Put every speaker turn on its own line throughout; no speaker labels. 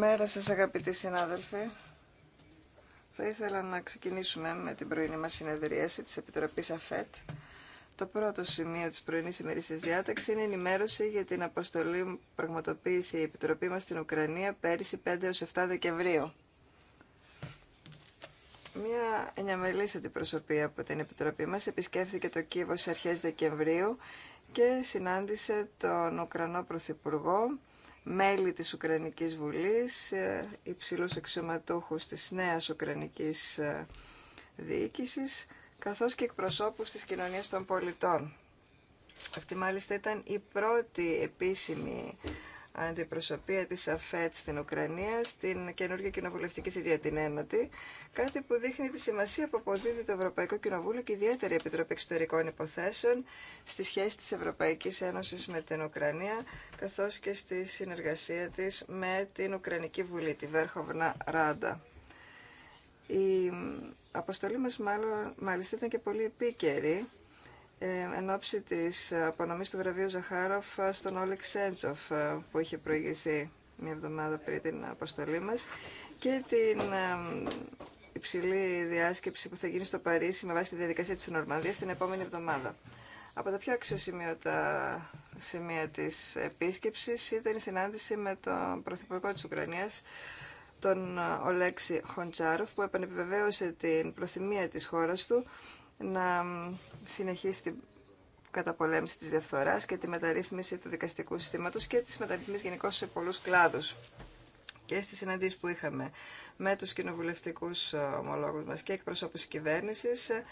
Καλημέρα σας αγαπητοί συνάδελφοι. Θα ήθελα να ξεκινήσουμε με την πρωινή μας συνεδρίαση της Επιτροπής ΑΦΕΤ. Το πρώτο σημείο της πρωινής ημερήσιας διάταξη είναι η ενημέρωση για την αποστολή που πραγματοποίησε η Επιτροπή μας στην Ουκρανία πέρυσι 5 7 Δεκεμβρίου. Μια ενιαμελής αντιπροσωπή από την Επιτροπή μας επισκέφθηκε το Κίεβο στις αρχές Δεκεμβρίου και συνάντησε τον Ουκρανό Πρωθυπουργό μέλη της Ουκρανικής Βουλής, ε, υψηλούς αξιωματούχους της νέας Ουκρανικής ε, Διοίκησης, καθώς και εκπροσώπους της κοινωνίας των πολιτών. Αυτή μάλιστα ήταν η πρώτη επίσημη αντιπροσωπεία της ΑΦΕΤ στην Ουκρανία στην καινούργια κοινοβουλευτική θητεία την ένατη, κάτι που δείχνει τη σημασία που αποδίδει το Ευρωπαϊκό Κοινοβούλιο και ιδιαίτερη Επιτροπή Εξωτερικών Υποθέσεων στη σχέση της Ευρωπαϊκής Ένωσης με την Ουκρανία, καθώς και στη συνεργασία της με την Ουκρανική Βουλή, τη Βέρχοβνα Ράντα. Η αποστολή μας μάλιστα ήταν και πολύ επίκαιρη, ε, εν ώψη της απονομής του βραβείου Ζαχάροφ στον Όλεξ Σέντσοφ ε, που είχε προηγηθεί μια εβδομάδα πριν την αποστολή μας και την ε, υψηλή διάσκεψη που θα γίνει στο Παρίσι με βάση τη διαδικασία της Νορμανδίας την επόμενη εβδομάδα. Από τα πιο αξιοσημείωτα σημεία της επίσκεψης ήταν η συνάντηση με τον Πρωθυπουργό της Ουκρανίας, τον Ολέξη Χοντσάροφ, που επανεπιβεβαίωσε την προθυμία της χώρας του να συνεχίσει την καταπολέμηση της διαφθοράς και τη μεταρρύθμιση του δικαστικού συστήματος και τις μεταρρυθμίσεις γενικώ σε πολλούς κλάδους. Και στις συναντήσεις που είχαμε με τους κοινοβουλευτικούς ε, ομολόγους μας και εκπροσώπους της κυβέρνησης, ε,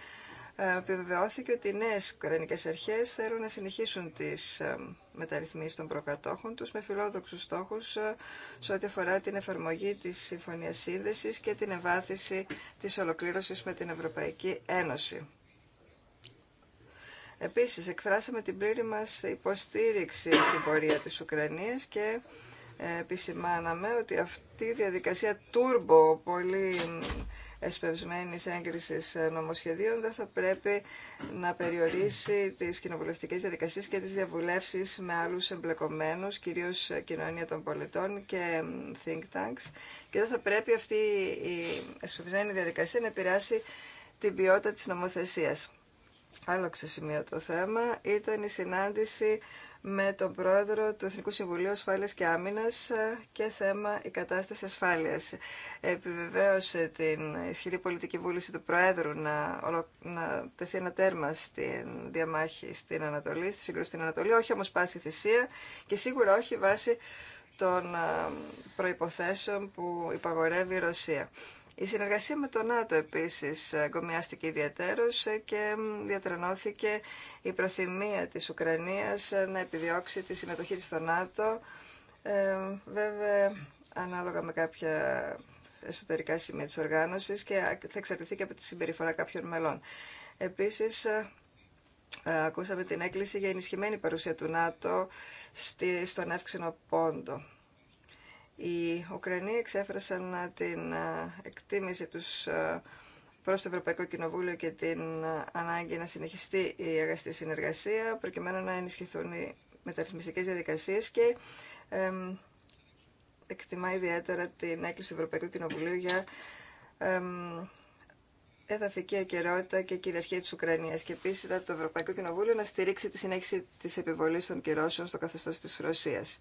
ε, επιβεβαιώθηκε ότι οι νέε κρανικέ αρχές θέλουν να συνεχίσουν τι μεταρρυθμίσεις των προκατόχων τους με φιλόδοξους στόχους σε ό,τι αφορά την εφαρμογή της συμφωνία σύνδεση και την ευάθυνση τη ολοκλήρωση με την Ευρωπαϊκή Ένωση. Επίσης, εκφράσαμε την πλήρη μας υποστήριξη στην πορεία της Ουκρανίας και ε, επισημάναμε ότι αυτή η διαδικασία τούρμπο πολύ εσπευσμένης έγκρισης ε, νομοσχεδίων δεν θα πρέπει να περιορίσει τις κοινοβουλευτικές διαδικασίες και τις διαβουλεύσεις με άλλους εμπλεκομένους, κυρίως ε, κοινωνία των πολιτών και think tanks και δεν θα πρέπει αυτή η εσπευσμένη διαδικασία να επηρεάσει την ποιότητα της νομοθεσίας άλλο ξεσημείο το θέμα ήταν η συνάντηση με τον πρόεδρο του Εθνικού Συμβουλίου Ασφάλειας και Άμυνας ε, και θέμα η κατάσταση ασφάλειας. Επιβεβαίωσε την ισχυρή πολιτική βούληση του Προέδρου να, να τεθεί ένα τέρμα στην διαμάχη στην Ανατολή, στη σύγκρουση στην Ανατολή, όχι όμως πάση θυσία και σίγουρα όχι βάσει των ε, προϋποθέσεων που υπαγορεύει η Ρωσία. Η συνεργασία με το ΝΑΤΟ επίσης εγκομιάστηκε ιδιαίτερως και διατρανώθηκε η προθυμία της Ουκρανίας να επιδιώξει τη συμμετοχή της στο ΝΑΤΟ. Ε, βέβαια, ανάλογα με κάποια εσωτερικά σημεία της οργάνωσης και θα εξαρτηθεί και από τη συμπεριφορά κάποιων μελών. Επίσης, ε, ακούσαμε την έκκληση για ενισχυμένη παρουσία του ΝΑΤΟ στον Εύξηνο Πόντο. Οι Ουκρανοί εξέφρασαν ε, την ε, εκτίμηση τους ε, προς το Ευρωπαϊκό Κοινοβούλιο και την ανάγκη να συνεχιστεί η αγαστή συνεργασία προκειμένου να ενισχυθούν οι μεταρρυθμιστικές διαδικασίες και εκτιμά ιδιαίτερα την έκκληση του Ευρωπαϊκού Κοινοβουλίου για εδαφική ακαιρεότητα και κυριαρχία της Ουκρανίας και επίσης το Ευρωπαϊκό Κοινοβούλιο να στηρίξει τη συνέχιση της επιβολής των κυρώσεων στο καθεστώς της Ρωσίας.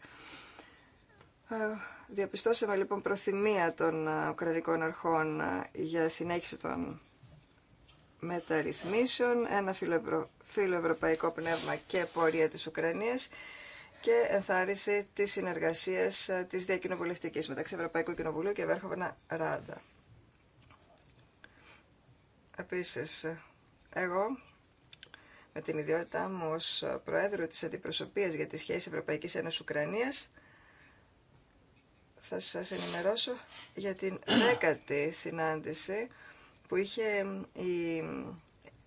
Διαπιστώσαμε λοιπόν προθυμία των ε, Ουκρανικών αρχών ε, για συνέχιση των μεταρρυθμίσεων, ένα φιλοευρωπαϊκό πνεύμα και πορεία της Ουκρανίας και ενθάρρυνση της συνεργασίας ε, της διακοινοβουλευτικής μεταξύ Ευρωπαϊκού Κοινοβουλίου και Βέρχοβνα ΡΑΔΑ. Επίσης, εγώ με την ιδιότητά μου ως Προέδρου της Αντιπροσωπείας για τις σχέσεις Ευρωπαϊκής Ένωσης Ουκρανίας θα σας ενημερώσω για την δέκατη συνάντηση που είχε η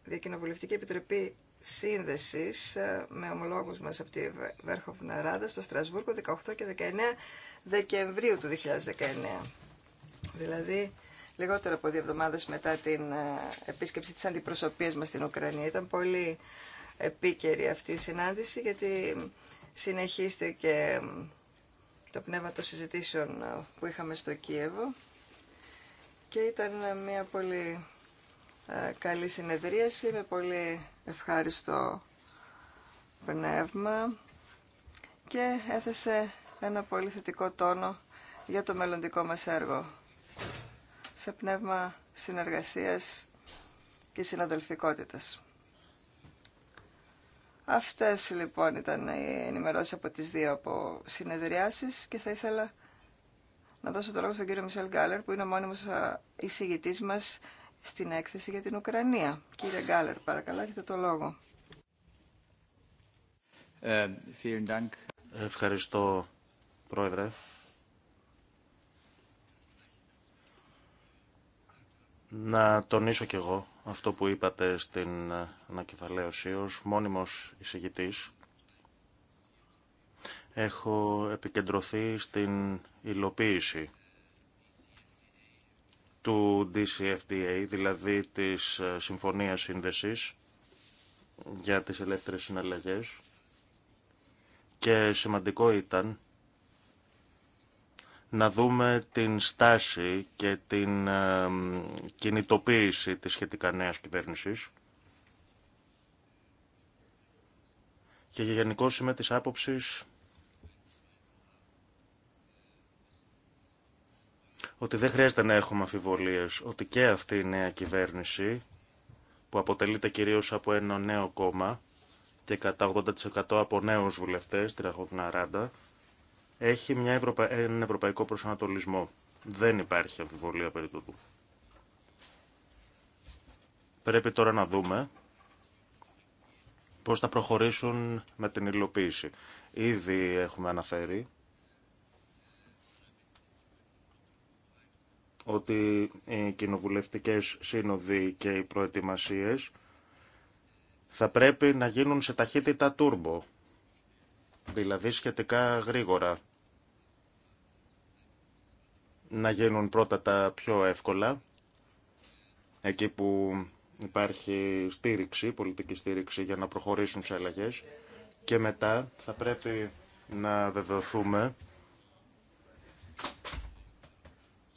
Διακοινοβουλευτική Επιτροπή Σύνδεσης ε, με ομολόγους μας από τη Βέρχοφνα Ράδα στο Στρασβούργο 18 και 19 Δεκεμβρίου του 2019. Δηλαδή λιγότερο από δύο εβδομάδες μετά την ε, επίσκεψη της αντιπροσωπείας μας στην Ουκρανία. Ήταν πολύ επίκαιρη αυτή η συνάντηση γιατί συνεχίστηκε το πνεύμα των συζητήσεων που είχαμε στο Κίεβο και ήταν μια πολύ καλή συνεδρίαση με πολύ ευχάριστο πνεύμα και έθεσε ένα πολύ θετικό τόνο για το μελλοντικό μας έργο σε πνεύμα συνεργασίας και συναδελφικότητας. Αυτές λοιπόν ήταν οι ενημερώσεις από τις δύο από συνεδριάσεις και θα ήθελα να δώσω το λόγο στον κύριο Μισελ Γκάλερ που είναι ο μόνιμος εισηγητής μας στην έκθεση για την Ουκρανία. Κύριε Γκάλερ, παρακαλώ, έχετε το λόγο.
Ε,
Ευχαριστώ, Πρόεδρε. Να τονίσω κι εγώ αυτό που είπατε στην ανακεφαλαίωση ως μόνιμος εισηγητής. Έχω επικεντρωθεί στην υλοποίηση του DCFDA, δηλαδή της ε, Συμφωνίας Σύνδεσης για τις ελεύθερες συναλλαγές και σημαντικό ήταν να δούμε την στάση και την ε, κινητοποίηση της σχετικά νέας κυβέρνησης. Και γενικώ είμαι της άποψης ότι δεν χρειάζεται να έχουμε αφιβολίες ότι και αυτή η νέα κυβέρνηση που αποτελείται κυρίως από ένα νέο κόμμα και κατά 80% από νέους βουλευτές, την έχει μια έναν ευρωπαϊκό προσανατολισμό. Δεν υπάρχει αμφιβολία περί τούτου. Πρέπει τώρα να δούμε πώς θα προχωρήσουν με την υλοποίηση. Ήδη έχουμε αναφέρει ότι οι κοινοβουλευτικές σύνοδοι και οι προετοιμασίες θα πρέπει να γίνουν σε ταχύτητα τούρμπο, δηλαδή σχετικά γρήγορα να γίνουν πρώτα τα πιο εύκολα, εκεί που υπάρχει στήριξη, πολιτική στήριξη για να προχωρήσουν σε αλλαγές και μετά θα πρέπει να βεβαιωθούμε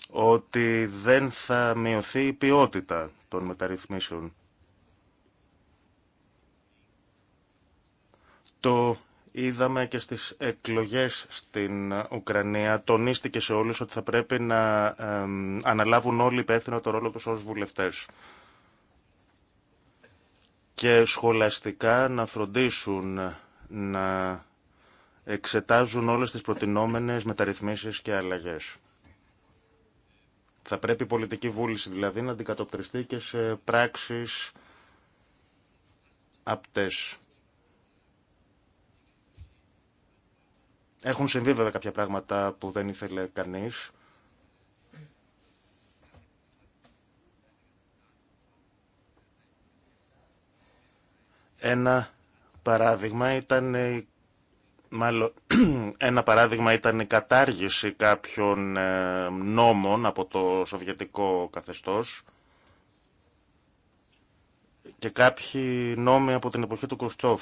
ότι δεν θα μειωθεί η ποιότητα των μεταρρυθμίσεων. Το Είδαμε και στις εκλογές στην Ουκρανία, τονίστηκε σε όλους ότι θα πρέπει να αναλάβουν όλοι υπεύθυνα το ρόλο τους ως βουλευτές. Και σχολαστικά να φροντίσουν να εξετάζουν όλες τις προτινόμενες μεταρρυθμίσεις και αλλαγές. Θα πρέπει η πολιτική βούληση δηλαδή να αντικατοπτριστεί και σε πράξεις απτές. Έχουν συμβεί βέβαια κάποια πράγματα που δεν ήθελε κανείς. Ένα παράδειγμα ήταν μάλλον, ένα παράδειγμα ήταν η κατάργηση κάποιων ε, νόμων από το σοβιετικό καθεστώς και κάποιοι νόμοι από την εποχή του Κρουστόφ.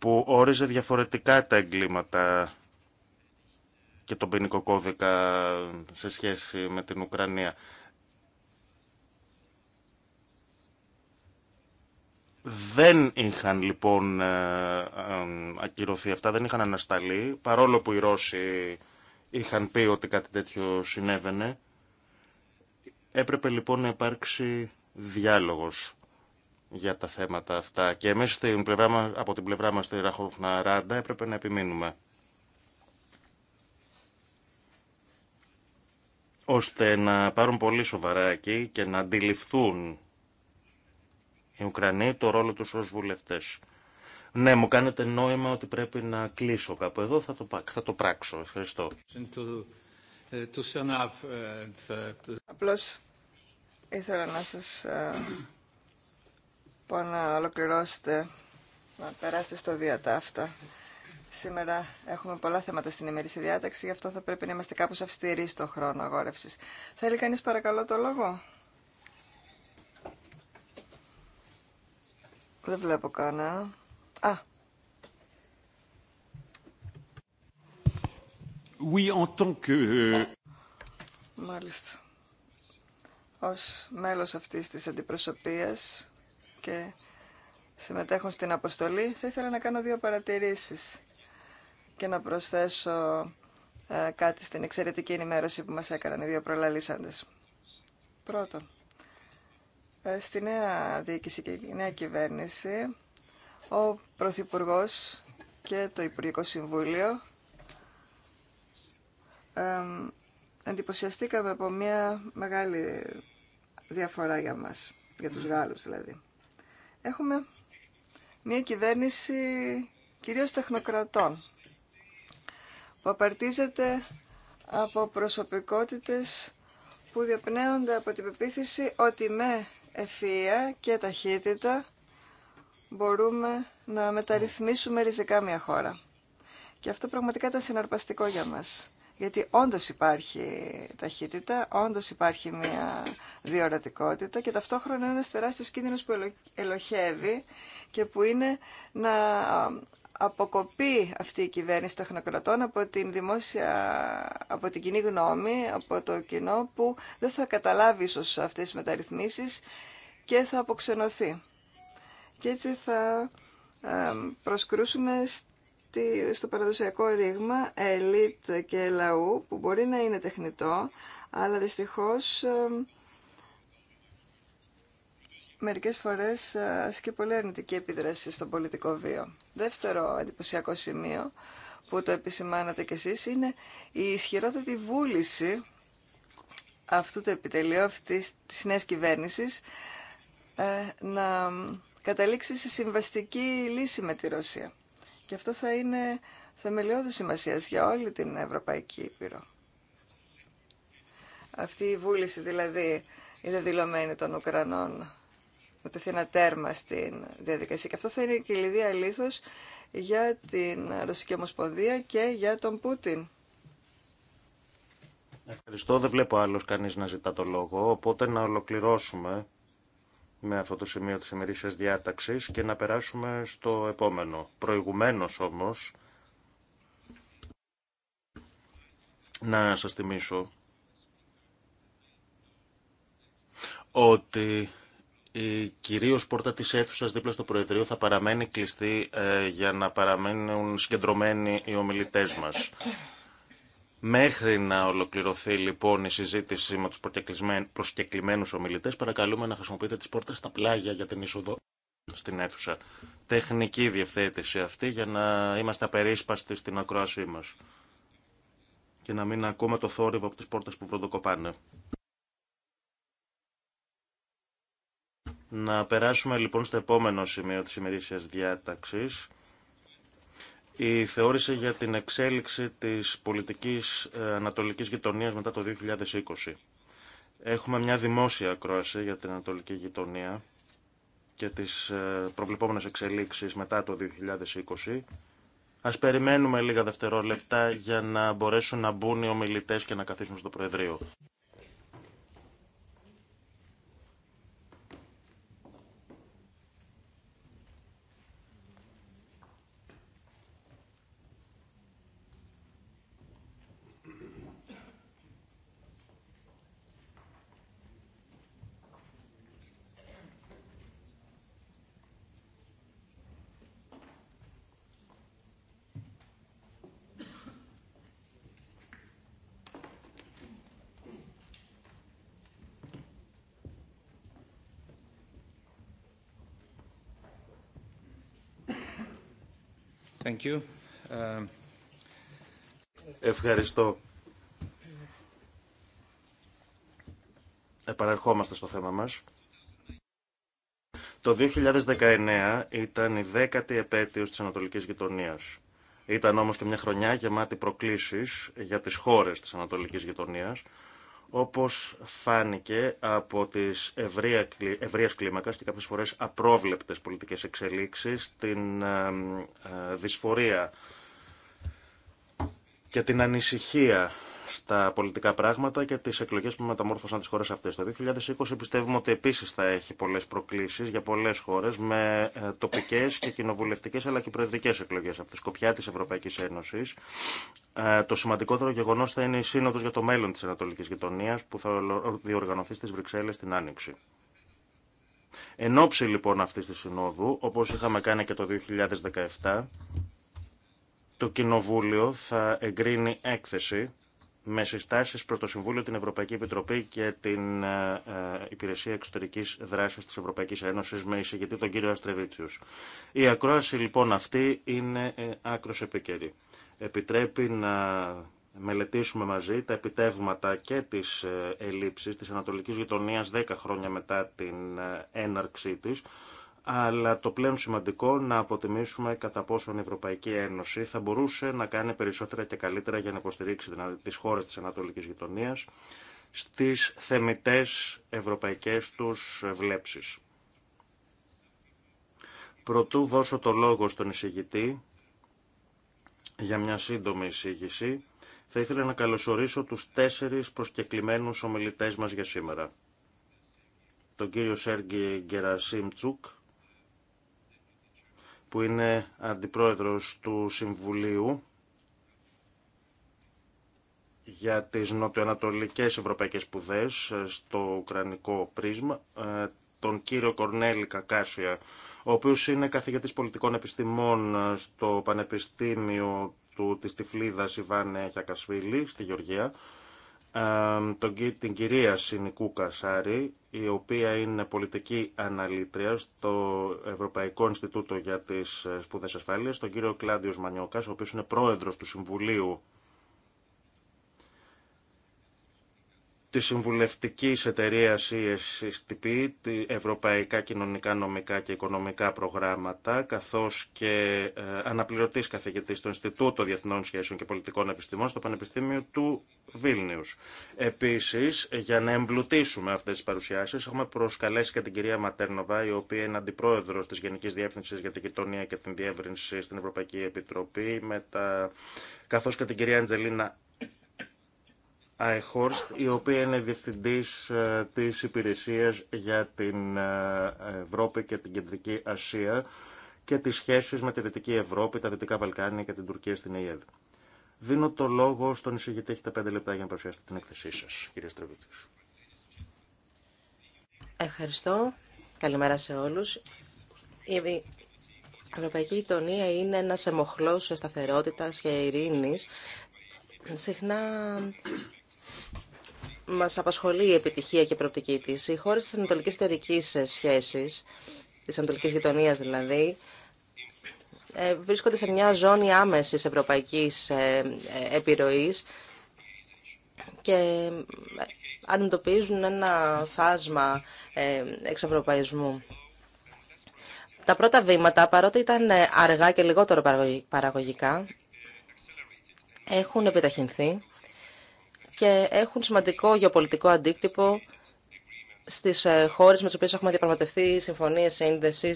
που όριζε διαφορετικά τα εγκλήματα και τον ποινικό κώδικα σε σχέση με την Ουκρανία. Δεν είχαν λοιπόν ε, ε, ακυρωθεί αυτά, δεν είχαν ανασταλεί, παρόλο που οι Ρώσοι είχαν πει ότι κάτι τέτοιο συνέβαινε. Έπρεπε λοιπόν να υπάρξει διάλογος για τα θέματα αυτά. Και εμείς στην πλευρά από την πλευρά μας στη Ραχοχναράντα έπρεπε να επιμείνουμε. ώστε να πάρουν πολύ σοβαρά εκεί και να αντιληφθούν οι Ουκρανοί το ρόλο τους ως βουλευτές. Ναι, μου κάνετε νόημα ότι πρέπει να κλείσω κάπου εδώ, θα το, θα το πράξω. Ευχαριστώ.
Uh, uh, uh, Απλώς ήθελα να σας ε, λοιπόν να ολοκληρώσετε, να περάσετε στο διατάφτα. Σήμερα έχουμε πολλά θέματα στην ημερήσια διάταξη, γι' αυτό θα πρέπει να είμαστε κάπως αυστηροί στο χρόνο αγόρευσης. Θέλει κανείς παρακαλώ το λόγο? Δεν βλέπω κανένα. Α.
Oui, en tant que... Euh,
Μάλιστα. Ως μέλος αυτής της αντιπροσωπείας και συμμετέχουν στην αποστολή, θα ήθελα να κάνω δύο παρατηρήσεις και να προσθέσω ε, κάτι στην εξαιρετική ενημέρωση που μας έκαναν οι δύο προλαλήσαντες. Πρώτον, ε, στη νέα διοίκηση και η νέα κυβέρνηση, ο Πρωθυπουργό και το Υπουργικό Συμβούλιο ε, εντυπωσιαστήκαμε από μια μεγάλη διαφορά για μας, για τους Γάλλους δηλαδή. Έχουμε μια κυβέρνηση κυρίως τεχνοκρατών που απαρτίζεται από προσωπικότητες που διαπνέονται από την πεποίθηση ότι με ευφυΐα και ταχύτητα μπορούμε να μεταρρυθμίσουμε ριζικά μια χώρα. Και αυτό πραγματικά ήταν συναρπαστικό για μας γιατί όντως υπάρχει ταχύτητα, όντως υπάρχει μια διορατικότητα και ταυτόχρονα ένας τεράστιος κίνδυνος που ελοχεύει και που είναι να αποκοπεί αυτή η κυβέρνηση τεχνοκρατών από την δημόσια, από την κοινή γνώμη, από το κοινό που δεν θα καταλάβει ίσως αυτές τις μεταρρυθμίσεις και θα αποξενωθεί. Και έτσι θα προσκρούσουμε στο παραδοσιακό ρήγμα ελίτ και λαού που μπορεί να είναι τεχνητό, αλλά δυστυχώς μερικές φορές ε, ασκεί πολύ αρνητική επίδραση στον πολιτικό βίο. Δεύτερο εντυπωσιακό σημείο που το επισημάνατε κι εσείς είναι η τη βούληση αυτού του επιτελείου αυτής της νέας κυβέρνησης ε, να καταλήξει σε συμβαστική λύση με τη Ρωσία. Και αυτό θα είναι θεμελιώδη σημασία για όλη την Ευρωπαϊκή Ήπειρο. Αυτή η βούληση δηλαδή είναι δηλωμένη των Ουκρανών να τεθεί ένα τέρμα στην διαδικασία. Και αυτό θα είναι η κυλιδία αλήθως για την Ρωσική Ομοσπονδία και για τον Πούτιν.
Ευχαριστώ. Δεν βλέπω άλλος κανείς να ζητά το λόγο, οπότε να ολοκληρώσουμε με αυτό το σημείο της ημερήσιας διάταξης και να περάσουμε στο επόμενο. Προηγουμένως όμως, να σας θυμίσω ότι η κυρίως πόρτα της αίθουσας δίπλα στο Προεδρείο θα παραμένει κλειστή ε, για να παραμένουν συγκεντρωμένοι οι ομιλητές μας. Μέχρι να ολοκληρωθεί λοιπόν η συζήτηση με του προσκεκλημένου ομιλητές, παρακαλούμε να χρησιμοποιείτε τις πόρτες στα πλάγια για την είσοδο στην αίθουσα. Τεχνική διευθέτηση αυτή για να είμαστε απερίσπαστοι στην ακρόασή μας και να μην ακούμε το θόρυβο από τις πόρτες που βροντοκοπάνε. Να περάσουμε λοιπόν στο επόμενο σημείο της ημερήσιας διάταξης η θεώρηση για την εξέλιξη της πολιτικής ε, ανατολικής γειτονίας μετά το 2020. Έχουμε μια δημόσια ακρόαση για την ανατολική γειτονία και τις ε, προβλεπόμενες εξελίξεις μετά το 2020. Ας περιμένουμε λίγα δευτερόλεπτα για να μπορέσουν να μπουν οι ομιλητές και να καθίσουν στο Προεδρείο. Um, Ευχαριστώ. Επαναρχόμαστε στο θέμα μας. Το 2019 ήταν η δέκατη επέτειος της Ανατολικής Γειτονίας. Ήταν όμως και μια χρονιά γεμάτη προκλήσεις για τις χώρες της Ανατολικής Γειτονίας, όπως φάνηκε από τις ευρεία, ευρείας και κάποιες φορές απρόβλεπτες πολιτικές εξελίξεις, την ε, δυσφορία και την ανησυχία στα πολιτικά πράγματα και τι εκλογέ που μεταμόρφωσαν τι χώρε αυτέ. Το 2020 πιστεύουμε ότι επίση θα έχει πολλέ προκλήσει για πολλέ χώρε με ε, τοπικέ και κοινοβουλευτικέ, αλλά και προεδρικέ εκλογέ από τη σκοπιά τη Ευρωπαϊκή Ένωση. Ε, το σημαντικότερο γεγονό θα είναι η σύνοδο για το μέλλον τη Ανατολική Γειτονία που θα διοργανωθεί στις Βρυξέλλες την Άνοιξη. Εν ώψη λοιπόν αυτή τη Συνόδου, όπω είχαμε κάνει και το 2017, το Κοινοβούλιο θα εγκρίνει έκθεση με συστάσεις προς το Συμβούλιο, την Ευρωπαϊκή Επιτροπή και την ε, ε, Υπηρεσία Εξωτερικής Δράσης της Ευρωπαϊκής Ένωσης με εισηγητή τον κύριο Αστρεβίτσιους. Η ακρόαση λοιπόν αυτή είναι ε, άκρος επικαιρή. Επιτρέπει να μελετήσουμε μαζί τα επιτεύγματα και τις ελλείψεις της Ανατολικής Γειτονίας 10 χρόνια μετά την έναρξή της, αλλά το πλέον σημαντικό να αποτιμήσουμε κατά πόσον η Ευρωπαϊκή Ένωση θα μπορούσε να κάνει περισσότερα και καλύτερα για να υποστηρίξει τις χώρες της Ανατολικής Γειτονίας στις θεμητές ευρωπαϊκές τους βλέψεις. Προτού δώσω το λόγο στον εισηγητή για μια σύντομη εισήγηση, θα ήθελα να καλωσορίσω τους τέσσερις προσκεκλημένους ομιλητές μας για σήμερα. Τον κύριο Σέργη Γκερασίμτσουκ, που είναι αντιπρόεδρος του Συμβουλίου για τις νοτιοανατολικές ευρωπαϊκές σπουδές ε, στο Ουκρανικό πρίσμα, ε, τον κύριο Κορνέλη Κακάσια, ο οποίος είναι καθηγητής πολιτικών επιστημών ε, στο Πανεπιστήμιο του, της Τυφλίδας Ιβάνε στη Γεωργία, την κυρία Σινικού Κασάρη, η οποία είναι πολιτική αναλήτρια στο Ευρωπαϊκό Ινστιτούτο για τις ε, Σπουδές Ασφάλειας, τον κύριο Κλάδιος Μανιώκας, ο οποίος είναι πρόεδρος του Συμβουλίου της συμβουλευτικής εταιρείας ESCP, Ευρωπαϊκά Κοινωνικά Νομικά και Οικονομικά Προγράμματα, καθώς και ε, αναπληρωτής καθηγητής στο Ινστιτούτο Διεθνών Σχέσεων και Πολιτικών Επιστημών στο Πανεπιστήμιο του Βίλνιους. Επίσης, για να εμπλουτίσουμε αυτές τις παρουσιάσεις, έχουμε προσκαλέσει και την κυρία Ματέρνοβα, η οποία είναι αντιπρόεδρος της Γενικής Διεύθυνσης για την Κοινωνία και την Διεύρυνση στην Ευρωπαϊκή Επιτροπή, με τα... καθώς και την κυρία Αντζελίνα η οποία είναι διευθυντής ε, της υπηρεσίας για την ε, Ευρώπη και την Κεντρική Ασία και τις σχέσεις με τη Δυτική Ευρώπη, τα Δυτικά Βαλκάνια και την Τουρκία στην ΕΕΔ. Δίνω το λόγο στον εισηγητή. Έχετε πέντε λεπτά για να παρουσιάσετε την έκθεσή σας, κυρία Στρεβίτης.
Ευχαριστώ. Καλημέρα σε όλους. Η Ευρωπαϊκή Γειτονία είναι ένας εμοχλός σταθερότητας και ειρήνης συχνά μας απασχολεί η επιτυχία και η προοπτική της. Οι χώρες της ανατολικής Τερικής σχέσης, της ανατολικής γειτονίας δηλαδή, ε, βρίσκονται σε μια ζώνη άμεσης ευρωπαϊκής ε, ε, επιρροής και αντιμετωπίζουν ένα φάσμα εξευρωπαϊσμού. Τα πρώτα βήματα, παρότι ήταν αργά και λιγότερο παραγωγικά, έχουν επιταχυνθεί και έχουν σημαντικό γεωπολιτικό αντίκτυπο στι ε, χώρε με τι οποίε έχουμε διαπραγματευτεί συμφωνίε σύνδεση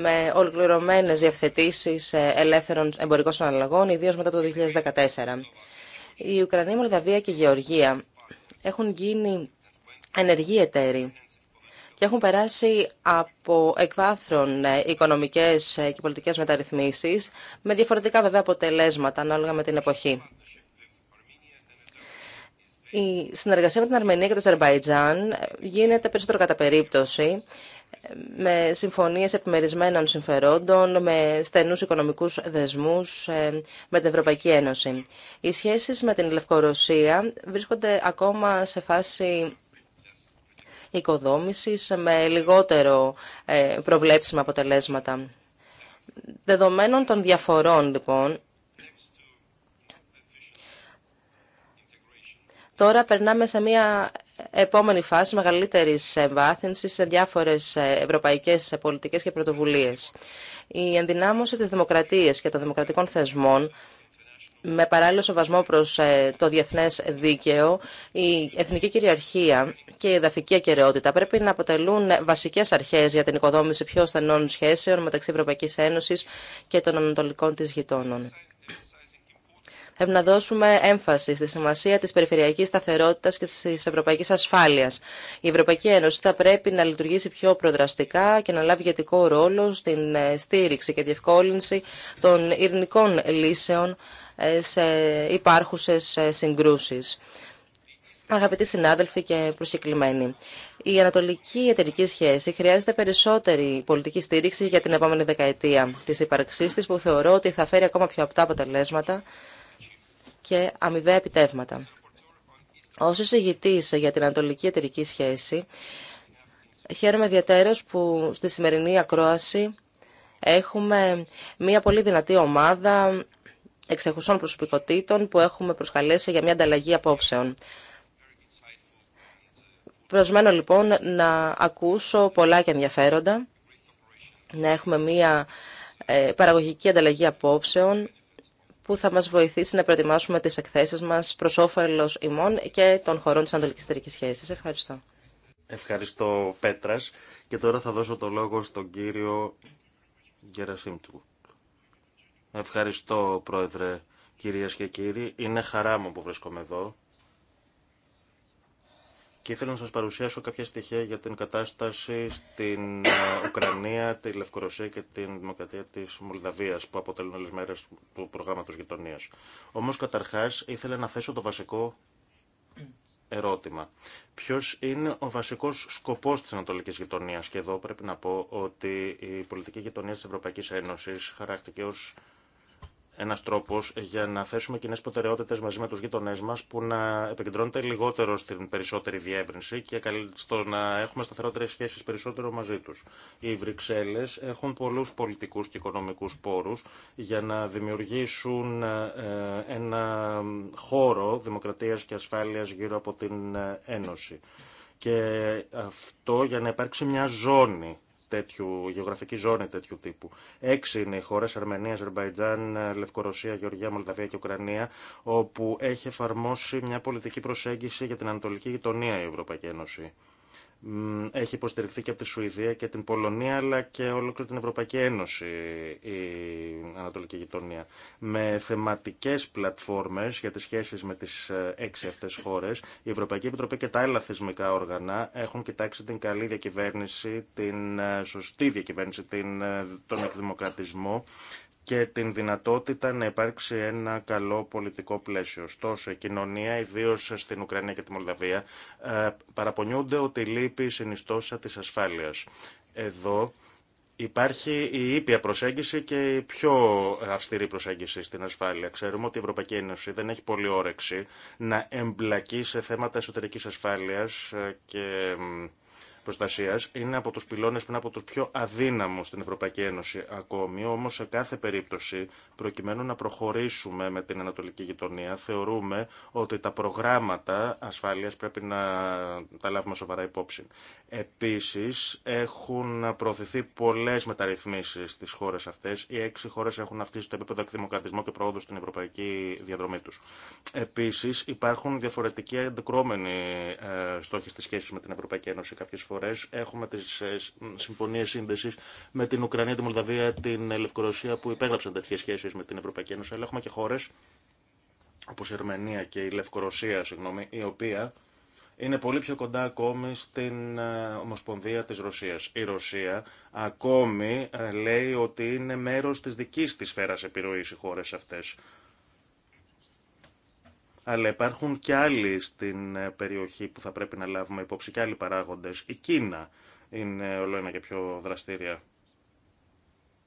με ολοκληρωμένε διευθετήσει ε, ελεύθερων εμπορικών συναλλαγών, ιδίω μετά το 2014. Η Ουκρανία, η Μολδαβία και η Γεωργία έχουν γίνει ενεργοί εταίροι και έχουν περάσει από εκβάθρων ε, οικονομικές και πολιτικές μεταρρυθμίσεις με διαφορετικά βέβαια αποτελέσματα ανάλογα με την εποχή. Η συνεργασία με την Αρμενία και το Αζερβαϊτζάν γίνεται περισσότερο κατά περίπτωση με συμφωνίες επιμερισμένων συμφερόντων, με στενούς οικονομικούς δεσμούς ε, με την Ευρωπαϊκή Ένωση. Οι σχέσεις με την Λευκορωσία βρίσκονται ακόμα σε φάση οικοδόμησης με λιγότερο ε, προβλέψιμα αποτελέσματα. Δεδομένων των διαφορών, λοιπόν, Τώρα περνάμε σε μια επόμενη φάση μεγαλύτερη εμβάθυνση σε διάφορε ευρωπαϊκέ πολιτικέ και πρωτοβουλίε. Η ενδυνάμωση τη δημοκρατία και των δημοκρατικών θεσμών με παράλληλο σεβασμό προς ε, το διεθνές δίκαιο, η εθνική κυριαρχία και η εδαφική ακαιρεότητα πρέπει να αποτελούν βασικές αρχές για την οικοδόμηση πιο στενών σχέσεων μεταξύ Ευρωπαϊκής Ένωσης και των ανατολικών της γειτόνων. Πρέπει να δώσουμε έμφαση στη σημασία τη περιφερειακή σταθερότητα και τη Ευρωπαϊκή ασφάλεια. Η Ευρωπαϊκή Ένωση θα πρέπει να λειτουργήσει πιο προδραστικά και να λάβει ηγετικό ρόλο στην ε, στήριξη και διευκόλυνση των ειρηνικών λύσεων ε, σε υπάρχουσε συγκρούσει. Αγαπητοί συνάδελφοι και προσκεκλημένοι, η ανατολική εταιρική σχέση χρειάζεται περισσότερη πολιτική στήριξη για την επόμενη δεκαετία της ύπαρξής τη που θεωρώ ότι θα φέρει ακόμα πιο απτά αποτελέσματα και αμοιβαία επιτεύγματα. Ω εισηγητή για την Ανατολική Εταιρική Σχέση, χαίρομαι ιδιαίτερω που στη σημερινή ακρόαση έχουμε μια πολύ δυνατή ομάδα εξεχουσών προσωπικότητων που έχουμε προσκαλέσει για μια ανταλλαγή απόψεων. Προσμένω λοιπόν να ακούσω πολλά και ενδιαφέροντα, να έχουμε μια ε, παραγωγική ανταλλαγή απόψεων που θα μας βοηθήσει να προετοιμάσουμε τις εκθέσει μας προ όφελο ημών και των χωρών της Ανατολική Εταιρικής Σχέσης. Ευχαριστώ.
Ευχαριστώ Πέτρας και τώρα θα δώσω το λόγο στον κύριο Γερασίμτσου. Ευχαριστώ Πρόεδρε κυρίες και κύριοι. Είναι χαρά μου που βρίσκομαι εδώ και ήθελα να σας παρουσιάσω κάποια στοιχεία για την κατάσταση στην ε, Ουκρανία, τη Λευκορωσία και την Δημοκρατία της Μολδαβίας που αποτελούν όλες μέρες του προγράμματος γειτονίας. Όμως καταρχάς ήθελα να θέσω το βασικό ερώτημα. Ποιος είναι ο βασικός σκοπός της Ανατολικής Γειτονίας και εδώ πρέπει να πω ότι η πολιτική γειτονία της Ευρωπαϊκής Ένωσης χαράχτηκε ως ένα τρόπο για να θέσουμε κοινέ προτεραιότητε μαζί με του γείτονέ μα που να επικεντρώνεται λιγότερο στην περισσότερη διεύρυνση και στο να έχουμε σταθερότερε σχέσει περισσότερο μαζί του. Οι Βρυξέλλε έχουν πολλού πολιτικού και οικονομικού πόρου για να δημιουργήσουν ε, ένα χώρο δημοκρατία και ασφάλεια γύρω από την ε, Ένωση. Και αυτό για να υπάρξει μια ζώνη τέτοιου, γεωγραφική ζώνη τέτοιου τύπου. Έξι είναι οι χώρε, Αρμενία, Αζερβαϊτζάν, Λευκορωσία, Γεωργία, Μολδαβία και Ουκρανία, όπου έχει εφαρμόσει μια πολιτική προσέγγιση για την Ανατολική Γειτονία η Ευρωπαϊκή Ένωση έχει υποστηριχθεί και από τη Σουηδία και την Πολωνία αλλά και ολόκληρη την Ευρωπαϊκή Ένωση η Ανατολική Γειτονία με θεματικές πλατφόρμες για τις σχέσεις με τις ε, έξι αυτές χώρες η Ευρωπαϊκή Επιτροπή και τα άλλα θεσμικά όργανα έχουν κοιτάξει την καλή διακυβέρνηση την ε, σωστή διακυβέρνηση ε, τον εκδημοκρατισμό και την δυνατότητα να υπάρξει ένα καλό πολιτικό πλαίσιο. Ωστόσο, η κοινωνία, ιδίω στην Ουκρανία και τη Μολδαβία, ε, παραπονιούνται ότι λείπει η συνιστόσα της ασφάλειας. Εδώ Υπάρχει η ήπια προσέγγιση και η πιο αυστηρή προσέγγιση στην ασφάλεια. Ξέρουμε ότι η Ευρωπαϊκή Ένωση δεν έχει πολύ όρεξη να εμπλακεί σε θέματα εσωτερικής ασφάλειας ε, και προστασία είναι από του πυλώνε που είναι από του πιο αδύναμου στην Ευρωπαϊκή Ένωση ακόμη. Όμω, σε κάθε περίπτωση, προκειμένου να προχωρήσουμε με την Ανατολική Γειτονία, θεωρούμε ότι τα προγράμματα ασφάλεια πρέπει να τα λάβουμε σοβαρά υπόψη. Επίση, έχουν προωθηθεί πολλέ μεταρρυθμίσει στι χώρε αυτέ. Οι έξι χώρε έχουν αυξήσει το επίπεδο εκδημοκρατισμό και προόδου στην ευρωπαϊκή διαδρομή του. Επίση, υπάρχουν διαφορετικοί αντικρώμενοι ε, στόχοι στη σχέση με την Ευρωπαϊκή Ένωση. Κάποιε φορέ. Έχουμε τις ε, συμφωνίε σύνδεση με την Ουκρανία, τη Μολδαβία, την ε, Λευκορωσία που υπέγραψαν τέτοιε σχέσεις με την Ευρωπαϊκή Ένωση, αλλά έχουμε και χώρε όπως η Ερμενία και η Λευκορωσία, συγγνώμη, η οποία είναι πολύ πιο κοντά ακόμη στην ε, Ομοσπονδία της Ρωσίας. Η Ρωσία ακόμη λέει ότι είναι μέρος της δικής της σφαίρας επιρροής οι χώρες αυτές αλλά υπάρχουν και άλλοι στην ε, περιοχή που θα πρέπει να λάβουμε υπόψη και άλλοι παράγοντες. Η Κίνα είναι όλο ένα και πιο δραστήρια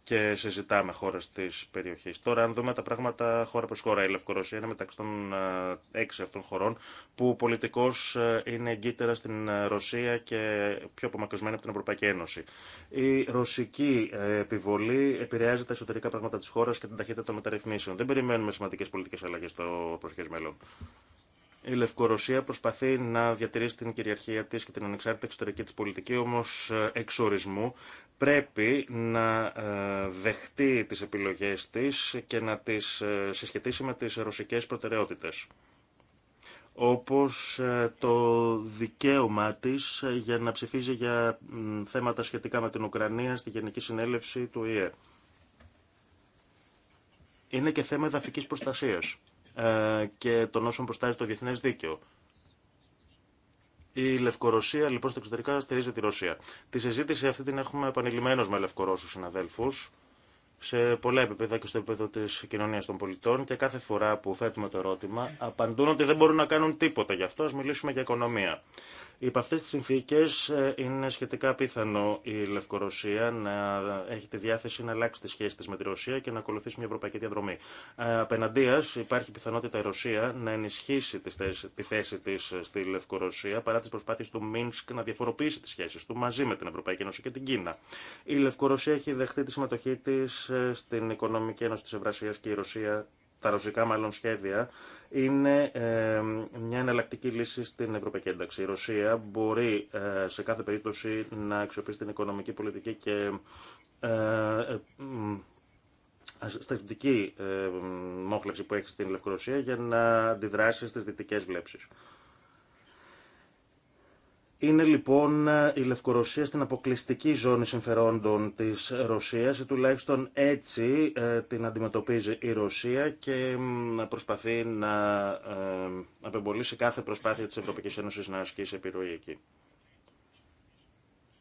και συζητάμε χώρε τη περιοχή. Τώρα, αν δούμε τα πράγματα χώρα προ χώρα, η Λευκορωσία είναι μεταξύ των ε, έξι αυτών χωρών που πολιτικώ ε, είναι εγκύτερα στην ε, Ρωσία και πιο απομακρυσμένη από την Ευρωπαϊκή Ένωση. Η ρωσική επιβολή επηρεάζει τα εσωτερικά πράγματα τη χώρα και την ταχύτητα των μεταρρυθμίσεων. Δεν περιμένουμε σημαντικέ πολιτικέ αλλαγέ στο προσχέ μέλλον. Η Λευκορωσία προσπαθεί να διατηρήσει την κυριαρχία της και την ανεξάρτητη εξωτερική της πολιτική, όμως ε, εξορισμού πρέπει να ε, δεχτεί τις επιλογές της και να τις ε, συσχετίσει με τις ρωσικές προτεραιότητες όπως το δικαίωμά της για να ψηφίζει για θέματα σχετικά με την Ουκρανία στη Γενική Συνέλευση του ΙΕ. Είναι και θέμα εδαφικής προστασίας. Ε, και των όσων προστάζει το διεθνέ δίκαιο. Η Λευκορωσία λοιπόν στο εξωτερικά στηρίζει τη Ρωσία. Τη συζήτηση αυτή την έχουμε επανειλημμένω με Λευκορώσου συναδέλφου σε πολλά επίπεδα και στο επίπεδο τη κοινωνία των πολιτών και κάθε φορά που θέτουμε το ερώτημα απαντούν ότι δεν μπορούν να κάνουν τίποτα. Γι' αυτό α μιλήσουμε για οικονομία. Υπ' αυτές τις συνθήκες ε, είναι σχετικά πιθανό η Λευκορωσία να έχει τη διάθεση να αλλάξει τις σχέσεις της με τη Ρωσία και να ακολουθήσει μια ευρωπαϊκή διαδρομή. Ε, Απέναντίας υπάρχει πιθανότητα η Ρωσία να ενισχύσει τη θέση της ε, στη Λευκορωσία παρά τις προσπάθειες του Μίνσκ να διαφοροποιήσει τις σχέσεις του μαζί με την Ευρωπαϊκή Ένωση και την Κίνα. Η Λευκορωσία έχει δεχτεί τη συμμετοχή της στην Οικονομική Ένωση της Ευρασίας και η Ρωσία τα ρωσικά μάλλον σχέδια είναι μια εναλλακτική λύση στην Ευρωπαϊκή Ένταξη. Η Ρωσία μπορεί ε, σε κάθε περίπτωση να αξιοποιήσει την οικονομική πολιτική και ε, ε, στρατιωτική μόχλευση που έχει στην Λευκορωσία για να αντιδράσει στις δυτικές βλέψεις. Είναι λοιπόν η Λευκορωσία στην αποκλειστική ζώνη συμφερόντων της Ρωσίας ή τουλάχιστον έτσι ε, την αντιμετωπίζει η Ρωσία και προσπαθεί να ε, απεμπολίσει κάθε προσπάθεια της Ευρωπαϊκής Ένωσης να ασκήσει επιρροή εκεί.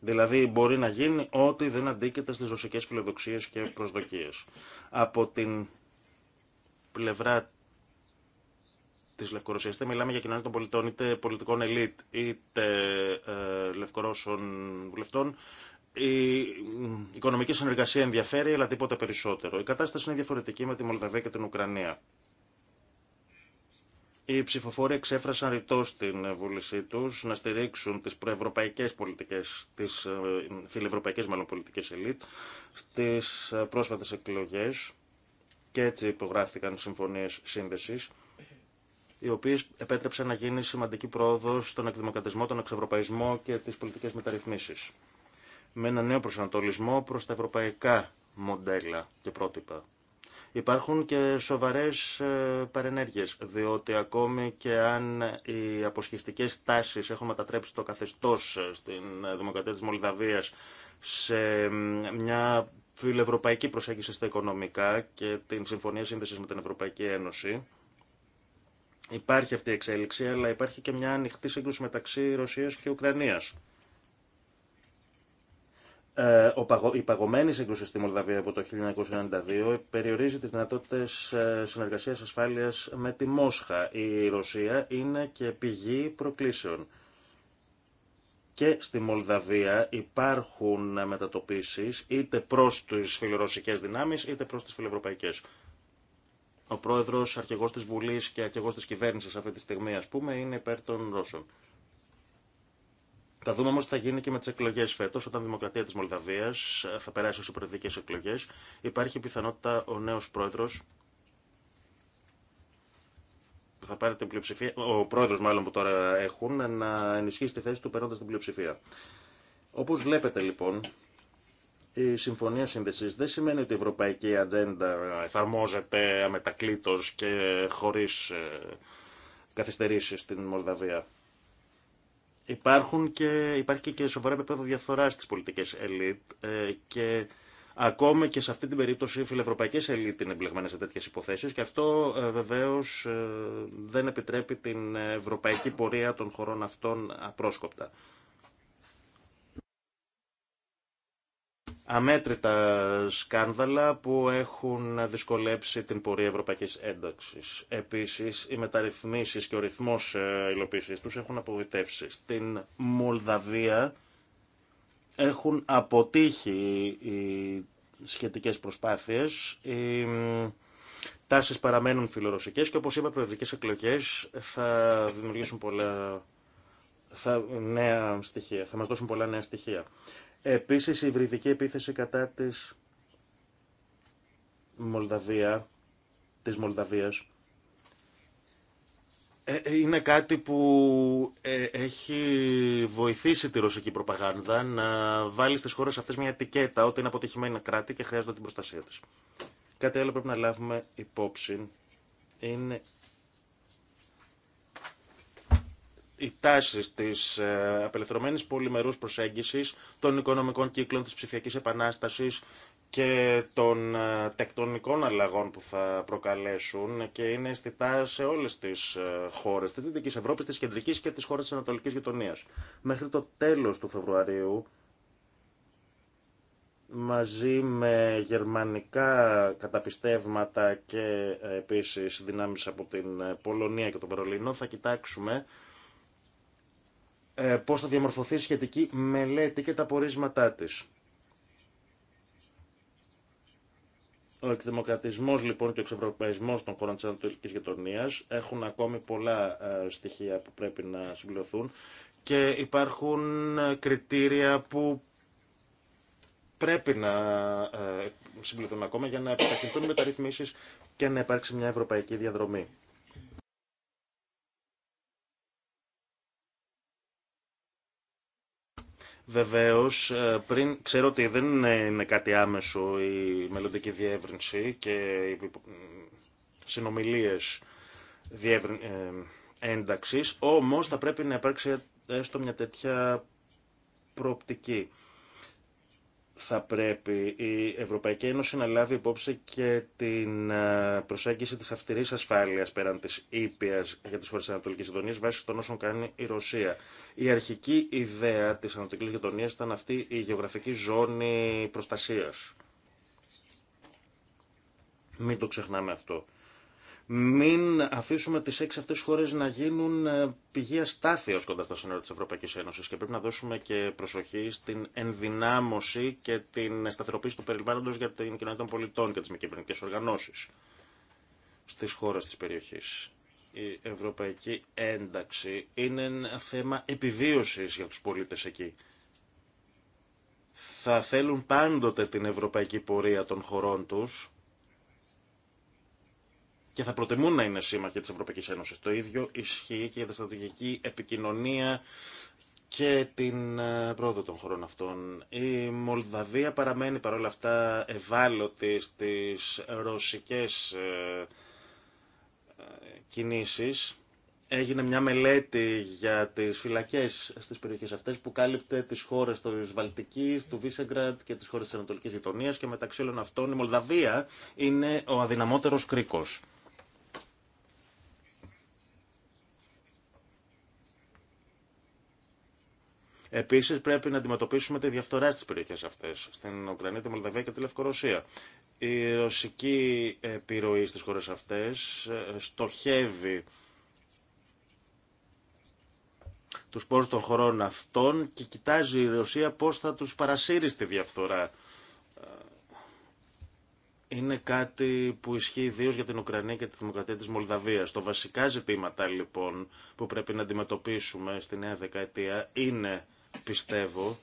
Δηλαδή μπορεί να γίνει ό,τι δεν αντίκειται στις ρωσικές φιλοδοξίες και προσδοκίες. Από την πλευρά τη Λευκορωσία, είτε μιλάμε για κοινωνία των πολιτών, είτε πολιτικών ελίτ, είτε ε, Λευκορώσων βουλευτών, η οικονομική συνεργασία ενδιαφέρει, αλλά τίποτα περισσότερο. Η κατάσταση είναι διαφορετική με τη Μολδαβία και την Ουκρανία. Οι ψηφοφόροι εξέφρασαν ρητό στην βούλησή του να στηρίξουν τι προευρωπαϊκέ πολιτικέ, τι ε, φιλευρωπαϊκέ μάλλον πολιτικέ ελίτ, στι ε, πρόσφατε εκλογέ και έτσι υπογράφτηκαν συμφωνίε σύνδεση οι οποίε επέτρεψαν να γίνει σημαντική πρόοδο στον εκδημοκρατισμό, τον εξευρωπαϊσμό και τι πολιτικέ μεταρρυθμίσει. Με ένα νέο προσανατολισμό προ τα ευρωπαϊκά μοντέλα και πρότυπα. Υπάρχουν και σοβαρέ ε, παρενέργειε, διότι ακόμη και αν οι αποσχιστικέ τάσει έχουν μετατρέψει το καθεστώ ε, στην Δημοκρατία τη Μολδαβία σε μια φιλευρωπαϊκή προσέγγιση στα οικονομικά και την Συμφωνία Σύνδεση με την Ευρωπαϊκή Ένωση, Υπάρχει αυτή η εξέλιξη, αλλά υπάρχει και μια ανοιχτή σύγκρουση μεταξύ Ρωσίας και Ουκρανίας. Ε, η παγωμένη σύγκρουση στη Μολδαβία από το 1992 περιορίζει τις δυνατότητες ε, συνεργασίας ασφάλειας με τη Μόσχα. Η Ρωσία είναι και πηγή προκλήσεων. Και στη Μολδαβία υπάρχουν μετατοπίσεις είτε προς τις φιλορωσικές δυνάμεις είτε προς τις φιλευρωπαϊκές. Ο πρόεδρο αρχηγός τη βουλή και αρχηγός τη κυβέρνηση αυτή τη στιγμή, α πούμε, είναι υπέρ των Ρώσων. Θα δούμε όμω τι θα γίνει και με τι εκλογέ φέτο, όταν η Δημοκρατία τη Μολδαβία ε, θα περάσει σε προεδρικέ εκλογέ. Υπάρχει πιθανότητα ο νέο πρόεδρο που θα πάρει την πλειοψηφία, ο πρόεδρο μάλλον που τώρα έχουν, να ενισχύσει τη θέση του παίρνοντα την πλειοψηφία. Όπω βλέπετε λοιπόν, η Συμφωνία Σύνδεση δεν σημαίνει ότι η Ευρωπαϊκή Ατζέντα εφαρμόζεται αμετακλήτω και χωρί ε, καθυστερήσει στην Μολδαβία. Υπάρχουν και, υπάρχει και σοβαρά επίπεδο διαφθορά στι πολιτικέ ελίτ ε, και ακόμη και σε αυτή την περίπτωση οι φιλευρωπαϊκέ ελίτ είναι εμπλεγμένε σε τέτοιε υποθέσει και αυτό ε, βεβαίω δεν επιτρέπει την ευρωπαϊκή πορεία των χωρών αυτών απρόσκοπτα. αμέτρητα σκάνδαλα που έχουν δυσκολέψει την πορεία ευρωπαϊκής ένταξης. Επίσης, οι μεταρρυθμίσεις και ο ρυθμός ε, υλοποίησης τους έχουν απογοητεύσει. Στην Μολδαβία έχουν αποτύχει οι σχετικές προσπάθειες. Οι τάσεις παραμένουν φιλορωσικές και όπως είπα, προεδρικές εκλογές θα δημιουργήσουν πολλά θα, νέα στοιχεία, θα μας δώσουν πολλά νέα στοιχεία. Επίσης η υβριδική επίθεση κατά της Μολδαβία, της Μολδαβίας, ε, ε, είναι κάτι που ε, έχει βοηθήσει τη ρωσική προπαγάνδα να βάλει στις χώρες αυτές μια ετικέτα ότι είναι αποτυχημένα κράτη και χρειάζονται την προστασία της. Κάτι άλλο πρέπει να λάβουμε υπόψη είναι οι τάσει τη ε, απελευθερωμένη πολυμερού προσέγγιση των οικονομικών κύκλων τη ψηφιακή επανάσταση και των ε, τεκτονικών αλλαγών που θα προκαλέσουν και είναι αισθητά σε όλε τι ε, χώρε τη Δυτική Ευρώπη, τη Κεντρική και τη χώρα τη Ανατολική Γειτονία. Μέχρι το τέλο του Φεβρουαρίου, μαζί με γερμανικά καταπιστεύματα και επίσης δυνάμεις από την Πολωνία και τον Περολίνο θα κοιτάξουμε ε, πώς θα διαμορφωθεί σχετική μελέτη και τα πορίσματά της. Ο εκδημοκρατισμός λοιπόν και ο εξευρωπαϊσμός των χωρών της Ανατολικής Γειτονίας έχουν ακόμη πολλά ε, στοιχεία που πρέπει να συμπληρωθούν και υπάρχουν ε, κριτήρια που πρέπει να συμπληρωθούν ακόμα για να επιταχυνθούν μεταρρυθμίσεις και να υπάρξει μια ευρωπαϊκή διαδρομή. Βεβαίω, ε, πριν ξέρω ότι δεν είναι κάτι άμεσο η μελλοντική διεύρυνση και οι συνομιλίε διεύρυν... Ε, ένταξη, όμω θα πρέπει να υπάρξει ε, έστω μια τέτοια προοπτική θα πρέπει η Ευρωπαϊκή Ένωση να λάβει υπόψη και την ε, προσέγγιση της αυστηρής ασφάλειας πέραν της ήπιας για τις χώρες της Ανατολικής Γειτονίας βάσει των όσων κάνει η Ρωσία. Η αρχική ιδέα της Ανατολικής Γειτονίας ήταν αυτή η γεωγραφική ζώνη προστασίας. Μην το ξεχνάμε αυτό μην αφήσουμε τις έξι αυτές χώρες να γίνουν ε, πηγή αστάθεια κοντά στα σύνορα της Ευρωπαϊκής Ένωσης και πρέπει να δώσουμε και προσοχή στην ενδυνάμωση και την σταθεροποίηση του περιβάλλοντος για την κοινωνία των πολιτών και τις μη κυβερνητικές οργανώσεις στις χώρες της περιοχής. Η ευρωπαϊκή ένταξη είναι ένα θέμα επιβίωσης για τους πολίτες εκεί. Θα θέλουν πάντοτε την ευρωπαϊκή πορεία των χωρών τους και θα προτιμούν να είναι σύμμαχοι της Ευρωπαϊκής Ένωσης. Το ίδιο ισχύει και για τη στρατηγική επικοινωνία και την ε, πρόοδο των χωρών αυτών. Η Μολδαβία παραμένει παρόλα αυτά ευάλωτη στις ρωσικές ε, ε, κινήσεις. Έγινε μια μελέτη για τις φυλακές στις περιοχές αυτές που κάλυπτε τις χώρες της Βαλτικής, του Βίσεγκραντ και τις χώρες της Ανατολικής Γειτονίας και μεταξύ όλων αυτών η Μολδαβία είναι ο αδυναμότερος κρίκος. Επίση, πρέπει να αντιμετωπίσουμε τη διαφθορά στι περιοχέ αυτέ, στην Ουκρανία, τη Μολδαβία και τη Λευκορωσία. Η ρωσική επιρροή στι χώρε αυτέ ε, στοχεύει του πόρου των χωρών αυτών και κοιτάζει η Ρωσία πώ θα του παρασύρει στη διαφθορά. Ε, είναι κάτι που ισχύει ιδίω για την Ουκρανία και τη Δημοκρατία τη Μολδαβία. Το βασικά ζητήματα λοιπόν που πρέπει να αντιμετωπίσουμε στη νέα δεκαετία είναι πιστεύω,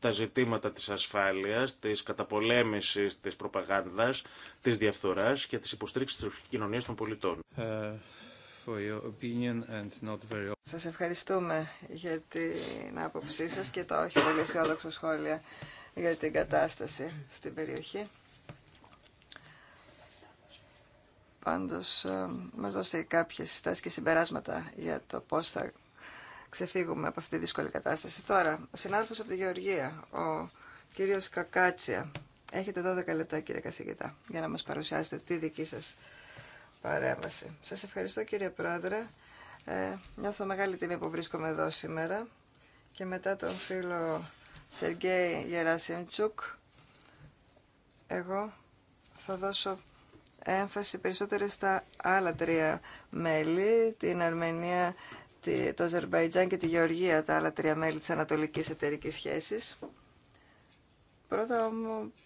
τα ζητήματα της ασφάλειας, της καταπολέμησης, της προπαγάνδας, της διαφθοράς και της υποστήριξης της κοινωνίας των πολιτών.
Ε, σας ευχαριστούμε για την άποψή σας και τα όχι πολύ αισιόδοξα σχόλια για την κατάσταση στην περιοχή. Πάντως, ε, μας δώσετε κάποιες συστάσεις και συμπεράσματα για το πώς θα ξεφύγουμε από αυτή τη δύσκολη κατάσταση. Τώρα, ο συνάδελφος από τη Γεωργία, ο κύριος Κακάτσια. Έχετε 12 λεπτά κύριε καθηγητά για να μας παρουσιάσετε τη δική σας παρέμβαση. Σας ευχαριστώ κύριε Πρόεδρε. Ε, νιώθω μεγάλη τιμή που βρίσκομαι εδώ σήμερα και μετά τον φίλο Σεργέη Γεράσιμτσουκ εγώ θα δώσω έμφαση περισσότερο στα άλλα τρία μέλη, την Αρμενία, το Αζερβαϊτζάν και τη Γεωργία, τα άλλα τρία μέλη της Ανατολικής Εταιρικής Σχέσης. Πρώτα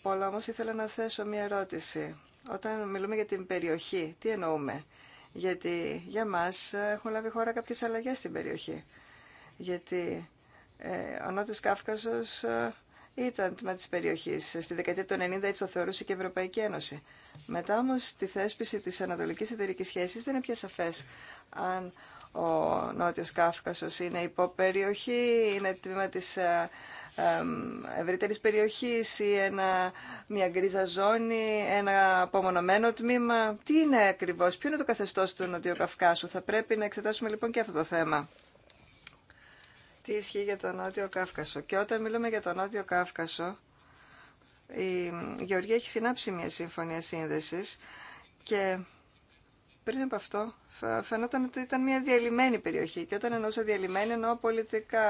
όλα όμως ήθελα να θέσω μια ερώτηση. Όταν μιλούμε για την περιοχή, τι εννοούμε. Γιατί για μας έχουν λάβει χώρα κάποιες αλλαγές στην περιοχή. Γιατί ε, ο Νότιος Κάφκασος ε, ήταν τμήμα της περιοχής. Στη δεκαετία του 90 έτσι το θεωρούσε και η Ευρωπαϊκή Ένωση. Μετά όμως τη θέσπιση της Ανατολικής Εταιρικής Σχέσης δεν είναι πια σαφές αν ο Νότιος Κάφκασος είναι υποπεριοχή, είναι τμήμα της ε, ευρύτερης περιοχής ή μια γκρίζα ζώνη, ένα απομονωμένο τμήμα. Τι είναι ακριβώς, ποιο είναι το καθεστώς του καυκάσου Θα πρέπει να εξετάσουμε λοιπόν και αυτό το θέμα. Τι ισχύει για τον Νότιο Κάφκασο. Και όταν μιλούμε για τον Νότιο Κάφκασο, η Γεωργία έχει συνάψει μια σύμφωνια σύνδεσης και πριν από αυτό φαινόταν ότι ήταν μια διαλυμένη περιοχή και όταν εννοούσα διαλυμένη εννοώ πολιτικά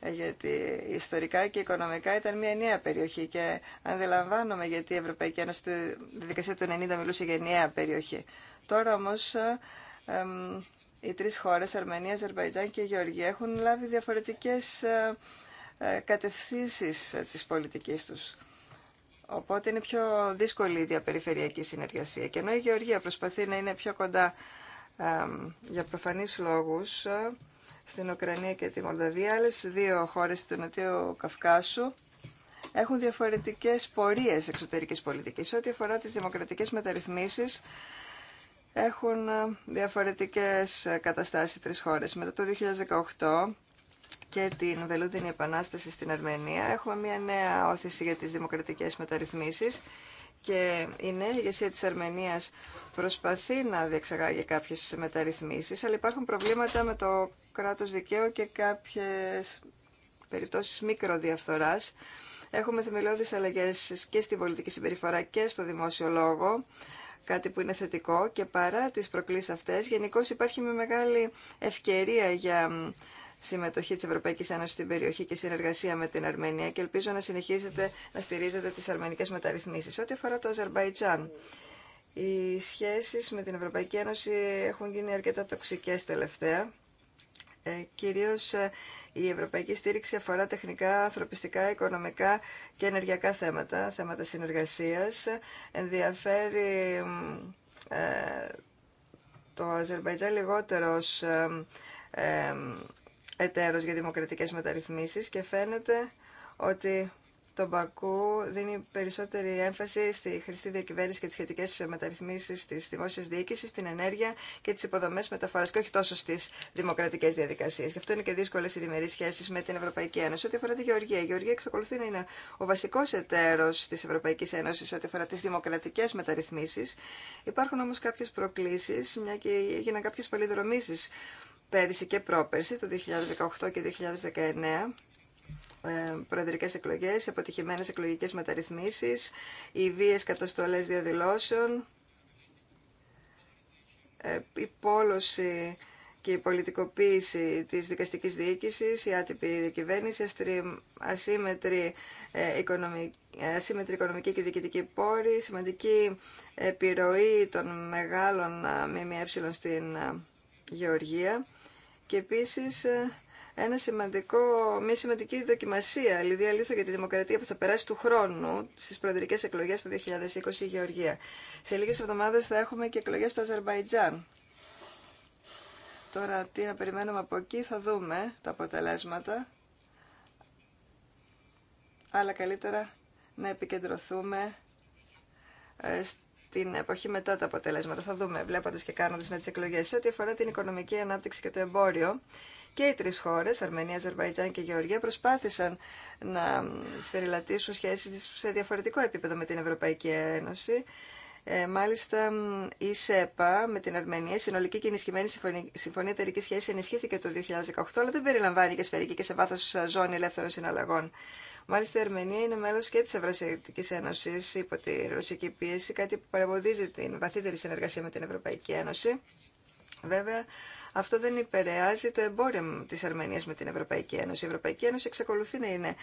ε, γιατί ιστορικά και οικονομικά ήταν μια νέα περιοχή και αντιλαμβάνομαι γιατί η Ευρωπαϊκή Ένωση τη δικασία του 90 μιλούσε για νέα περιοχή. Τώρα όμως ε, οι τρεις χώρες, Αρμενία, Αζερβαϊτζάν και Γεωργία έχουν λάβει διαφορετικές ε, κατευθύνσεις της πολιτικής τους. Οπότε είναι πιο δύσκολη η διαπεριφερειακή συνεργασία. Και ενώ η Γεωργία προσπαθεί να είναι πιο κοντά για προφανείς λόγους ε, στην Ουκρανία και τη Μολδαβία, άλλες δύο χώρες του Νοτιού Καυκάσου έχουν διαφορετικές πορείες εξωτερικής πολιτικής. Ό,τι αφορά τις δημοκρατικές μεταρρυθμίσεις, έχουν ε, διαφορετικές ε, καταστάσεις τρεις χώρες. Μετά το 2018 και την Βελούδινη Επανάσταση στην Αρμενία έχουμε μια νέα όθηση για τις δημοκρατικές μεταρρυθμίσεις και η νέα ηγεσία της Αρμενίας προσπαθεί να διεξαγάγει κάποιες μεταρρυθμίσεις, αλλά υπάρχουν προβλήματα με το κράτος δικαίου και κάποιες περιπτώσεις μικροδιαφθοράς. Έχουμε θεμελιώδεις αλλαγές και στην πολιτική συμπεριφορά και στο δημόσιο λόγο, κάτι που είναι θετικό και παρά τις προκλήσεις αυτές, γενικώ υπάρχει μια μεγάλη ευκαιρία για συμμετοχή της Ευρωπαϊκής Ένωση στην περιοχή και συνεργασία με την Αρμενία και ελπίζω να συνεχίζετε να στηρίζετε τις αρμενικές μεταρρυθμίσει. Ό,τι αφορά το Αζερβαϊτζάν, οι σχέσεις με την Ευρωπαϊκή Ένωση έχουν γίνει αρκετά τοξικές τελευταία. Ε, κυρίως ε, η ευρωπαϊκή στήριξη αφορά τεχνικά, ανθρωπιστικά, οικονομικά και ενεργειακά θέματα, θέματα συνεργασίας. Ενδιαφέρει ε, το Αζερβαϊτζάν λιγότερο ε, ε εταίρος για δημοκρατικές μεταρρυθμίσεις και φαίνεται ότι το Μπακού δίνει περισσότερη έμφαση στη χρηστή διακυβέρνηση και τι σχετικέ μεταρρυθμίσει τη δημόσια διοίκηση, στην ενέργεια και τι υποδομέ μεταφορά και όχι τόσο στι δημοκρατικέ διαδικασίε. Γι' αυτό είναι και δύσκολε οι διμερεί σχέσει με την Ευρωπαϊκή Ένωση. Ό,τι αφορά τη Γεωργία, η Γεωργία εξακολουθεί να είναι ο βασικό εταίρο τη Ευρωπαϊκή Ένωση ό,τι αφορά τι δημοκρατικέ μεταρρυθμίσει. Υπάρχουν όμω κάποιε προκλήσει, μια και έγιναν κάποιε παλιδρομήσει πέρυσι και πρόπερσι, το 2018 και 2019, ε, προεδρικές εκλογές, αποτυχημένες εκλογικές μεταρρυθμίσεις, οι βίες καταστολές διαδηλώσεων, ε, η πόλωση και η πολιτικοποίηση της δικαστικής διοίκησης, η άτυπη διακυβέρνηση, ασύμετρη, ε, οικονομική, οικονομική και διοικητική πόρη, σημαντική επιρροή των μεγάλων ΜΜΕ στην Γεωργία και επίσης ε, ένα σημαντικό, μια σημαντική δοκιμασία, λιδία-λίθο δηλαδή για τη δημοκρατία που θα περάσει του χρόνου στις προεδρικές εκλογές του 2020 η Γεωργία. Σε λίγες εβδομάδες θα έχουμε και εκλογές στο Αζερβαϊτζάν. Τώρα τι να περιμένουμε από εκεί, θα δούμε τα αποτελέσματα. Αλλά καλύτερα να επικεντρωθούμε ε, την εποχή μετά τα αποτελέσματα. Θα δούμε, βλέποντα και κάνοντα με τι εκλογέ. ό,τι αφορά την οικονομική ανάπτυξη και το εμπόριο, και οι τρει χώρε, Αρμενία, Αζερβαϊτζάν και Γεωργία, προσπάθησαν να σφαιριλατήσουν σχέσει σε διαφορετικό επίπεδο με την Ευρωπαϊκή Ένωση. Ε, μάλιστα, η ΣΕΠΑ με την Αρμενία, η συνολική και ενισχυμένη συμφωνία εταιρική σχέση ενισχύθηκε το 2018, αλλά δεν περιλαμβάνει και σφαιρική και σε βάθο ζώνη ελεύθερων συναλλαγών. Μάλιστα η Ερμηνεία είναι μέλος και της Ευρωσιακή Ένωσης υπό τη ρωσική πίεση, κάτι που παρεμποδίζει την βαθύτερη συνεργασία με την Ευρωπαϊκή Ένωση. Βέβαια, αυτό δεν επηρεάζει το εμπόριο τη Αρμενία με την Ευρωπαϊκή Ένωση. Η Ευρωπαϊκή Ένωση εξακολουθεί να είναι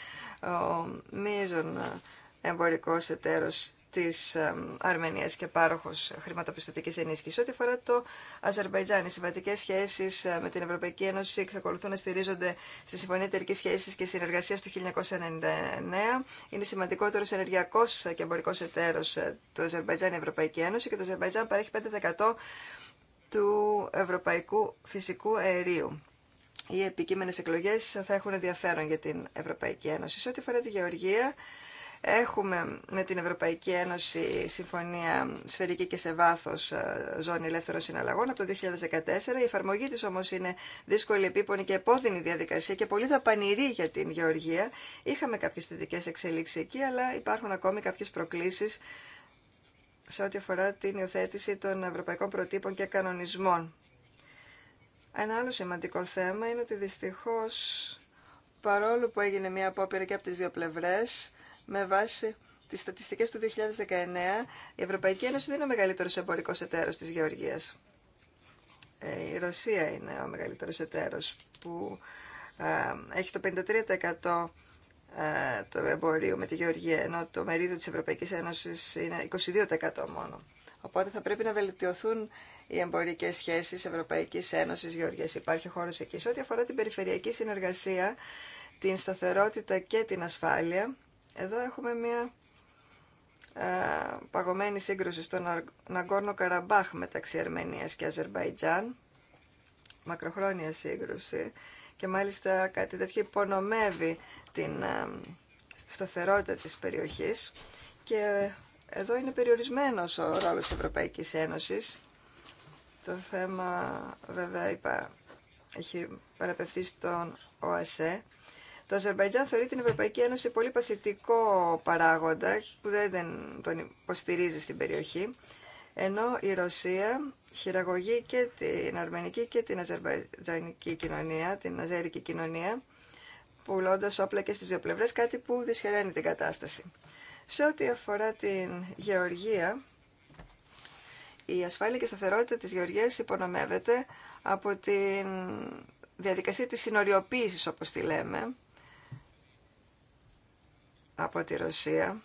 ο μείζον εμπορικό εταίρο Τη Αρμενίας και πάροχος χρηματοπιστωτικής ενίσχυσης. Ό,τι αφορά το Αζερβαϊτζάν, οι συμβατικέ σχέσεις ε, με την Ευρωπαϊκή Ένωση εξακολουθούν να στηρίζονται στη Συμφωνία Εταιρική σχέση και συνεργασία του 1999. Είναι σημαντικότερο ενεργειακό και εμπορικό εταίρο ε, του Αζερβαϊτζάν η Ευρωπαϊκή Ένωση και το Αζερβαϊτζάν παρέχει 5% του ευρωπαϊκού φυσικού αερίου. Οι επικείμενε εκλογέ θα έχουν ενδιαφέρον για την Ευρωπαϊκή Ένωση. Σε ό,τι αφορά τη Γεωργία, Έχουμε με την Ευρωπαϊκή Ένωση συμφωνία σφαιρική και σε βάθο ε, ζώνη ελεύθερων συναλλαγών από το 2014. Η εφαρμογή τη όμω είναι δύσκολη, επίπονη και επώδυνη διαδικασία και πολύ δαπανηρή για την γεωργία. Είχαμε κάποιε θετικέ εξελίξει εκεί, αλλά υπάρχουν ακόμη κάποιε προκλήσει σε ό,τι αφορά την υιοθέτηση των ευρωπαϊκών προτύπων και κανονισμών. Ένα άλλο σημαντικό θέμα είναι ότι δυστυχώς παρόλο που έγινε μια απόπειρα και από τις δύο πλευρές με βάση τις στατιστικές του 2019, η Ευρωπαϊκή Ένωση δεν είναι ο μεγαλύτερος εμπορικός εταίρος της Γεωργίας. Ε, η Ρωσία είναι ο μεγαλύτερος εταίρος που ε, έχει το 53% του ε, εμπορίου με τη Γεωργία, ενώ το μερίδιο της Ευρωπαϊκής Ένωσης είναι 22% μόνο. Οπότε θα πρέπει να βελτιωθούν οι εμπορικές σχέσεις Ευρωπαϊκή Ένωση, Γεωργίας. Υπάρχει χώρος εκεί. Σε ό,τι αφορά την περιφερειακή συνεργασία, την σταθερότητα και την ασφάλεια, εδώ έχουμε μια ε, παγωμένη σύγκρουση στον Ναγκόρνο Καραμπάχ μεταξύ Αρμενίας και Αζερβαϊτζάν. Μακροχρόνια σύγκρουση και μάλιστα κάτι τέτοιο υπονομεύει την ε, σταθερότητα της περιοχής και ε, εδώ είναι περιορισμένος ο ρόλος της Ευρωπαϊκής Ένωσης. Το θέμα βέβαια είπα έχει παραπευθεί στον ΟΑΣΕ το Αζερβαϊτζάν θεωρεί την Ευρωπαϊκή Ένωση πολύ παθητικό παράγοντα που δεν τον υποστηρίζει στην περιοχή, ενώ η Ρωσία χειραγωγεί και την αρμενική και την αζερβαϊτζανική κοινωνία, την αζέρικη κοινωνία, πουλώντα όπλα και στι δύο πλευρέ, κάτι που δυσχεραίνει την κατάσταση. Σε ό,τι αφορά την Γεωργία, η ασφάλεια και σταθερότητα της Γεωργίας υπονομεύεται από την διαδικασία της συνοριοποίησης, όπως τη λέμε, από τη Ρωσία.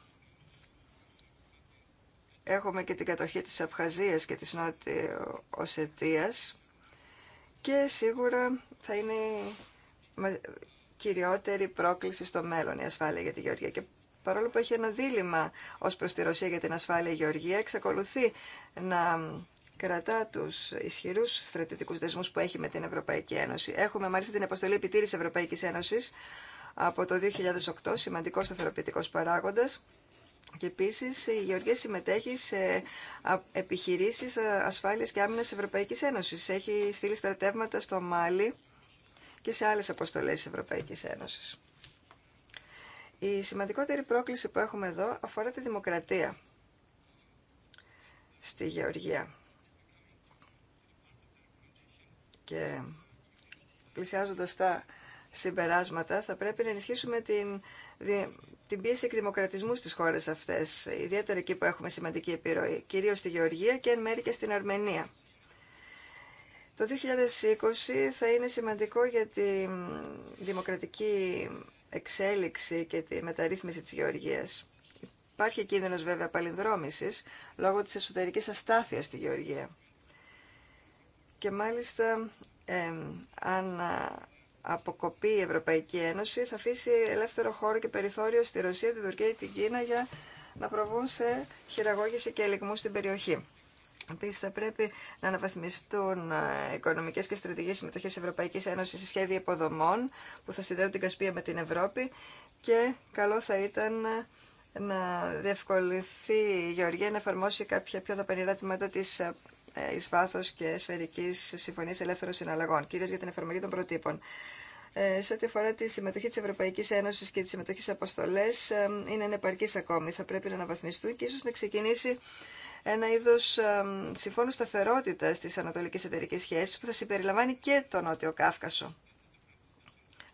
Έχουμε και την κατοχή της Απχαζίας και της Νότιο Οσετίας και σίγουρα θα είναι η κυριότερη πρόκληση στο μέλλον η ασφάλεια για τη Γεωργία. Και παρόλο που έχει ένα δίλημα ως προς τη Ρωσία για την ασφάλεια η Γεωργία, εξακολουθεί να κρατά του ισχυρού στρατιωτικού δεσμού που έχει με την Ευρωπαϊκή Ένωση. Έχουμε μάλιστα την αποστολή επιτήρηση Ευρωπαϊκή Ένωση από το 2008, σημαντικός σταθεροποιητικό παράγοντας. Και επίση η Γεωργία συμμετέχει σε επιχειρήσει ασφάλεια και άμυνα Ευρωπαϊκή Ένωση. Έχει στείλει στρατεύματα στο Μάλι και σε άλλε αποστολέ τη Ευρωπαϊκή Ένωση. Η σημαντικότερη πρόκληση που έχουμε εδώ αφορά τη δημοκρατία στη Γεωργία. Και πλησιάζοντας τα συμπεράσματα θα πρέπει να ενισχύσουμε την, την πίεση εκδημοκρατισμού στις χώρες αυτές, ιδιαίτερα εκεί που έχουμε σημαντική επιρροή, κυρίως στη Γεωργία και εν μέρει και στην Αρμενία. Το 2020 θα είναι σημαντικό για τη δημοκρατική εξέλιξη και τη μεταρρύθμιση της Γεωργίας. Υπάρχει κίνδυνος βέβαια παλινδρόμησης λόγω της εσωτερικής αστάθειας στη Γεωργία. Και μάλιστα ε, αν αποκοπεί η Ευρωπαϊκή Ένωση θα αφήσει ελεύθερο χώρο και περιθώριο στη Ρωσία, την Τουρκία και την Κίνα για να προβούν σε χειραγώγηση και ελιγμού στην περιοχή. Επίση, θα πρέπει να αναβαθμιστούν ε, οικονομικέ και στρατηγικέ συμμετοχέ τη Ευρωπαϊκή Ένωση σε σχέδια υποδομών που θα συνδέουν την Κασπία με την Ευρώπη και καλό θα ήταν ε, να διευκολυνθεί η Γεωργία να εφαρμόσει κάποια πιο δαπανηρά τμήματα τη ε, ε, ει βάθο και σφαιρική συμφωνία ελεύθερων συναλλαγών, κυρίως για την εφαρμογή των προτύπων. Ε, σε ό,τι αφορά τη συμμετοχή τη Ευρωπαϊκή Ένωση και τη συμμετοχή σε αποστολέ, ε, είναι ανεπαρκή ακόμη. Θα πρέπει να αναβαθμιστούν και ίσω να ξεκινήσει ένα είδο συμφώνου σταθερότητα τη Ανατολική Εταιρική Σχέση που θα συμπεριλαμβάνει και το Νότιο Κάφκασο.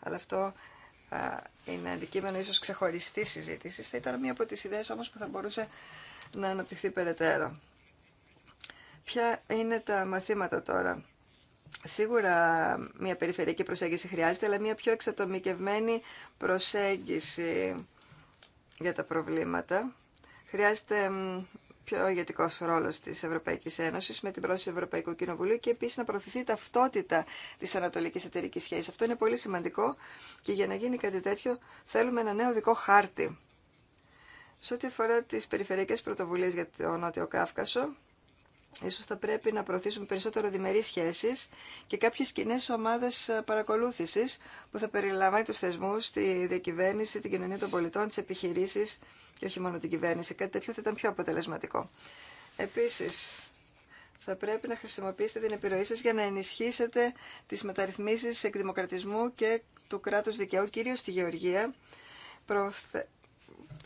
Αλλά αυτό είναι αντικείμενο ίσω ξεχωριστή συζήτηση. Θα ήταν μία από τι ιδέε όμω που θα μπορούσε να αναπτυχθεί περαιτέρω. Ποια είναι τα μαθήματα τώρα. Σίγουρα μια περιφερειακή προσέγγιση χρειάζεται, αλλά μια πιο εξατομικευμένη προσέγγιση για τα προβλήματα. Χρειάζεται πιο ηγετικό ρόλο τη Ευρωπαϊκή Ένωση με την πρόσθεση Ευρωπαϊκού Κοινοβουλίου και επίση να προωθηθεί η ταυτότητα τη Ανατολική Εταιρική Σχέση. Αυτό είναι πολύ σημαντικό και για να γίνει κάτι τέτοιο θέλουμε ένα νέο δικό χάρτη. Σε ό,τι αφορά τι περιφερειακέ πρωτοβουλίε για το Νότιο Κάφκασο, Ίσως θα πρέπει να προωθήσουμε περισσότερο διμερείς σχέσεις και κάποιες κοινέ ομάδες ε, παρακολούθησης που θα περιλαμβάνει τους θεσμούς, τη διακυβέρνηση, την κοινωνία των πολιτών, τις επιχειρήσεις και όχι μόνο την κυβέρνηση. Κάτι τέτοιο θα ήταν πιο αποτελεσματικό. Επίσης, θα πρέπει να χρησιμοποιήσετε την επιρροή σας για να ενισχύσετε τις μεταρρυθμίσεις εκδημοκρατισμού και του κράτους δικαίου, κυρίως στη Γεωργία,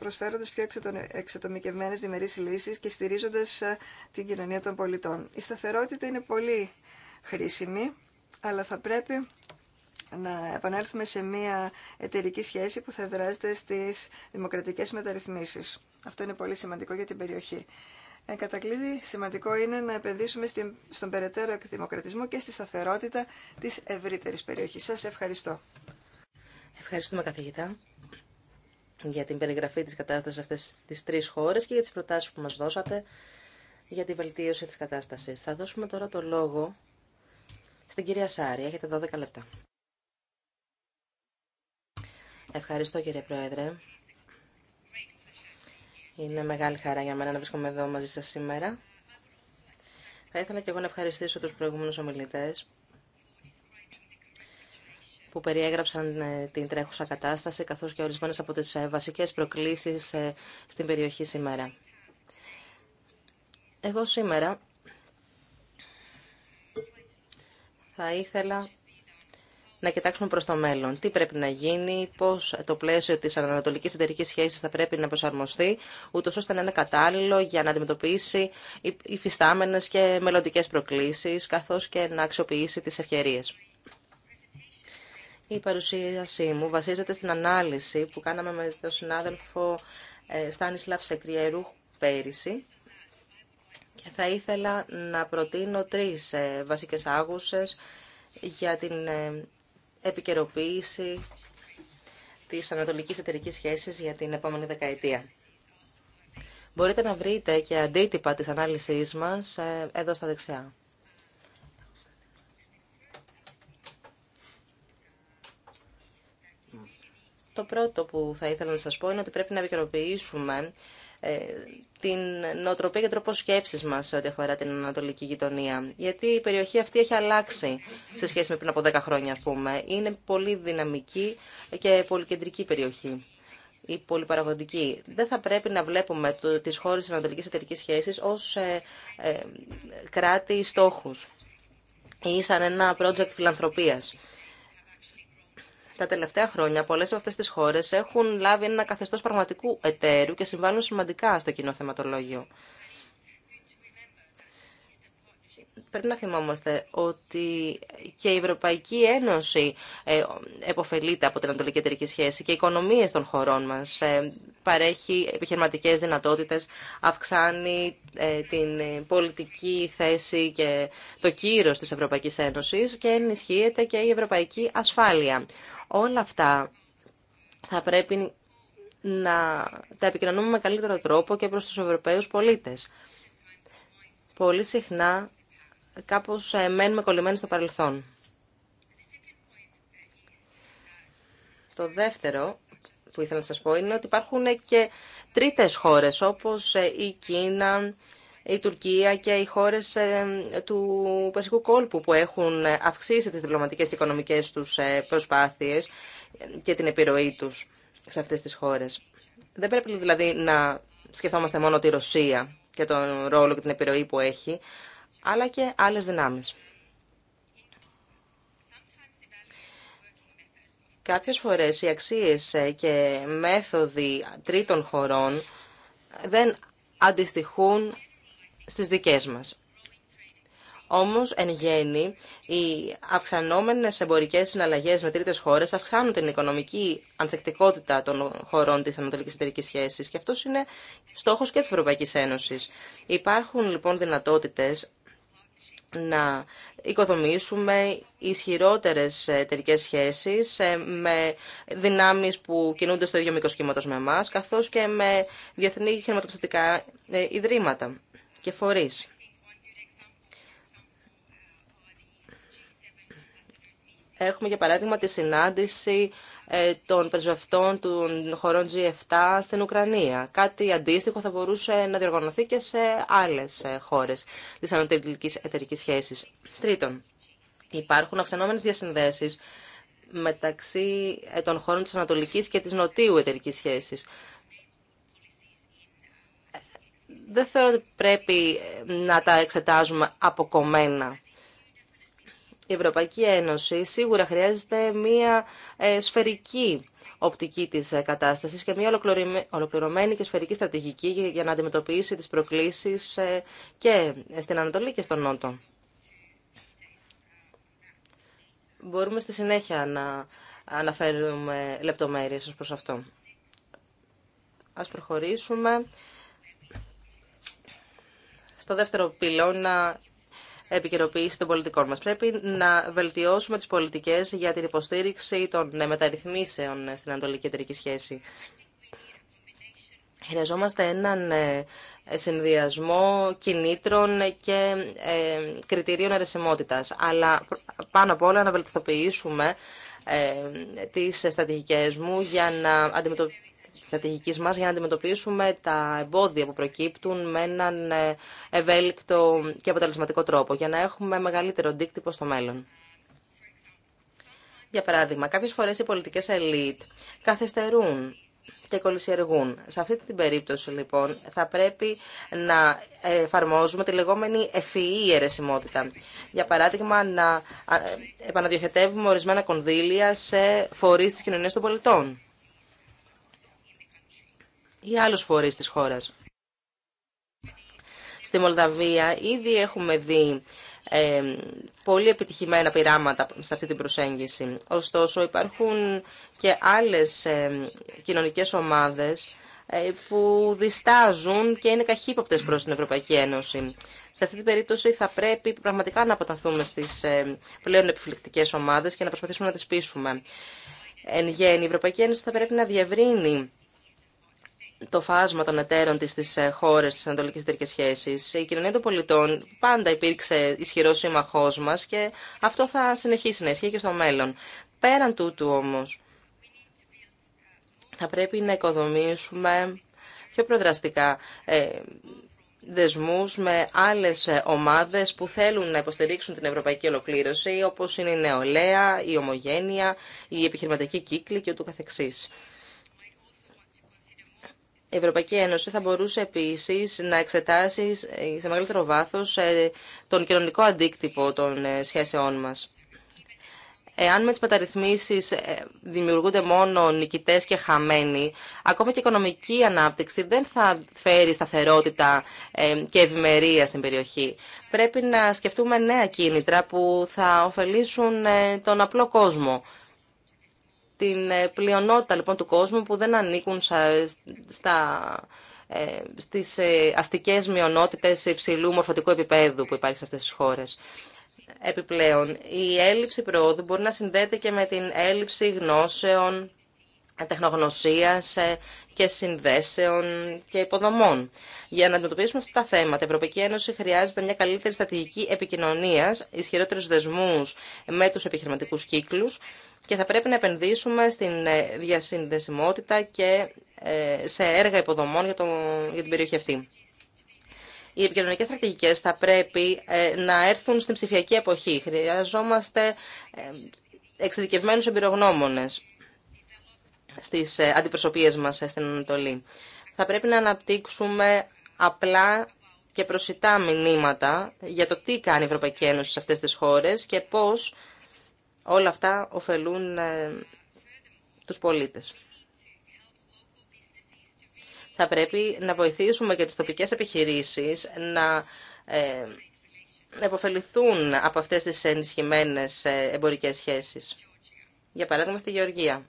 προσφέροντα πιο εξατομικευμένε διμερεί λύσει και στηρίζοντα ε, την κοινωνία των πολιτών. Η σταθερότητα είναι πολύ χρήσιμη, αλλά θα πρέπει να επανέλθουμε σε μια εταιρική σχέση που θα δράζεται στις δημοκρατικές μεταρρυθμίσεις. Αυτό είναι πολύ σημαντικό για την περιοχή. Εν κατακλείδη, σημαντικό είναι να επενδύσουμε στον περαιτέρω εκδημοκρατισμό και στη σταθερότητα της ευρύτερης περιοχής. Σας ευχαριστώ.
Ευχαριστούμε καθηγητά για την περιγραφή της κατάστασης αυτές τις τρεις χώρες και για τις προτάσεις που μας δώσατε για τη βελτίωση της κατάστασης. Θα δώσουμε τώρα το λόγο στην κυρία Σάρη. Έχετε 12 λεπτά. Ευχαριστώ κύριε Πρόεδρε. Είναι μεγάλη χαρά για μένα να βρίσκομαι εδώ μαζί σας σήμερα. Θα ήθελα και εγώ να ευχαριστήσω τους προηγούμενους ομιλητές που περιέγραψαν ε, την τρέχουσα κατάσταση, καθώς και ορισμένες από τις ε, βασικές προκλήσεις ε, στην περιοχή σήμερα. Εγώ σήμερα θα ήθελα να κοιτάξουμε προς το μέλλον. Τι πρέπει να γίνει, πώς το πλαίσιο της ανατολικής εταιρικής σχέσης θα πρέπει να προσαρμοστεί, ούτως ώστε να είναι κατάλληλο για να αντιμετωπίσει φυστάμενες και μελλοντικές προκλήσεις, καθώς και να αξιοποιήσει τις ευκαιρίες. Η παρουσίασή μου βασίζεται στην ανάλυση που κάναμε με τον συνάδελφο ε, Στάνισλαβ Σεκριερού πέρυσι και θα ήθελα να προτείνω τρεις ε, βασικές άγουσες για την ε, επικαιροποίηση της ανατολικής εταιρικής σχέσης για την επόμενη δεκαετία. Μπορείτε να βρείτε και αντίτυπα της ανάλυσης μας εδώ στα δεξιά. Το πρώτο που θα ήθελα να σας πω είναι ότι πρέπει να επικαιροποιήσουμε ε, την νοοτροπία και τρόπο σκέψη μα σε ό,τι αφορά την Ανατολική γειτονία. Γιατί η περιοχή αυτή έχει αλλάξει σε σχέση με πριν από 10 χρόνια, α πούμε. Είναι πολύ δυναμική και πολυκεντρική περιοχή ή πολυπαραγωγική. Δεν θα πρέπει να βλέπουμε τι χώρε τη Ανατολική Εταιρική Σχέση ω ε, ε, κράτη στόχου ή σαν ένα project φιλανθρωπίας. Τα τελευταία χρόνια πολλές από αυτές τις χώρες έχουν λάβει ένα καθεστώ πραγματικού εταίρου και συμβάλλουν σημαντικά στο κοινό θεματολόγιο. Πρέπει να θυμόμαστε ότι και η Ευρωπαϊκή Ένωση ε, εποφελείται από την Ανατολική Εταιρική Σχέση και οι οικονομίες των χωρών μας. Ε, παρέχει επιχειρηματικές δυνατότητες, αυξάνει ε, την πολιτική θέση και το κύρος της Ευρωπαϊκής Ένωσης και ενισχύεται και η ευρωπαϊκή ασφάλεια. Όλα αυτά θα πρέπει να τα επικοινωνούμε με καλύτερο τρόπο και προς τους Ευρωπαίους πολίτες. Πολύ συχνά κάπως ε, μένουμε κολλημένοι στο παρελθόν. Το δεύτερο που ήθελα να σας πω είναι ότι υπάρχουν και τρίτες χώρες όπως ε, η Κίνα, η Τουρκία και οι χώρες ε, του Περσικού κόλπου που έχουν αυξήσει τις διπλωματικές και οικονομικές τους προσπάθειες και την επιρροή τους σε αυτές τις χώρες. Δεν πρέπει δηλαδή να σκεφτόμαστε μόνο τη Ρωσία και τον ρόλο και την επιρροή που έχει, αλλά και άλλες δυνάμεις. Κάποιες φορές οι αξίες ε, και μέθοδοι τρίτων χωρών δεν αντιστοιχούν στις δικές μας. Όμως, εν γέννη, οι αυξανόμενες εμπορικές συναλλαγές με τρίτες χώρες αυξάνουν την οικονομική ανθεκτικότητα των χωρών της Ανατολικής Εταιρικής Σχέσης και αυτός είναι στόχος και της Ευρωπαϊκής Ένωσης. Υπάρχουν λοιπόν δυνατότητες να οικοδομήσουμε ισχυρότερες εταιρικέ σχέσεις ε, με δυνάμεις που κινούνται στο ίδιο μήκος κύματος με εμάς, καθώς και με διεθνή χρηματοπιστωτικά ε, ιδρύματα και φορείς. Έχουμε για παράδειγμα τη συνάντηση ε, των πρεσβευτών των χωρών G7 στην Ουκρανία. Κάτι αντίστοιχο θα μπορούσε να διοργανωθεί και σε άλλες ε, χώρες τη Ανατολική εταιρική σχέση. Τρίτον, υπάρχουν αυξανόμενε διασυνδέσεις μεταξύ ε, των χώρων της Ανατολικής και της Νοτίου εταιρικής σχέσης. Δεν θεωρώ ότι πρέπει να τα εξετάζουμε αποκομμένα η Ευρωπαϊκή Ένωση σίγουρα χρειάζεται μία ε, σφαιρική οπτική της ε, κατάστασης και μία ολοκληρωμένη και σφαιρική στρατηγική για να αντιμετωπίσει τις προκλήσεις ε, και στην Ανατολή και στον Νότο. Μπορούμε στη συνέχεια να αναφέρουμε λεπτομέρειες ως προς αυτό. Ας προχωρήσουμε στο δεύτερο πυλώνα επικαιροποίηση των πολιτικών μας. Πρέπει να βελτιώσουμε τις πολιτικές για την υποστήριξη των ναι, μεταρρυθμίσεων στην Ανατολική Κεντρική Σχέση. Χρειαζόμαστε έναν ε, συνδυασμό κινήτρων και ε, κριτηρίων αρεσιμότητας. Αλλά πάνω απ' όλα να βελτιστοποιήσουμε ε, τις στρατηγικές μου για να αντιμετωπίσουμε μας για να αντιμετωπίσουμε τα εμπόδια που προκύπτουν με έναν ε, ευέλικτο και αποτελεσματικό τρόπο για να έχουμε μεγαλύτερο αντίκτυπο στο μέλλον. Για παράδειγμα, κάποιες φορές οι πολιτικές ελίτ καθυστερούν και κολυσιεργούν. Σε αυτή την περίπτωση, λοιπόν, θα πρέπει να εφαρμόζουμε τη λεγόμενη ευφυή αιρεσιμότητα. Για παράδειγμα, να ε, επαναδιοχετεύουμε ορισμένα κονδύλια σε φορεί τη κοινωνία των πολιτών ή άλλους φορείς της χώρας. Στη Μολδαβία ήδη έχουμε δει ε, πολύ επιτυχημένα πειράματα σε αυτή την προσέγγιση. Ωστόσο υπάρχουν και άλλες ε, κοινωνικές ομάδες ε, που διστάζουν και είναι καχύποπτες προς την Ευρωπαϊκή Ένωση. Σε αυτή την περίπτωση θα πρέπει πραγματικά να αποταθούμε στις ε, πλέον επιφυλεκτικές ομάδες και να προσπαθήσουμε να τις πείσουμε. Εν γέννη, η Ευρωπαϊκή Ένωση θα πρέπει να διευρύνει το φάσμα των εταίρων τη στις ε, χώρες της Ανατολικής σχέση. Η κοινωνία των πολιτών πάντα υπήρξε ισχυρό σύμμαχό μας και αυτό θα συνεχίσει να ισχύει και στο μέλλον. Πέραν τούτου όμως, θα πρέπει να οικοδομήσουμε πιο προδραστικά ε, δεσμούς με άλλες ε, ομάδες που θέλουν να υποστηρίξουν την ευρωπαϊκή ολοκλήρωση, όπως είναι η νεολαία, η ομογένεια, η επιχειρηματική κύκλη και ούτω καθεξής. Η Ευρωπαϊκή Ένωση θα μπορούσε επίσης να εξετάσει σε μεγαλύτερο βάθος ε, τον κοινωνικό αντίκτυπο των ε, σχέσεών μας. Εάν με τι μεταρρυθμίσει ε, δημιουργούνται μόνο νικητές και χαμένοι, ακόμα και η οικονομική ανάπτυξη δεν θα φέρει σταθερότητα και ευημερία στην περιοχή. Πρέπει να σκεφτούμε νέα κίνητρα που θα ωφελήσουν τον απλό κόσμο την ε, πλειονότητα λοιπόν του κόσμου που δεν ανήκουν στα, ε, στις ε, αστικές μειονότητες υψηλού μορφωτικού επίπεδου που υπάρχει σε αυτές τις χώρες. Επιπλέον, η έλλειψη προόδου μπορεί να συνδέεται και με την έλλειψη γνώσεων, τεχνογνωσίας και συνδέσεων και υποδομών. Για να αντιμετωπίσουμε αυτά τα θέματα, η Ευρωπαϊκή Ένωση χρειάζεται μια καλύτερη στρατηγική επικοινωνίας, ισχυρότερους δεσμούς με τους επιχειρηματικούς κύκλους και θα πρέπει να επενδύσουμε στην ε, διασυνδεσιμότητα και ε, σε έργα υποδομών για, το, για την περιοχή αυτή. Οι επικοινωνικές στρατηγικές θα πρέπει ε, να έρθουν στην ψηφιακή εποχή. Χρειαζόμαστε εξειδικευμένους εμπειρογνώμονες στις αντιπροσωπείες μας στην Ανατολή. Θα πρέπει να αναπτύξουμε απλά και προσιτά μηνύματα για το τι κάνει η Ευρωπαϊκή Ένωση σε αυτές τις χώρες και πώς Όλα αυτά ωφελούν ε, τους πολίτες. Θα πρέπει να βοηθήσουμε και τις τοπικές επιχειρήσεις να επωφεληθούν από αυτές τις ενισχυμένες ε, εμπορικές σχέσεις. Για παράδειγμα στη Γεωργία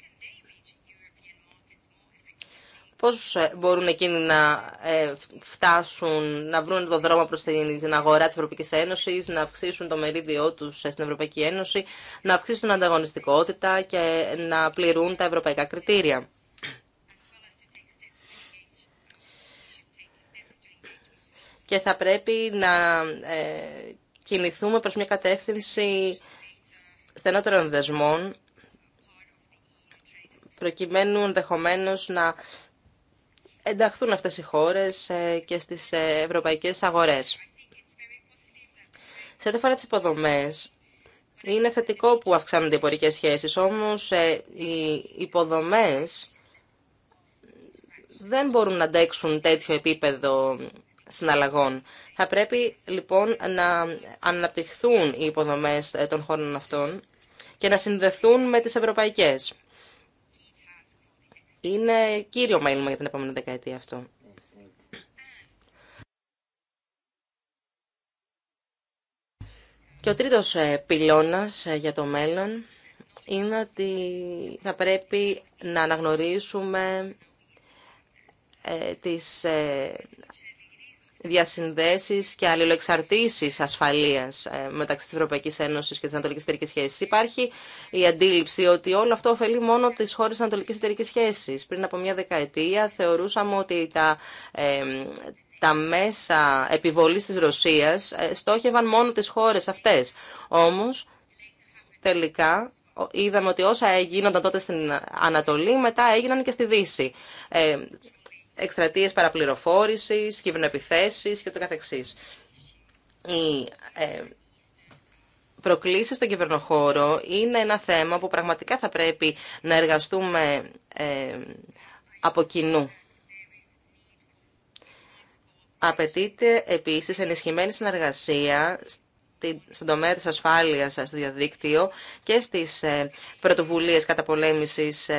πώς ε, μπορούν εκείνοι να ε, φτάσουν, να βρουν τον δρόμο προς την αγορά της Ευρωπαϊκής Ένωσης, να αυξήσουν το μερίδιό τους ε, στην Ευρωπαϊκή Ένωση, να αυξήσουν την ανταγωνιστικότητα και να πληρούν τα ευρωπαϊκά κριτήρια. Και θα πρέπει να κινηθούμε προς μια κατεύθυνση στενότερων δεσμών προκειμένου ενδεχομένω να ενταχθούν αυτές οι χώρες ε, και στις ε, ευρωπαϊκές αγορές. Σε ό,τι αφορά τις υποδομές, είναι θετικό που αυξάνονται οι πορικές σχέσεις, όμως ε, οι υποδομές δεν μπορούν να αντέξουν τέτοιο επίπεδο συναλλαγών. Θα πρέπει λοιπόν να αναπτυχθούν οι υποδομές των χώρων αυτών και να συνδεθούν με τις ευρωπαϊκές. Είναι κύριο μέλημα για την επόμενη δεκαετία αυτό. Και ο τρίτος ε, πυλώνας ε, για το μέλλον είναι ότι θα πρέπει να αναγνωρίσουμε ε, τις διασυνδέσεις και αλληλοεξαρτήσεις ασφαλείας ε, μεταξύ της Ευρωπαϊκής Ένωσης και της Ανατολικής Εταιρικής Σχέσης. Υπάρχει η αντίληψη ότι όλο αυτό ωφελεί μόνο τις χώρες της Ανατολικής Εταιρικής Σχέσης. Πριν από μια δεκαετία θεωρούσαμε ότι τα, ε, τα μέσα επιβολής της Ρωσίας ε, στόχευαν μόνο τις χώρες αυτές. Όμως, τελικά, είδαμε ότι όσα γίνονταν τότε στην Ανατολή, μετά έγιναν και στη Δύση εκστρατείε παραπληροφόρηση, κυβερνοεπιθέσει και το καθεξής. Οι ε, προκλήσεις στον κυβερνοχώρο είναι ένα θέμα που πραγματικά θα πρέπει να εργαστούμε ε, από κοινού. Απαιτείται επίσης ενισχυμένη συνεργασία στον τομέα της ασφάλειας στο διαδίκτυο και στις ε, πρωτοβουλίες καταπολέμησης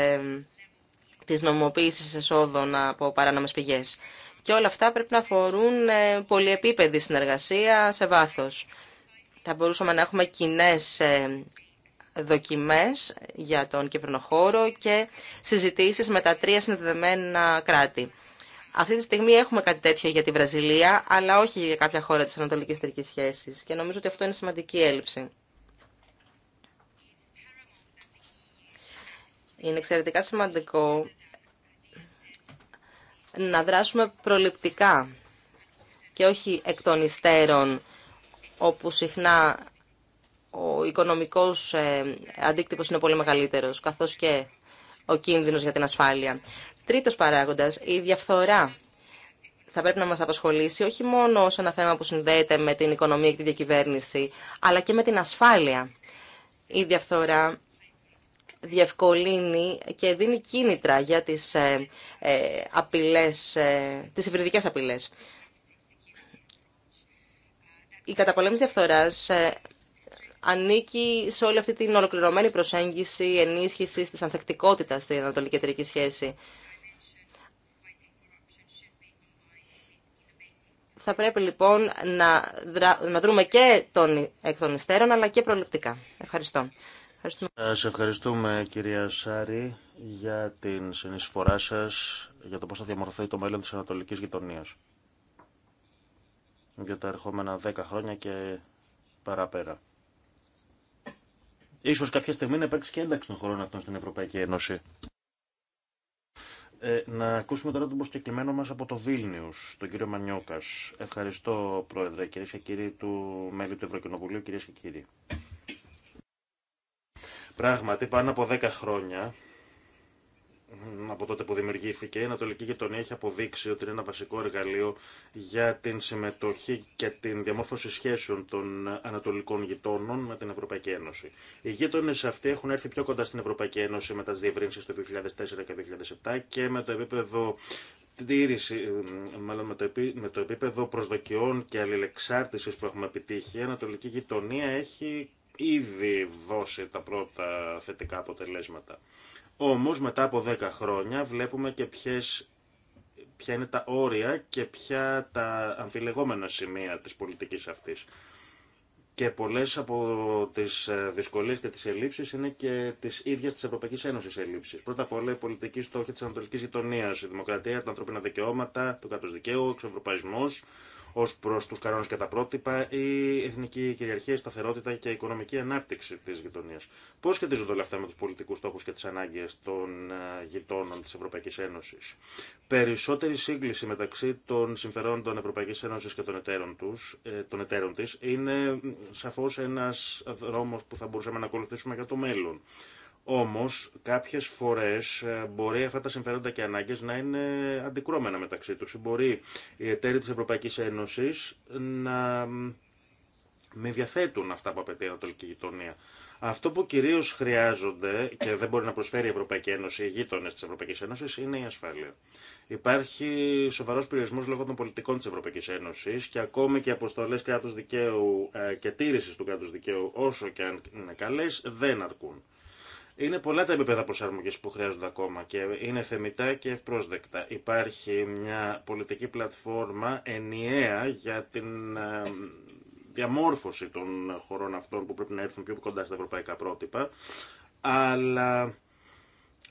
της νομοποίησης εσόδων από παράνομες πηγές. Και όλα αυτά πρέπει να αφορούν ε, πολυεπίπεδη συνεργασία σε βάθος. Θα μπορούσαμε να έχουμε κοινέ ε, δοκιμές για τον κυβερνοχώρο και συζητήσεις με τα τρία συνδεδεμένα κράτη. Αυτή τη στιγμή έχουμε κάτι τέτοιο για τη Βραζιλία, αλλά όχι για κάποια χώρα της Ανατολικής Τερικής Σχέσης. Και νομίζω ότι αυτό είναι σημαντική έλλειψη. Είναι εξαιρετικά σημαντικό να δράσουμε προληπτικά και όχι εκ των υστέρων, όπου συχνά ο οικονομικός ε, αντίκτυπος είναι πολύ μεγαλύτερος, καθώς και ο κίνδυνος για την ασφάλεια. Τρίτος παράγοντας, η διαφθορά θα πρέπει να μας απασχολήσει όχι μόνο σε ένα θέμα που συνδέεται με την οικονομία και τη διακυβέρνηση, αλλά και με την ασφάλεια. Η διαφθορά διευκολύνει και δίνει κίνητρα για τις ε, ε, απειλές, ε, τις υβριδικές απειλές. Η καταπολέμηση διαφθοράς ανήκει σε όλη αυτή την ολοκληρωμένη προσέγγιση ενίσχυση της ανθεκτικότητας στην Ανατολική Εταιρική Σχέση. Θα πρέπει λοιπόν να, δρούμε και τον, εκ των υστέρων αλλά και προληπτικά. Ευχαριστώ.
Ευχαριστούμε. Σας ευχαριστούμε κυρία Σάρη για την συνεισφορά σας για το πώς θα διαμορφωθεί το μέλλον της Ανατολικής Γειτονίας για τα ερχόμενα 10 χρόνια και παραπέρα. Ίσως κάποια στιγμή να υπάρξει και ένταξη των χωρών αυτών στην Ευρωπαϊκή Ένωση. Ε, να ακούσουμε τώρα τον προσκεκλημένο μας από το Βίλνιους, τον κύριο Μανιώκας. Ευχαριστώ, Πρόεδρε, κυρίες και κύριοι του μέλη του Ευρωκοινοβουλίου, κυρίες και κύριοι. Πράγματι, πάνω από 10 χρόνια από τότε που δημιουργήθηκε, η Ανατολική Γειτονία έχει αποδείξει ότι είναι ένα βασικό εργαλείο για την συμμετοχή και την διαμόρφωση σχέσεων των Ανατολικών γειτόνων με την Ευρωπαϊκή Ένωση. Οι γείτονε αυτοί έχουν έρθει πιο κοντά στην Ευρωπαϊκή Ένωση μετά τι διευρύνσει του 2004 και 2007 και με το επίπεδο τήρηση, μάλλον με το, επί, με το επίπεδο προσδοκιών και αλληλεξάρτησης που έχουμε επιτύχει, η Ανατολική Γειτονία έχει ήδη δώσει τα πρώτα θετικά αποτελέσματα. Όμως μετά από 10 χρόνια βλέπουμε και ποιες, ποια είναι τα όρια και ποια τα αμφιλεγόμενα σημεία της πολιτικής αυτής. Και πολλές από τις ε, δυσκολίες και τις ελλείψεις είναι και τις ίδιες της Ευρωπαϊκής Ένωσης ελλείψεις. Πρώτα απ' όλα η πολιτική στόχη της Ανατολικής Γειτονίας, η δημοκρατία, τα ανθρώπινα δικαιώματα, το κράτος δικαίου, ο εξευρωπαϊσμός, ω προ του κανόνε και τα πρότυπα, η εθνική κυριαρχία, η σταθερότητα και η οικονομική ανάπτυξη τη γειτονία. Πώ σχετίζονται όλα αυτά με του πολιτικού στόχου και τι ανάγκε των ε, γειτόνων τη Ευρωπαϊκή Ένωση. Περισσότερη σύγκληση μεταξύ των συμφερόντων Ευρωπαϊκή Ένωση και των εταίρων, τους, ε, των εταίρων της είναι ε, σαφώ ένα δρόμο που θα μπορούσαμε να ακολουθήσουμε για το μέλλον. Όμως κάποιες φορές ε, μπορεί αυτά τα συμφέροντα και ανάγκες να είναι αντικρώμενα μεταξύ του. Μπορεί οι εταίροι της Ευρωπαϊκής Ένωσης να με διαθέτουν αυτά που απαιτεί η Ανατολική Γειτονία. Αυτό που κυρίως χρειάζονται και δεν μπορεί να προσφέρει η Ευρωπαϊκή Ένωση, οι γείτονε της Ευρωπαϊκής Ένωσης, είναι η ασφάλεια. Υπάρχει σοβαρό περιορισμό λόγω των πολιτικών τη Ευρωπαϊκή Ένωση και ακόμη και αποστολέ κράτου δικαίου ε, και τήρηση του κράτου δικαίου, όσο και αν είναι καλέ, δεν αρκούν. Είναι πολλά τα επίπεδα προσαρμογή που χρειάζονται ακόμα και είναι θεμητά και ευπρόσδεκτα. Υπάρχει μια πολιτική πλατφόρμα ενιαία για την ε, διαμόρφωση των χωρών αυτών που πρέπει να έρθουν πιο κοντά στα ευρωπαϊκά πρότυπα, αλλά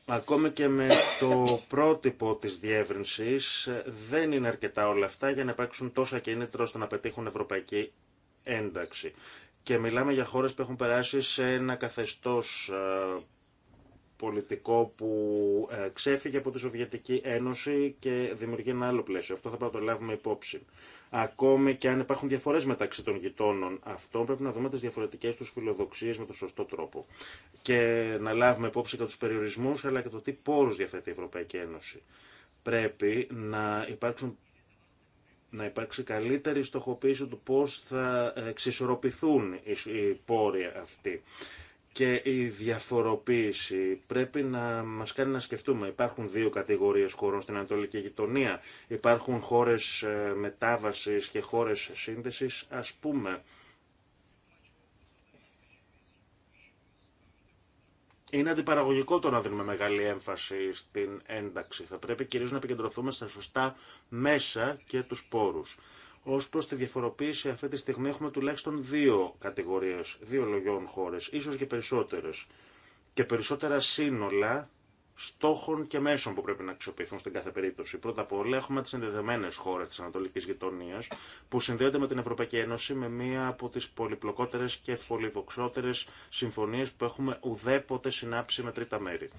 ακόμη και με το πρότυπο της διεύρυνσης δεν είναι αρκετά όλα αυτά για να υπάρξουν τόσα κίνητρα ώστε να πετύχουν ευρωπαϊκή ένταξη. Και μιλάμε για χώρες που έχουν περάσει σε ένα καθεστώς ε, πολιτικό που ε, ξέφυγε από τη Σοβιετική Ένωση και δημιουργεί ένα άλλο πλαίσιο. Αυτό θα πρέπει να το λάβουμε υπόψη. Ακόμη και αν υπάρχουν διαφορές μεταξύ των γειτόνων αυτών, πρέπει να δούμε τις διαφορετικές τους φιλοδοξίες με τον σωστό τρόπο. Και να λάβουμε υπόψη και τους περιορισμούς αλλά και το τι πόρους διαθέτει η Ευρωπαϊκή Ένωση. Πρέπει να υπάρξουν να υπάρξει καλύτερη στοχοποίηση του πώς θα εξισορροπηθούν οι πόροι αυτοί. Και η διαφοροποίηση πρέπει να μας κάνει να σκεφτούμε. Υπάρχουν δύο κατηγορίες χωρών στην Ανατολική Γειτονία. Υπάρχουν χώρες ε, μετάβασης και χώρες σύνδεσης. Ας πούμε, Είναι αντιπαραγωγικό το να δίνουμε μεγάλη έμφαση στην ένταξη. Θα πρέπει κυρίω να επικεντρωθούμε στα σωστά μέσα και τους πόρους. Ω προ τη διαφοροποίηση, αυτή τη στιγμή έχουμε τουλάχιστον δύο κατηγορίε, δύο λογιών χώρε, ίσω και περισσότερε. Και περισσότερα σύνολα στόχων και μέσων που πρέπει να αξιοποιηθούν στην κάθε περίπτωση. Πρώτα απ' όλα έχουμε τι συνδεδεμένε χώρε τη Ανατολική Γειτονία που συνδέονται με την Ευρωπαϊκή Ένωση με μία από τι πολυπλοκότερε και φολιδοξότερε συμφωνίε που έχουμε ουδέποτε συνάψει με τρίτα μέρη.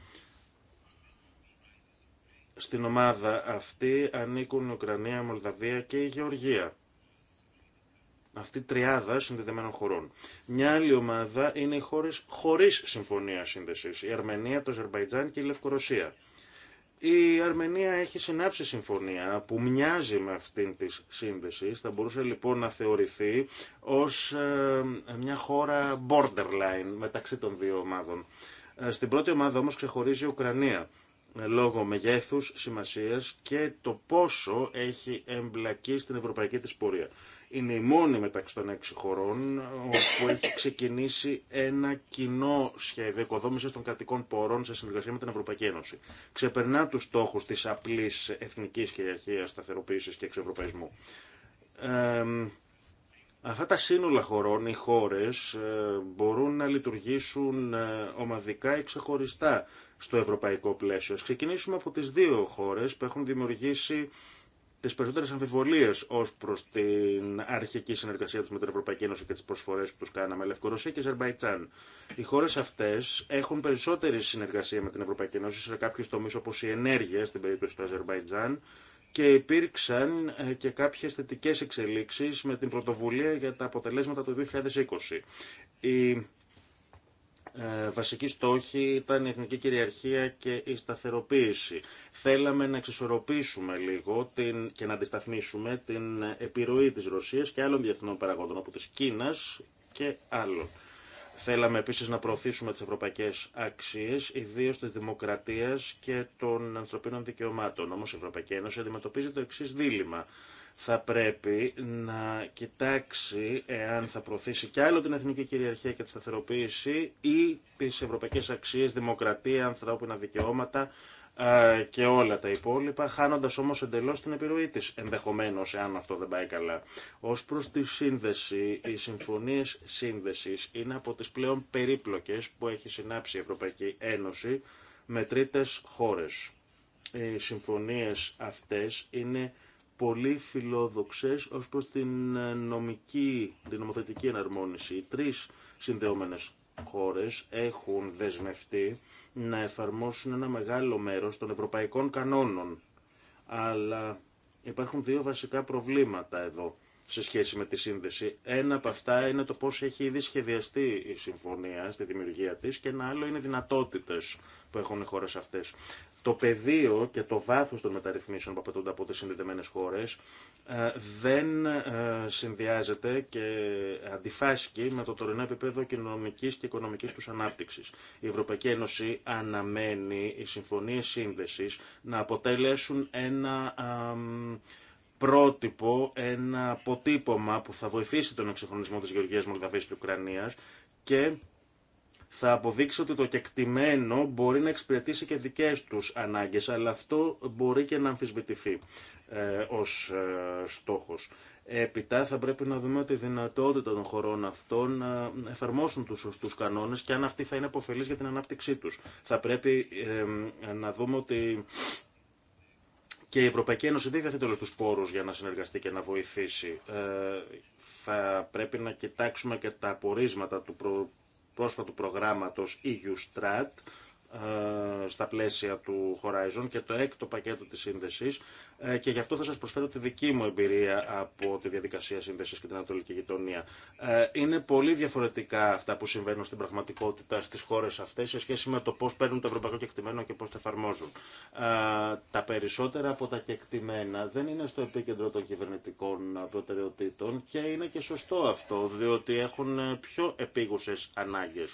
Στην ομάδα αυτή ανήκουν η Ουκρανία, η Μολδαβία και η Γεωργία αυτή τριάδα συνδεδεμένων χωρών. Μια άλλη ομάδα είναι οι χώρε χωρί συμφωνία σύνδεση, η Αρμενία, το Αζερβαϊτζάν και η Λευκορωσία. Η Αρμενία έχει συνάψει συμφωνία που μοιάζει με αυτήν της σύνδεση. Θα μπορούσε λοιπόν να θεωρηθεί ως ε, μια χώρα borderline μεταξύ των δύο ομάδων. Ε, στην πρώτη ομάδα όμως ξεχωρίζει η Ουκρανία ε, λόγω μεγέθους, σημασίας και το πόσο έχει εμπλακεί στην ευρωπαϊκή της πορεία είναι η μόνη μεταξύ των έξι χωρών που έχει ξεκινήσει ένα κοινό σχέδιο οικοδόμηση των κρατικών πόρων σε συνεργασία με την Ευρωπαϊκή Ένωση. Ξεπερνά του στόχου τη απλή εθνική κυριαρχία, σταθεροποίηση και εξευρωπαϊσμού. Ε, αυτά τα σύνολα χωρών, οι χώρε, ε, μπορούν να λειτουργήσουν ε, ομαδικά ή ξεχωριστά στο ευρωπαϊκό πλαίσιο. Ας ξεκινήσουμε από τι δύο χώρε που έχουν δημιουργήσει τι περισσότερε αμφιβολίε ω προ την αρχική συνεργασία του με την Ευρωπαϊκή Ένωση και τι προσφορέ που του κάναμε, Λευκορωσία και Αζερβαϊτζάν. Οι χώρε αυτέ έχουν περισσότερη συνεργασία με την Ευρωπαϊκή Ένωση σε κάποιου τομεί όπω η ενέργεια, στην περίπτωση του Αζερβαϊτζάν, και υπήρξαν ε, και κάποιε θετικέ εξελίξει με την πρωτοβουλία για τα αποτελέσματα του 2020. Η ε, βασικοί στόχοι ήταν η εθνική κυριαρχία και η σταθεροποίηση. Θέλαμε να εξισορροπήσουμε λίγο την, και να αντισταθμίσουμε την επιρροή της Ρωσίας και άλλων διεθνών παραγόντων, από της Κίνας και άλλων. Θέλαμε επίσης να προωθήσουμε τις ευρωπαϊκές αξίες, ιδίως της δημοκρατίας και των ανθρωπίνων δικαιωμάτων. Όμως η Ευρωπαϊκή Ένωση αντιμετωπίζει το εξής δίλημα θα πρέπει να κοιτάξει εάν θα προωθήσει κι άλλο την εθνική κυριαρχία και τη σταθεροποίηση ή τις ευρωπαϊκές αξίες, δημοκρατία, ανθρώπινα δικαιώματα και όλα τα υπόλοιπα, χάνοντας όμως εντελώς την επιρροή της, ενδεχομένως εάν αυτό δεν πάει καλά. Ως προς τη σύνδεση, οι συμφωνίες σύνδεσης είναι από τις πλέον περίπλοκες που έχει συνάψει η Ευρωπαϊκή Ένωση με τρίτες χώρες. Οι συμφωνίες αυτές είναι πολύ φιλόδοξες ως προς την ε, νομική, την νομοθετική εναρμόνιση. Οι τρεις συνδεόμενες χώρες έχουν δεσμευτεί να εφαρμόσουν ένα μεγάλο μέρος των ευρωπαϊκών κανόνων. Αλλά υπάρχουν δύο βασικά προβλήματα εδώ σε σχέση με τη σύνδεση. Ένα από αυτά είναι το πώς έχει ήδη σχεδιαστεί η συμφωνία στη δημιουργία της και ένα άλλο είναι οι δυνατότητες που έχουν οι χώρες αυτές το πεδίο και το βάθος των μεταρρυθμίσεων που απαιτούνται από τις συνδεδεμένες χώρες ε, δεν ε, συνδυάζεται και αντιφάσκει με το τωρινό επίπεδο κοινωνικής και οικονομικής τους ανάπτυξης. Η Ευρωπαϊκή Ένωση αναμένει οι συμφωνίες σύνδεσης να αποτελέσουν ένα πρότυπο, ένα αποτύπωμα που θα βοηθήσει τον εξεχρονισμό της Γεωργίας Μολδαβίας και Ουκρανίας και θα αποδείξει ότι το κεκτημένο μπορεί να εξυπηρετήσει και δικές τους ανάγκες, αλλά αυτό μπορεί και να αμφισβητηθεί ε, ως ε, στόχος. Επιτά, θα πρέπει να δούμε τη δυνατότητα των χωρών αυτών να εφαρμόσουν τους σωστούς κανόνες και αν αυτή θα είναι αποφελής για την ανάπτυξή τους. Θα πρέπει να δούμε ότι και η Ευρωπαϊκή Ένωση δεν διαθέτει όλους τους πόρους για να συνεργαστεί και να βοηθήσει. Ε, θα πρέπει να κοιτάξουμε και τα απορίσματα του προ πρόσφατου προγράμματος EU Strat ε, στα πλαίσια του Horizon και το έκτο πακέτο της σύνδεσης ε, και γι' αυτό θα σας προσφέρω τη δική μου εμπειρία από τη διαδικασία σύνδεσης και την Ανατολική Γειτονία. Ε, είναι πολύ διαφορετικά αυτά που συμβαίνουν στην πραγματικότητα στις χώρες αυτές σε σχέση με το πώς παίρνουν το ευρωπαϊκό κεκτημένο και πώς το εφαρμόζουν. Τα περισσότερα από τα κεκτημένα δεν είναι στο επίκεντρο των κυβερνητικών προτεραιοτήτων και είναι και σωστό αυτό, διότι έχουν πιο επίγουσες ανάγκες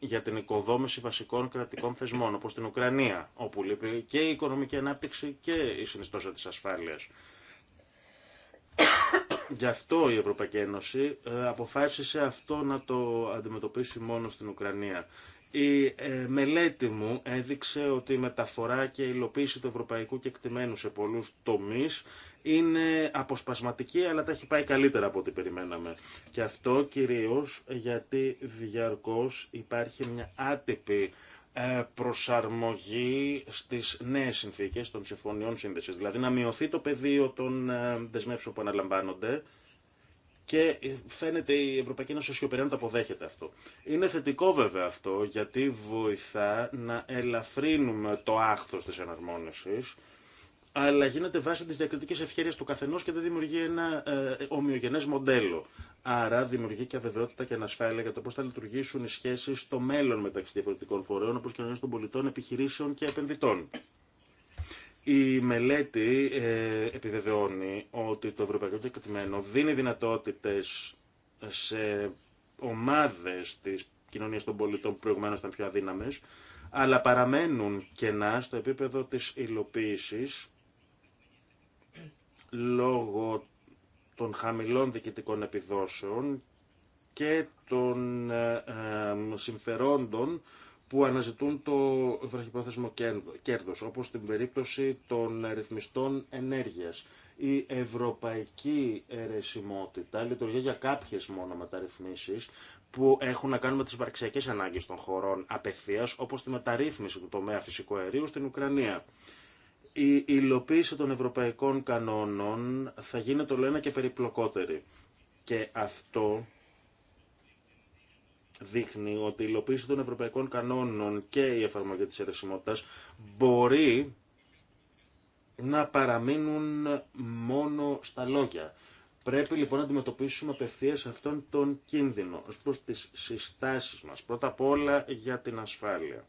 για την οικοδόμηση βασικών κρατών κρατικών θεσμών, όπω στην Ουκρανία, όπου λείπει και η οικονομική ανάπτυξη και η συνιστόσα τη ασφάλεια. Γι' αυτό η Ευρωπαϊκή Ένωση ε, αποφάσισε αυτό να το αντιμετωπίσει μόνο στην Ουκρανία. Η ε, μελέτη μου έδειξε ότι η μεταφορά και η υλοποίηση του ευρωπαϊκού κεκτημένου σε πολλούς τομείς είναι αποσπασματική, αλλά τα έχει πάει καλύτερα από ό,τι περιμέναμε. Και αυτό κυρίως γιατί διαρκώς υπάρχει μια άτυπη ε, προσαρμογή στις νέες συνθήκες των συμφωνιών σύνδεσης. Δηλαδή να μειωθεί το πεδίο των ε, δεσμεύσεων που αναλαμβάνονται και ε, φαίνεται η Ευρωπαϊκή Ένωση να το αποδέχεται αυτό. Είναι θετικό βέβαια αυτό γιατί βοηθά να ελαφρύνουμε το άχθος της εναρμόνισης αλλά γίνεται βάσει της διακριτικής ευχέρεια του καθενός και δεν δημιουργεί ένα ε, ομοιογενές μοντέλο. Άρα δημιουργεί και αβεβαιότητα και ανασφάλεια για το πώς θα λειτουργήσουν οι σχέσεις στο μέλλον μεταξύ διαφορετικών φορέων, όπως κοινωνίας των πολιτών, επιχειρήσεων και επενδυτών. Η μελέτη ε, επιβεβαιώνει ότι το Ευρωπαϊκό Κεκτημένο δίνει δυνατότητες σε ομάδες της κοινωνίας των πολιτών που προηγουμένως ήταν πιο αδύναμε, αλλά παραμένουν κενά στο επίπεδο της υλοποίησης λόγω των χαμηλών διοικητικών επιδόσεων και των ε, ε, συμφερόντων που αναζητούν το βραχυπρόθεσμο κέρδος, όπως στην περίπτωση των ρυθμιστών ενέργειας. Η ευρωπαϊκή αιρεσιμότητα λειτουργεί για κάποιες μόνο μεταρρυθμίσεις που έχουν να κάνουν με τις υπαρξιακές ανάγκες των χωρών απευθείας, όπως τη μεταρρύθμιση του τομέα φυσικού αερίου στην Ουκρανία η υλοποίηση των ευρωπαϊκών κανόνων θα γίνεται το και περιπλοκότερη. Και αυτό δείχνει ότι η υλοποίηση των ευρωπαϊκών κανόνων και η εφαρμογή της αιρεσιμότητας μπορεί να παραμείνουν μόνο στα λόγια. Πρέπει λοιπόν να αντιμετωπίσουμε απευθείας αυτόν τον κίνδυνο ως προς τις συστάσεις μας. Πρώτα απ' όλα για την ασφάλεια.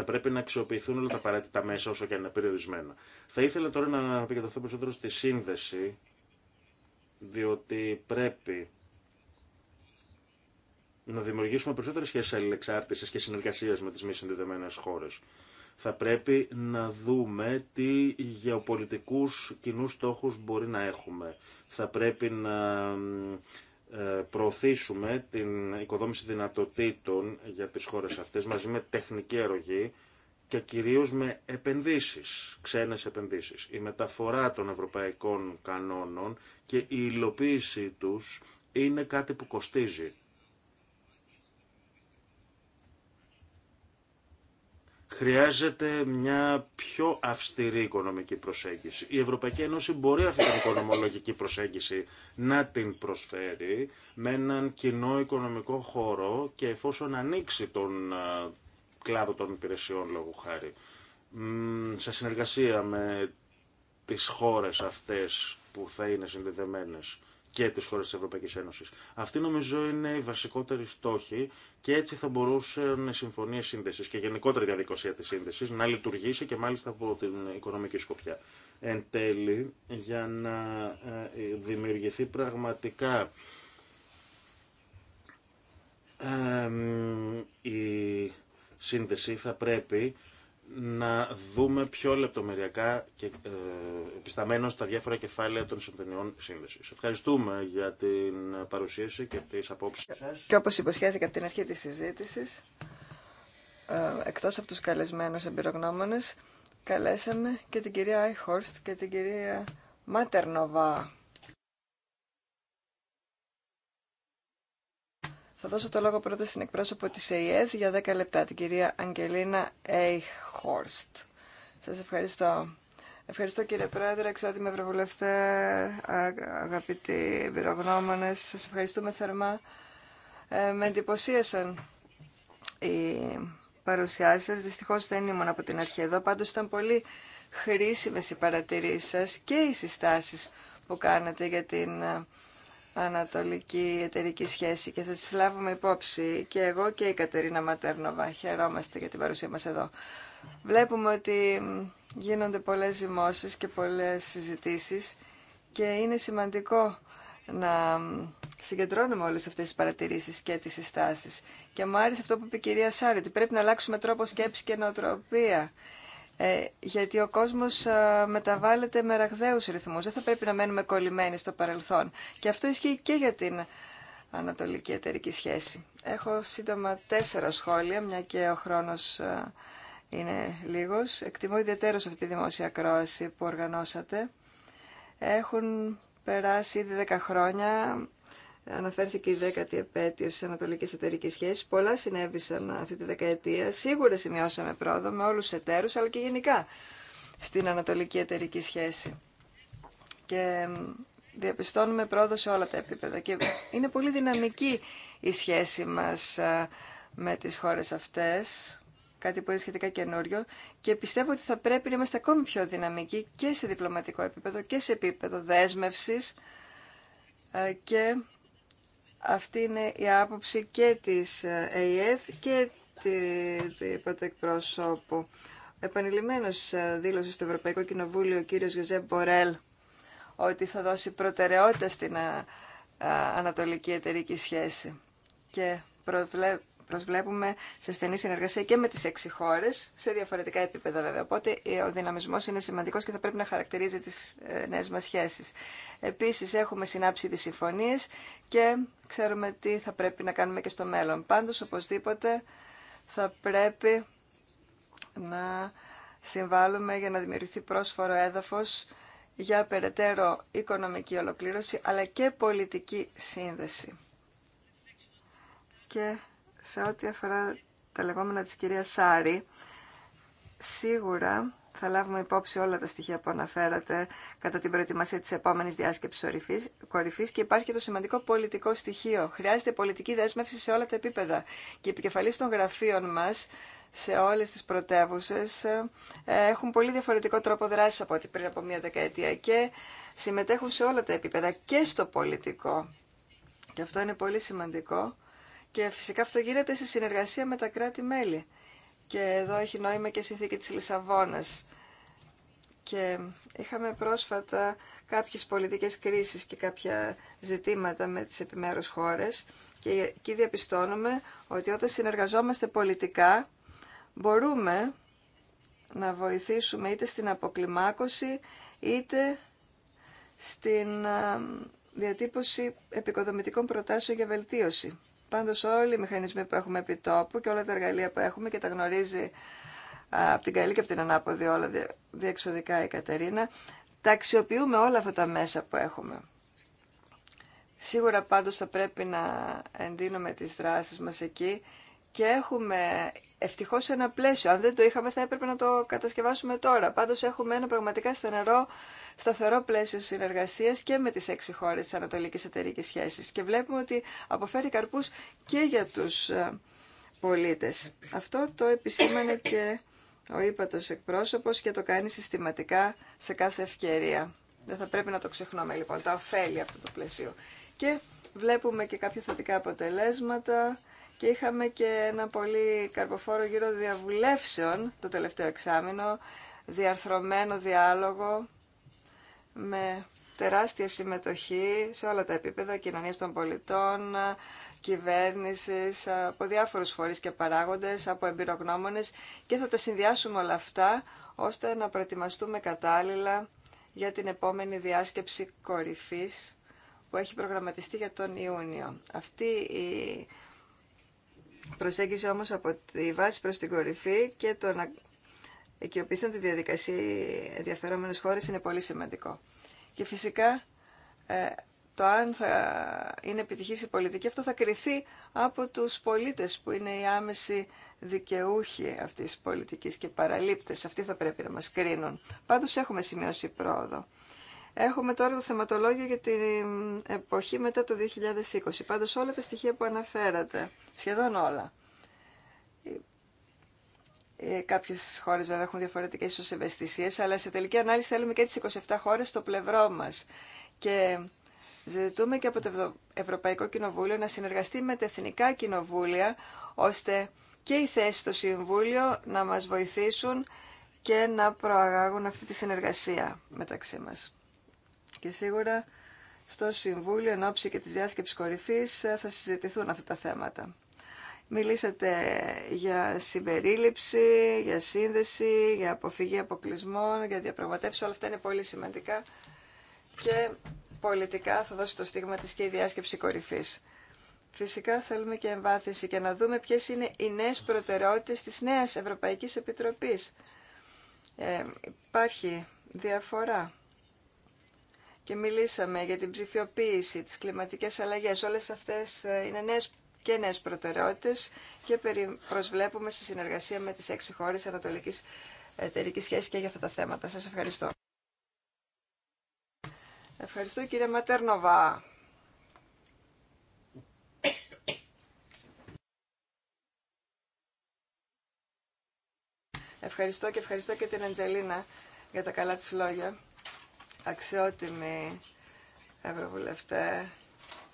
Θα πρέπει να αξιοποιηθούν όλα τα απαραίτητα μέσα όσο και αν είναι περιορισμένα. Θα ήθελα τώρα να επικεντρωθώ περισσότερο στη σύνδεση, διότι πρέπει να δημιουργήσουμε περισσότερε σχέσει αλληλεξάρτηση και συνεργασία με τι μη συνδεδεμένε χώρε. Θα πρέπει να δούμε τι γεωπολιτικού κοινού στόχου μπορεί να έχουμε. Θα πρέπει να ε, προωθήσουμε την οικοδόμηση δυνατοτήτων για τις χώρες αυτές μαζί με τεχνική αερογή και κυρίως με επενδύσεις, ξένες επενδύσεις. Η μεταφορά των ευρωπαϊκών κανόνων και η υλοποίησή τους είναι κάτι που κοστίζει χρειάζεται μια πιο αυστηρή οικονομική προσέγγιση. Η Ευρωπαϊκή Ένωση μπορεί αυτή την οικονομολογική προσέγγιση να την προσφέρει με έναν κοινό οικονομικό χώρο και εφόσον ανοίξει τον ε, κλάδο των υπηρεσιών λόγου χάρη. Σε συνεργασία με τις χώρες αυτές που θα είναι συνδεδεμένες και τις χώρες της Ευρωπαϊκής Ένωσης. Αυτή νομίζω είναι η βασικότερη στόχη και έτσι θα μπορούσε η συμφωνία σύνδεσης και γενικότερη διαδικασία της σύνδεσης να λειτουργήσει και μάλιστα από την οικονομική σκοπιά. Εν τέλει, για να ε, δημιουργηθεί πραγματικά η σύνδεση θα πρέπει να δούμε πιο λεπτομεριακά και ε, επισταμένως τα διάφορα κεφάλαια των συμφωνιών Σύνδεση. Ευχαριστούμε για την παρουσίαση και τις απόψεις
σας. Και όπως υποσχέθηκα από την αρχή της συζήτησης, ε, εκτός από τους καλεσμένους εμπειρογνώμονες, καλέσαμε και την κυρία Άιχορστ και την κυρία Ματερνοβά Θα δώσω το λόγο πρώτα στην εκπρόσωπο της ΕΙΕΔ για 10 λεπτά, την κυρία Αγγελίνα Χόρστ. Σας ευχαριστώ. Ευχαριστώ κύριε Πρόεδρε, εξότιμη Ευρωβουλευτέ, αγαπητοί εμπειρογνώμονες. Σας ευχαριστούμε θερμά. Ε, με εντυπωσίασαν οι παρουσιάσεις σας. Δυστυχώς δεν ήμουν από την αρχή εδώ. Πάντως ήταν πολύ χρήσιμες οι παρατηρήσεις σας και οι συστάσεις που κάνατε για την ε, ανατολική εταιρική σχέση και θα τις λάβουμε υπόψη και εγώ και η Κατερίνα Ματέρνοβα. Χαιρόμαστε για την παρουσία μας εδώ. Βλέπουμε ότι γίνονται πολλές ζυμώσεις και πολλές συζητήσεις και είναι σημαντικό να συγκεντρώνουμε όλες αυτές τις παρατηρήσεις και τις συστάσεις. Και μου άρεσε αυτό που είπε η κυρία Σάρη, ότι πρέπει να αλλάξουμε τρόπο σκέψη και νοοτροπία ε, γιατί ο κόσμος ε, μεταβάλλεται με ραγδαίους ρυθμούς. Δεν θα πρέπει να μένουμε κολλημένοι στο παρελθόν. Και αυτό ισχύει και για την ανατολική εταιρική σχέση. Έχω σύντομα τέσσερα σχόλια, μια και ο χρόνος ε, είναι λίγος. Εκτιμώ ιδιαίτερως αυτή τη δημόσια ακρόαση που οργανώσατε. Έχουν περάσει ήδη 10 χρόνια αναφέρθηκε η δέκατη επέτειο στι ανατολικε εταιρικε σχεσει Πολλά συνέβησαν αυτή τη δεκαετία. Σίγουρα σημειώσαμε πρόοδο με όλου του εταίρου, αλλά και γενικά στην Ανατολική Εταιρική Σχέση. Και διαπιστώνουμε πρόοδο σε όλα τα επίπεδα. Και είναι πολύ δυναμική η σχέση μα με τι χώρε αυτέ. κάτι που είναι σχετικά καινούριο και πιστεύω ότι θα πρέπει να είμαστε ακόμη πιο δυναμικοί και σε διπλωματικό επίπεδο και σε επίπεδο δέσμευση. και αυτή είναι η άποψη και της ΑΕΘ e και του υποτεκπρόσωπου. Επανειλημμένος ε, δήλωσε στο Ευρωπαϊκό Κοινοβούλιο ο κύριος Γιωζέ Μπορέλ ότι θα δώσει προτεραιότητα στην ε, ε, ανατολική εταιρική σχέση και προσβλέπουμε σε στενή συνεργασία και με τι έξι χώρε σε διαφορετικά επίπεδα βέβαια. Οπότε ε, ο δυναμισμό είναι σημαντικό και θα πρέπει να χαρακτηρίζει τι ε, νέε μα σχέσει. Επίση έχουμε συνάψει τι συμφωνίε και ξέρουμε τι θα πρέπει να κάνουμε και στο μέλλον. Πάντως οπωσδήποτε θα πρέπει να συμβάλλουμε για να δημιουργηθεί πρόσφορο έδαφος για περαιτέρω οικονομική ολοκλήρωση αλλά και πολιτική σύνδεση. Και σε ό,τι αφορά τα λεγόμενα της κυρία Σάρη, σίγουρα θα λάβουμε υπόψη όλα τα στοιχεία που αναφέρατε κατά την προετοιμασία της επόμενης διάσκεψης κορυφής και υπάρχει και το σημαντικό πολιτικό στοιχείο. Χρειάζεται πολιτική δέσμευση σε όλα τα επίπεδα και οι επικεφαλής των γραφείων μας σε όλες τις πρωτεύουσε ε, έχουν πολύ διαφορετικό τρόπο δράσης από ό,τι πριν από μία δεκαετία και συμμετέχουν σε όλα τα επίπεδα και στο πολιτικό. Και αυτό είναι πολύ σημαντικό και φυσικά αυτό γίνεται σε συνεργασία με τα κράτη-μέλη. Και εδώ έχει νόημα και η συνθήκη της Λισαβόνας. Και είχαμε πρόσφατα κάποιες πολιτικές κρίσεις και κάποια ζητήματα με τις επιμέρους χώρες και εκεί διαπιστώνουμε ότι όταν συνεργαζόμαστε πολιτικά μπορούμε να βοηθήσουμε είτε στην αποκλιμάκωση είτε στην διατύπωση επικοδομητικών προτάσεων για βελτίωση. Πάντω όλοι οι μηχανισμοί που έχουμε επί τόπου και όλα τα εργαλεία που έχουμε και τα γνωρίζει από την καλή και από την ανάποδη όλα διεξοδικά η Κατερίνα, τα αξιοποιούμε όλα αυτά τα μέσα που έχουμε. Σίγουρα πάντως θα πρέπει να εντείνουμε τις δράσεις μας εκεί και έχουμε ευτυχώς ένα πλαίσιο. Αν δεν το είχαμε θα έπρεπε να το κατασκευάσουμε τώρα. Πάντως έχουμε ένα πραγματικά στενερό, σταθερό πλαίσιο συνεργασίας και με τις έξι χώρες της Ανατολικής Εταιρικής Σχέσης. Και βλέπουμε ότι αποφέρει καρπούς και για τους ε, πολίτες. Αυτό το επισήμανε και ο ύπατος εκπρόσωπος και το κάνει συστηματικά σε κάθε ευκαιρία. Δεν θα πρέπει να το ξεχνάμε λοιπόν, τα ωφέλη αυτό το πλαίσιο. Και βλέπουμε και κάποια θετικά αποτελέσματα και είχαμε και ένα πολύ καρποφόρο γύρο διαβουλεύσεων το τελευταίο εξάμεινο, διαρθρωμένο διάλογο με τεράστια συμμετοχή σε όλα τα επίπεδα Κοινωνία των πολιτών, κυβέρνηση από διάφορους φορείς και παράγοντες, από εμπειρογνώμονες και θα τα συνδυάσουμε όλα αυτά ώστε να προετοιμαστούμε κατάλληλα για την επόμενη διάσκεψη κορυφής που έχει προγραμματιστεί για τον Ιούνιο. Αυτή η Προσέγγιση όμως από τη βάση προς την κορυφή και το να οικειοποιηθούν τη διαδικασία οι ενδιαφερόμενες χώρες είναι πολύ σημαντικό. Και φυσικά ε, το αν θα είναι επιτυχής η πολιτική αυτό θα κριθεί από τους πολίτες που είναι οι άμεση δικαιούχοι αυτής της πολιτικής και παραλήπτες. Αυτοί θα πρέπει να μας κρίνουν. Πάντως έχουμε σημειώσει πρόοδο. Έχουμε τώρα το θεματολόγιο για την εποχή μετά το 2020. Πάντως όλα τα στοιχεία που αναφέρατε, σχεδόν όλα. Ε, κάποιες χώρε βέβαια έχουν διαφορετικές ίσω αλλά σε τελική ανάλυση θέλουμε και τις 27 χώρε στο πλευρό μας. Και ζητούμε και από το Ευρωπαϊκό Κοινοβούλιο να συνεργαστεί με τα εθνικά κοινοβούλια, ώστε και οι θέσει στο Συμβούλιο να μας βοηθήσουν και να προαγάγουν αυτή τη συνεργασία μεταξύ μας. Και σίγουρα στο Συμβούλιο εν ώψη και της διάσκεψης κορυφής ε, θα συζητηθούν αυτά τα θέματα. Μιλήσατε για συμπερίληψη, για σύνδεση, για αποφυγή αποκλεισμών, για διαπραγματεύσεις. Όλα αυτά είναι πολύ σημαντικά και πολιτικά θα δώσει το στίγμα της και η διάσκεψη κορυφής. Φυσικά θέλουμε και εμβάθυνση και να δούμε ποιες είναι οι νέες προτεραιότητες της νέας Ευρωπαϊκής Επιτροπής. Ε, υπάρχει διαφορά και μιλήσαμε για την ψηφιοποίηση, τις κλιματικές αλλαγές. Όλες αυτές ε, είναι νέες και νέες προτεραιότητες και προσβλέπουμε στη συνεργασία με τις έξι χώρες Ανατολικής Εταιρικής Σχέσης και για αυτά τα θέματα. Σας ευχαριστώ. Ευχαριστώ κύριε Ματέρνοβα. Ευχαριστώ και ευχαριστώ και την Αντζελίνα για τα καλά της λόγια αξιότιμοι ευρωβουλευτέ,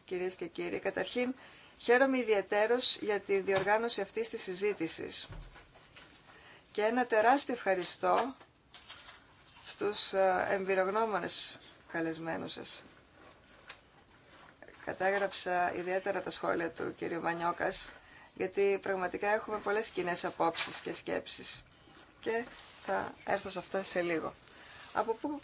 κυρίες και κύριοι. Καταρχήν, χαίρομαι ιδιαίτερος για τη διοργάνωση αυτής της συζήτησης. Και ένα τεράστιο ευχαριστώ στους ε, εμπειρογνώμονες καλεσμένους σας. Κατάγραψα ιδιαίτερα τα σχόλια του κύριου Μανιώκας, γιατί πραγματικά έχουμε πολλές κοινέ απόψεις και σκέψεις. Και θα έρθω σε αυτά σε λίγο. Από πού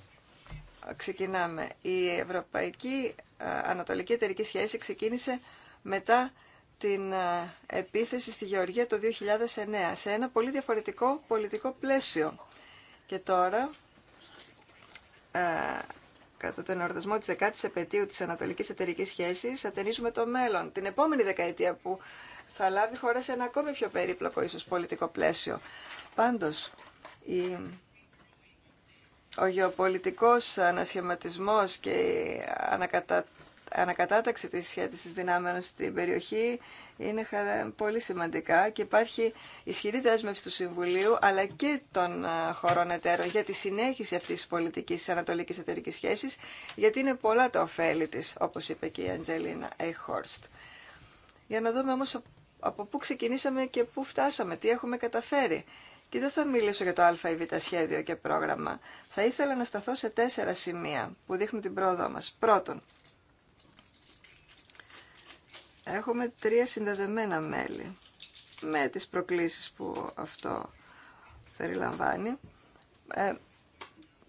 ξεκινάμε. Η Ευρωπαϊκή ε, Ανατολική Εταιρική Σχέση ξεκίνησε μετά την ε, επίθεση στη Γεωργία το 2009 σε ένα πολύ διαφορετικό πολιτικό πλαίσιο. Και τώρα, ε, κατά τον εορτασμό της 10ης επαιτίου της Ανατολικής Εταιρικής Σχέσης, ατενίζουμε το μέλλον, την επόμενη δεκαετία που θα λάβει χώρα σε ένα ακόμη πιο περίπλοκο ίσως πολιτικό πλαίσιο. Πάντως, η ο γεωπολιτικός ανασχηματισμός και η ανακατα... ανακατάταξη της σχέτησης δυνάμεων στην περιοχή είναι πολύ σημαντικά και υπάρχει ισχυρή δέσμευση του Συμβουλίου αλλά και των ε, χωρών εταίρων για τη συνέχιση αυτής της πολιτικής της ανατολικής εταιρικής σχέσης γιατί είναι πολλά τα ωφέλη της, όπως είπε και η Αντζέλινα Αιχόρστ. Για να δούμε όμως από πού ξεκινήσαμε και πού φτάσαμε, τι έχουμε καταφέρει. Και δεν θα μιλήσω για το α ή β σχέδιο και πρόγραμμα. Θα ήθελα να σταθώ σε τέσσερα σημεία που δείχνουν την πρόοδό μας. Πρώτον, έχουμε τρία συνδεδεμένα μέλη με τις προκλήσεις που αυτό περιλαμβάνει. Ε,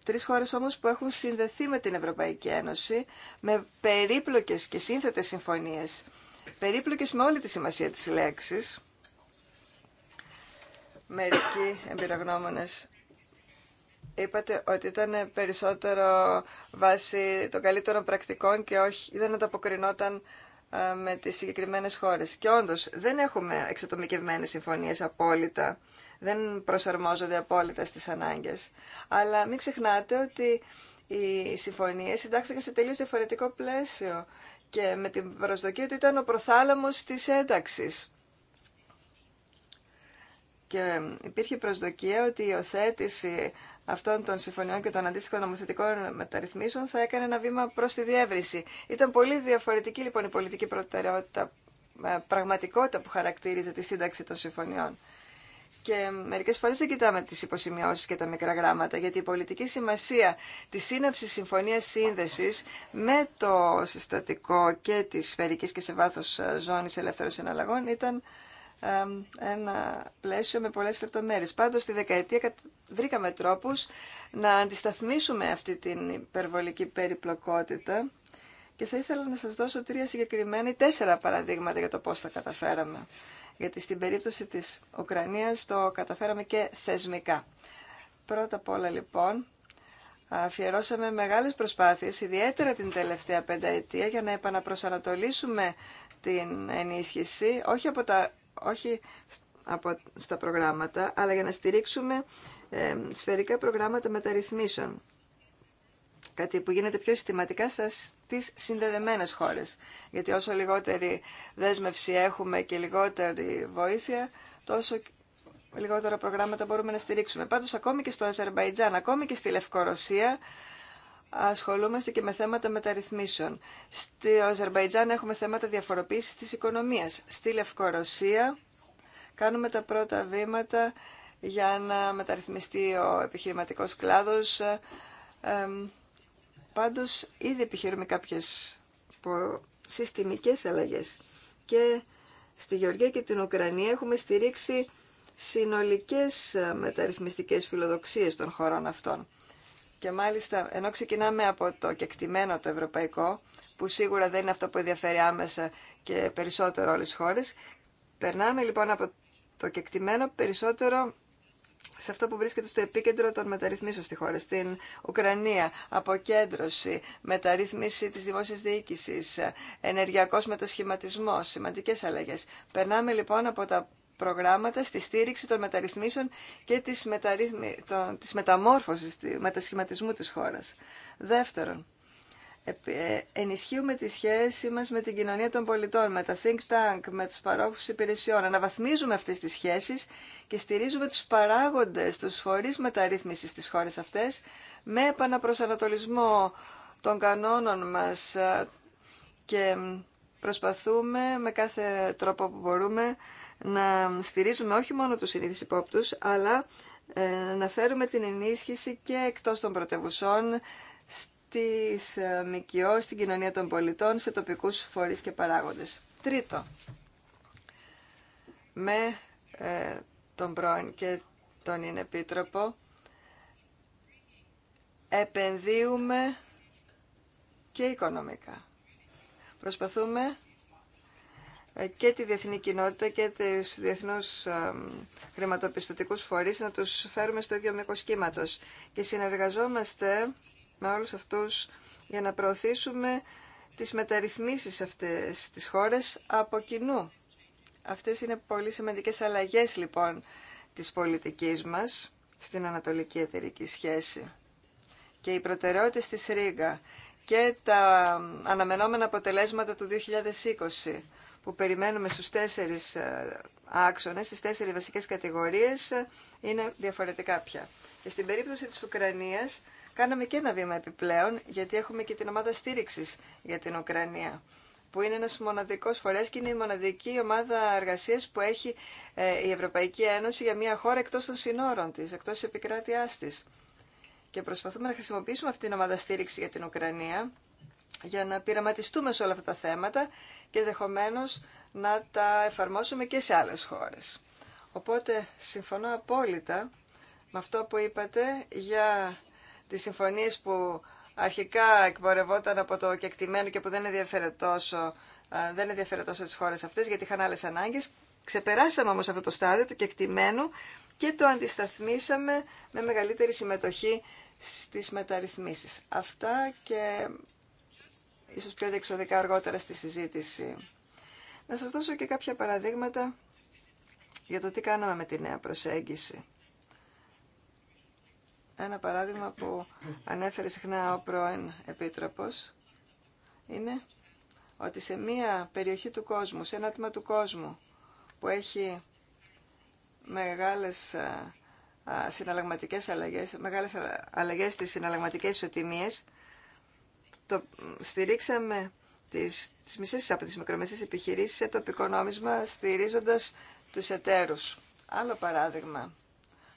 τρεις χώρες όμως που έχουν συνδεθεί με την Ευρωπαϊκή Ένωση με περίπλοκες και σύνθετες συμφωνίες, περίπλοκες με όλη τη σημασία της λέξης, μερικοί εμπειρογνώμονες είπατε ότι ήταν περισσότερο βάση των καλύτερων πρακτικών και όχι, δεν ανταποκρινόταν ε, με τις συγκεκριμένες χώρες. Και όντως δεν έχουμε εξατομικευμένες συμφωνίες απόλυτα, δεν προσαρμόζονται απόλυτα στις ανάγκες. Αλλά μην ξεχνάτε ότι οι συμφωνίες συντάχθηκαν σε τελείως διαφορετικό πλαίσιο και με την προσδοκία ότι ήταν ο προθάλαμος της ένταξης και υπήρχε προσδοκία ότι η υιοθέτηση αυτών των συμφωνιών και των αντίστοιχων νομοθετικών μεταρρυθμίσεων θα έκανε ένα βήμα προ τη διεύρυνση. Ήταν πολύ διαφορετική λοιπόν η πολιτική προτεραιότητα, ε, πραγματικότητα που χαρακτήριζε τη σύνταξη των συμφωνιών. Και μερικέ φορέ δεν κοιτάμε τι υποσημειώσεις και τα μικρά γράμματα, γιατί η πολιτική σημασία τη σύναψη συμφωνία σύνδεση με το συστατικό και τη σφαιρική και σε βάθο ε, ζώνη ελεύθερων συναλλαγών ήταν ένα πλαίσιο με πολλές λεπτομέρειες. Πάντως, στη δεκαετία βρήκαμε τρόπους να αντισταθμίσουμε αυτή την υπερβολική περιπλοκότητα και θα ήθελα να σας δώσω τρία συγκεκριμένα ή τέσσερα παραδείγματα για το πώς τα καταφέραμε. Γιατί στην περίπτωση της Ουκρανίας το καταφέραμε και θεσμικά. Πρώτα απ' όλα λοιπόν αφιερώσαμε μεγάλες προσπάθειες, ιδιαίτερα την τελευταία πενταετία, για να επαναπροσανατολίσουμε την ενίσχυση, όχι από τα όχι από, στα προγράμματα, αλλά για να στηρίξουμε ε, σφαιρικά προγράμματα μεταρρυθμίσεων. Κάτι που γίνεται πιο συστηματικά στις συνδεδεμένες χώρες. Γιατί όσο λιγότερη δέσμευση έχουμε και λιγότερη βοήθεια, τόσο λιγότερα προγράμματα μπορούμε να στηρίξουμε. Πάντως, ακόμη και στο Αζερμπαϊτζάν, ακόμη και στη Λευκορωσία, ασχολούμαστε και με θέματα μεταρρυθμίσεων. Στο Αζερβαϊτζάν έχουμε θέματα διαφοροποίησης της οικονομίας. Στη Λευκορωσία κάνουμε τα πρώτα βήματα για να μεταρρυθμιστεί ο επιχειρηματικός κλάδος. Ε, πάντως, ήδη επιχειρούμε κάποιες συστημικές αλλαγές. Και στη Γεωργία και την Ουκρανία έχουμε στηρίξει συνολικές μεταρρυθμιστικές φιλοδοξίες των χωρών αυτών. Και μάλιστα, ενώ ξεκινάμε από το κεκτημένο το ευρωπαϊκό, που σίγουρα δεν είναι αυτό που ενδιαφέρει άμεσα και περισσότερο όλες τις χώρες, περνάμε λοιπόν από το κεκτημένο περισσότερο σε αυτό που βρίσκεται στο επίκεντρο των μεταρρυθμίσεων στη χώρα, στην Ουκρανία, αποκέντρωση, μεταρρύθμιση της δημόσιας διοίκησης, ενεργειακός μετασχηματισμός, σημαντικές αλλαγές. Περνάμε λοιπόν από τα προγράμματα στη στήριξη των μεταρρυθμίσεων και της, μεταρρύθμι... της μεταμόρφωσης, του μετασχηματισμού της χώρας. Δεύτερον, ε, ενισχύουμε τη σχέση μας με την κοινωνία των πολιτών, με τα think tank, με τους παρόχους υπηρεσιών. Αναβαθμίζουμε αυτές τις σχέσεις και στηρίζουμε τους παράγοντες, τους φορείς μεταρρύθμισης στις χώρες αυτές με επαναπροσανατολισμό των κανόνων μας ε, και προσπαθούμε με κάθε τρόπο που μπορούμε να στηρίζουμε όχι μόνο τους συνήθεις υπόπτους, αλλά ε, να φέρουμε την ενίσχυση και εκτός των πρωτεύουσών στις ε, ΜΚΟ, στην κοινωνία των πολιτών, σε τοπικούς φορείς και παράγοντες. Τρίτο, με ε, τον πρώην και τον είναι επίτροπο, επενδύουμε και οικονομικά. Προσπαθούμε ε, και τη διεθνή κοινότητα και τους διεθνούς ε, χρηματοπιστωτικούς φορείς να τους φέρουμε στο ίδιο μήκος κύματος. Και συνεργαζόμαστε με όλους αυτούς για να προωθήσουμε τις μεταρρυθμίσεις αυτές τις χώρες από κοινού. Αυτές είναι πολύ σημαντικές αλλαγές λοιπόν της πολιτικής μας στην Ανατολική Εταιρική Σχέση. Και οι προτεραιότητες της ΡΙΓΑ και τα αναμενόμενα αποτελέσματα του 2020 που περιμένουμε στους τέσσερις ε, άξονες, στις τέσσερις βασικές κατηγορίες, ε, είναι διαφορετικά πια. Και στην περίπτωση της Ουκρανίας κάναμε και ένα βήμα επιπλέον, γιατί έχουμε και την ομάδα στήριξης για την Ουκρανία, που είναι ένας μοναδικός φορέας και είναι η μοναδική ομάδα εργασίας που έχει ε, η Ευρωπαϊκή Ένωση για μια χώρα εκτός των συνόρων της, εκτός της επικράτειάς της. Και προσπαθούμε να χρησιμοποιήσουμε αυτή την ομάδα στήριξη για την Ουκρανία, για να πειραματιστούμε σε όλα αυτά τα θέματα και δεχομένω να τα εφαρμόσουμε και σε άλλες χώρες. Οπότε συμφωνώ απόλυτα με αυτό που είπατε για τις συμφωνίες που αρχικά εκπορευόταν από το κεκτημένο και που δεν ενδιαφέρεται τόσο, δεν ενδιαφέρε τόσο τις χώρες αυτές γιατί είχαν άλλες ανάγκες. Ξεπεράσαμε όμως αυτό το στάδιο του κεκτημένου και το αντισταθμίσαμε με μεγαλύτερη συμμετοχή στις μεταρρυθμίσεις. Αυτά και ίσως πιο διεξοδικά αργότερα στη συζήτηση. Να σας δώσω και κάποια παραδείγματα για το τι κάναμε με τη νέα προσέγγιση. Ένα παράδειγμα που ανέφερε συχνά ο πρώην Επίτροπος είναι ότι σε μία περιοχή του κόσμου, σε ένα τμήμα του κόσμου που έχει μεγάλες συναλλαγματικές αλλαγές, μεγάλες αλλαγές στις συναλλαγματικές ισοτιμίες, το, στηρίξαμε τις, τις μισές από τις μικρομεσαίες επιχειρήσεις σε τοπικό νόμισμα στηρίζοντας τους εταίρους. Άλλο παράδειγμα,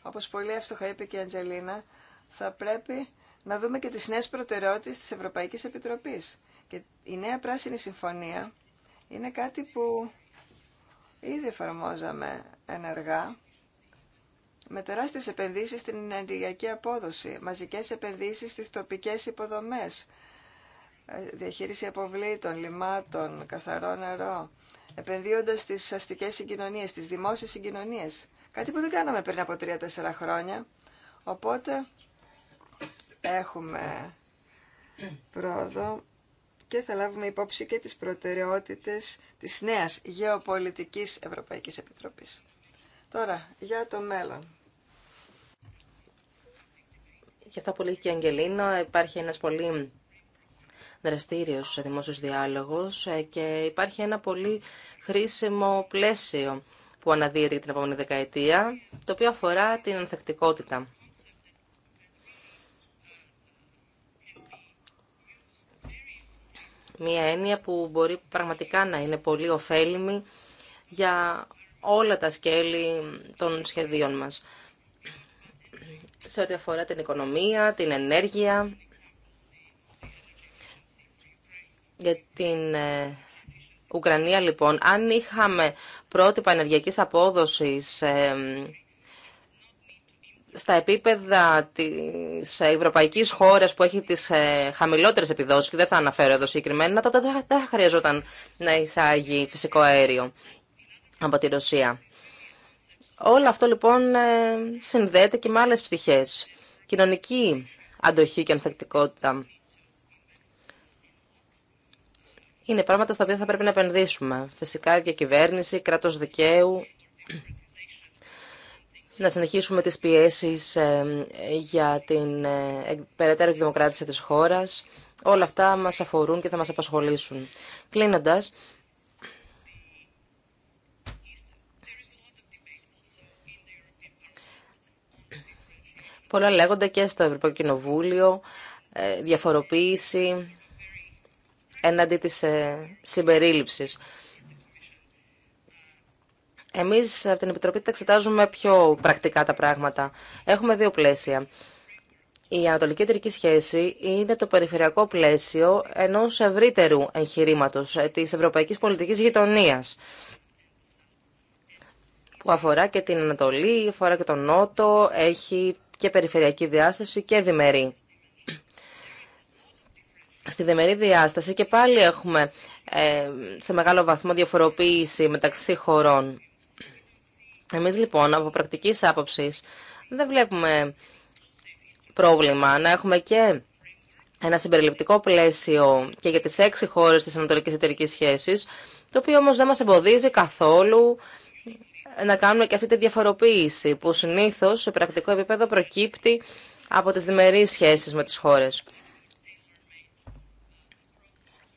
όπως πολύ εύστοχα είπε και η Αντζελίνα, θα πρέπει να δούμε και τις νέες προτεραιότητες της Ευρωπαϊκής Επιτροπής. Και η νέα πράσινη συμφωνία είναι κάτι που ήδη εφαρμόζαμε ενεργά με τεράστιες επενδύσεις στην ενεργειακή απόδοση, μαζικές επενδύσεις στις τοπικές υποδομές, ε, διαχείριση αποβλήτων, λιμάτων, καθαρό νερό, επενδύοντας στις αστικές συγκοινωνίες, στις δημόσιες συγκοινωνίες. Κάτι που δεν κάναμε πριν από 3-4 χρόνια. Οπότε έχουμε πρόοδο και θα λάβουμε υπόψη και τις προτεραιότητες της νέας γεωπολιτικής
Ευρωπαϊκής Επιτροπής. Τώρα, για το μέλλον. Γι' αυτά που λέει και η Αγγελίνα, υπάρχει ένας πολύ δραστήριο σε δημόσιους διάλογους ε, και υπάρχει ένα πολύ χρήσιμο πλαίσιο που αναδύεται την επόμενη δεκαετία, το οποίο αφορά την ανθεκτικότητα. Μία έννοια που μπορεί πραγματικά να είναι πολύ ωφέλιμη για όλα τα σκέλη των σχεδίων μας. Σε ό,τι αφορά την οικονομία, την ενέργεια, Για την ε, Ουκρανία, λοιπόν, αν είχαμε πρότυπα ενεργειακής απόδοσης ε, στα επίπεδα της ευρωπαϊκής χώρας που έχει τις ε, χαμηλότερες επιδόσεις, και δεν θα αναφέρω εδώ συγκεκριμένα, τότε δεν θα χρειαζόταν να εισάγει φυσικό αέριο από τη Ρωσία. Όλο αυτό, λοιπόν, συνδέεται και με άλλες πτυχές. Κοινωνική αντοχή και ανθεκτικότητα είναι πράγματα στα οποία θα πρέπει να επενδύσουμε. Φυσικά, διακυβέρνηση, κράτος δικαίου, να συνεχίσουμε τις πιέσεις ε, για την ε, περαιτέρω εκδημοκράτηση της χώρας. Όλα αυτά μας αφορούν και θα μας απασχολήσουν. Κλείνοντας, πολλά λέγονται και στο Ευρωπαϊκό Κοινοβούλιο, ε, διαφοροποίηση, εναντί της ε, συμπερίληψης. Εμείς από την Επιτροπή τα εξετάζουμε πιο πρακτικά τα πράγματα. Έχουμε δύο πλαίσια. Η Ανατολική Εταιρική Σχέση είναι το περιφερειακό πλαίσιο ενός ευρύτερου εγχειρήματος ε, της Ευρωπαϊκής Πολιτικής Γειτονίας που αφορά και την Ανατολή, αφορά και τον Νότο, έχει και περιφερειακή διάσταση και διμερή. Στη δεμερή διάσταση και πάλι έχουμε ε, σε μεγάλο βαθμό διαφοροποίηση μεταξύ χωρών. Εμείς λοιπόν από πρακτική άποψης δεν βλέπουμε πρόβλημα να έχουμε και ένα συμπεριληπτικό πλαίσιο και για τις έξι χώρες της Ανατολικής Εταιρικής Σχέσης, το οποίο όμως δεν μας εμποδίζει καθόλου να κάνουμε και αυτή τη διαφοροποίηση που συνήθως σε πρακτικό επίπεδο προκύπτει από τις διμερείς σχέσεις με τις χώρες.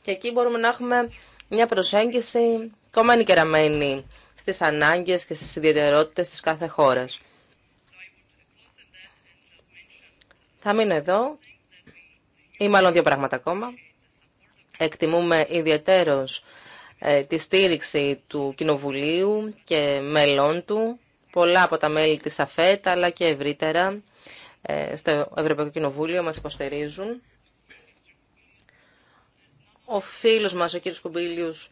Και εκεί μπορούμε να έχουμε μια προσέγγιση κομμένη και ραμμένη στις ανάγκες και στις ιδιαιτερότητες της κάθε χώρας. Θα μείνω εδώ ή μάλλον δύο πράγματα ακόμα. Εκτιμούμε ιδιαίτερος ε, τη στήριξη του Κοινοβουλίου και μελών του, πολλά από τα μέλη της ΑΦΕΤ αλλά και ευρύτερα ε, στο Ευρωπαϊκό Κοινοβούλιο μας υποστηρίζουν ο φίλος μας, ο κύριος Κουμπίλιους,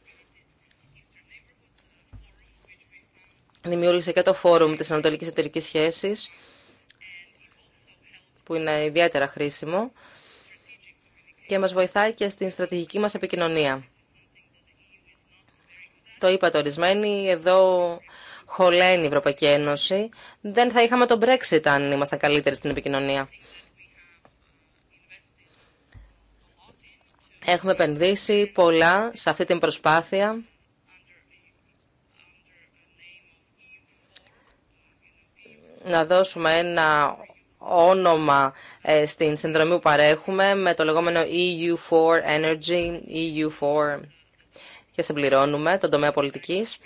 δημιούργησε και το φόρουμ της Ανατολικής Εταιρικής Σχέσης, που είναι ιδιαίτερα χρήσιμο και μας βοηθάει και στην στρατηγική μας επικοινωνία. Το το ορισμένοι, εδώ χωλαίνει η Ευρωπαϊκή Ένωση. Δεν θα είχαμε τον Brexit αν ήμασταν καλύτεροι στην επικοινωνία. Έχουμε επενδύσει πολλά σε αυτή την προσπάθεια. Να δώσουμε ένα όνομα ε, στην συνδρομή που παρέχουμε με το λεγόμενο EU4 Energy, EU4 και συμπληρώνουμε τον τομέα πολιτικής.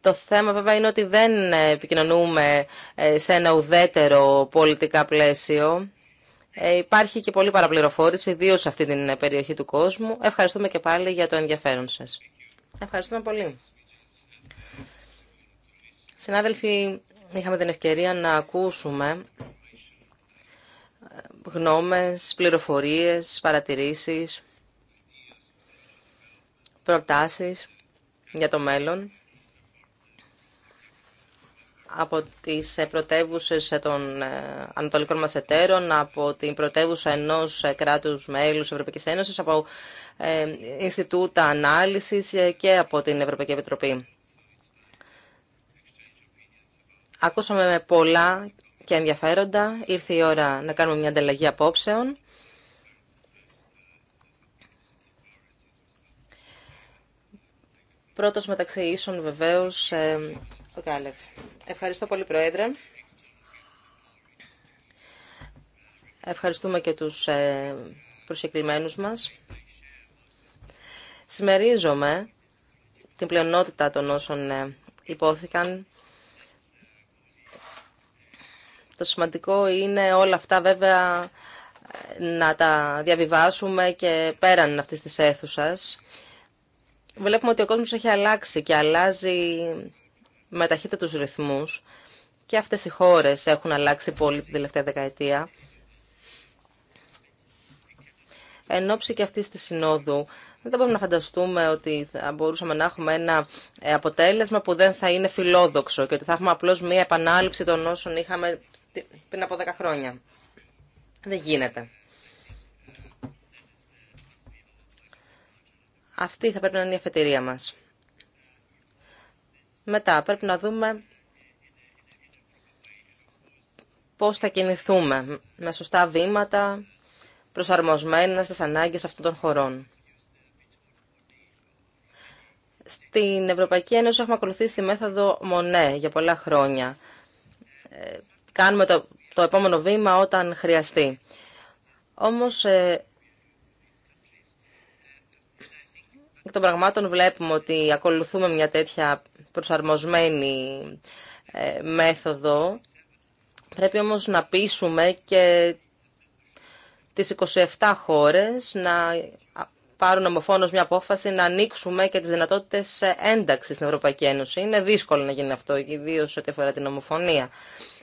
Το θέμα βέβαια είναι ότι δεν επικοινωνούμε ε, σε ένα ουδέτερο πολιτικά πλαίσιο. Ε, υπάρχει και πολλή παραπληροφόρηση, ιδίω σε αυτή την ε, περιοχή του κόσμου. Ευχαριστούμε και πάλι για το ενδιαφέρον σας. Ευχαριστούμε πολύ. Συνάδελφοι, είχαμε την ευκαιρία να ακούσουμε ε, γνώμες, πληροφορίες, παρατηρήσεις, προτάσεις για το μέλλον από τις ε, πρωτεύουσε ε, των ε, ανατολικών μας εταίρων, από την πρωτεύουσα ενός κράτους μέλους Ευρωπαϊκής Ένωσης, από Ινστιτούτα Ανάλυσης και από την Ευρωπαϊκή Επιτροπή. Ακούσαμε με πολλά και ενδιαφέροντα. Ήρθε η ώρα να κάνουμε μια ανταλλαγή απόψεων. Πρώτος μεταξύ ίσων βεβαίως Κάλεφ. Ευχαριστώ πολύ, Πρόεδρε. Ευχαριστούμε και τους ε, προσκεκλημένους μας. Σημερίζομαι την πλειονότητα των όσων ε, υπόθηκαν. Το σημαντικό είναι όλα αυτά βέβαια να τα διαβιβάσουμε και πέραν αυτής της αίθουσας. Βλέπουμε ότι ο κόσμος έχει αλλάξει και αλλάζει με ταχύτατους ρυθμούς και αυτές οι χώρες έχουν αλλάξει πολύ την τελευταία δεκαετία. Εν ώψη και αυτής της συνόδου, δεν μπορούμε να φανταστούμε ότι θα μπορούσαμε να έχουμε ένα ε, αποτέλεσμα που δεν θα είναι φιλόδοξο και ότι θα έχουμε απλώς μία επανάληψη των όσων είχαμε πριν από 10 χρόνια. Δεν γίνεται. Αυτή θα πρέπει να είναι η αφετηρία μας. Μετά πρέπει να δούμε πώς θα κινηθούμε με σωστά βήματα προσαρμοσμένα στις ανάγκες αυτών των χωρών. Στην Ευρωπαϊκή Ένωση έχουμε ακολουθήσει τη μέθοδο Μονέ για πολλά χρόνια. Ε, κάνουμε το, επόμενο βήμα όταν χρειαστεί. Όμως, ε, εκ των πραγμάτων βλέπουμε ότι ακολουθούμε μια τέτοια προσαρμοσμένη ε, μέθοδο. Πρέπει όμως να πείσουμε και τις 27 χώρες να πάρουν ομοφόνος μια απόφαση να ανοίξουμε και τις δυνατότητες ένταξης στην Ευρωπαϊκή Ένωση. Είναι δύσκολο να γίνει αυτό, ιδίω ό,τι αφορά την ομοφωνία.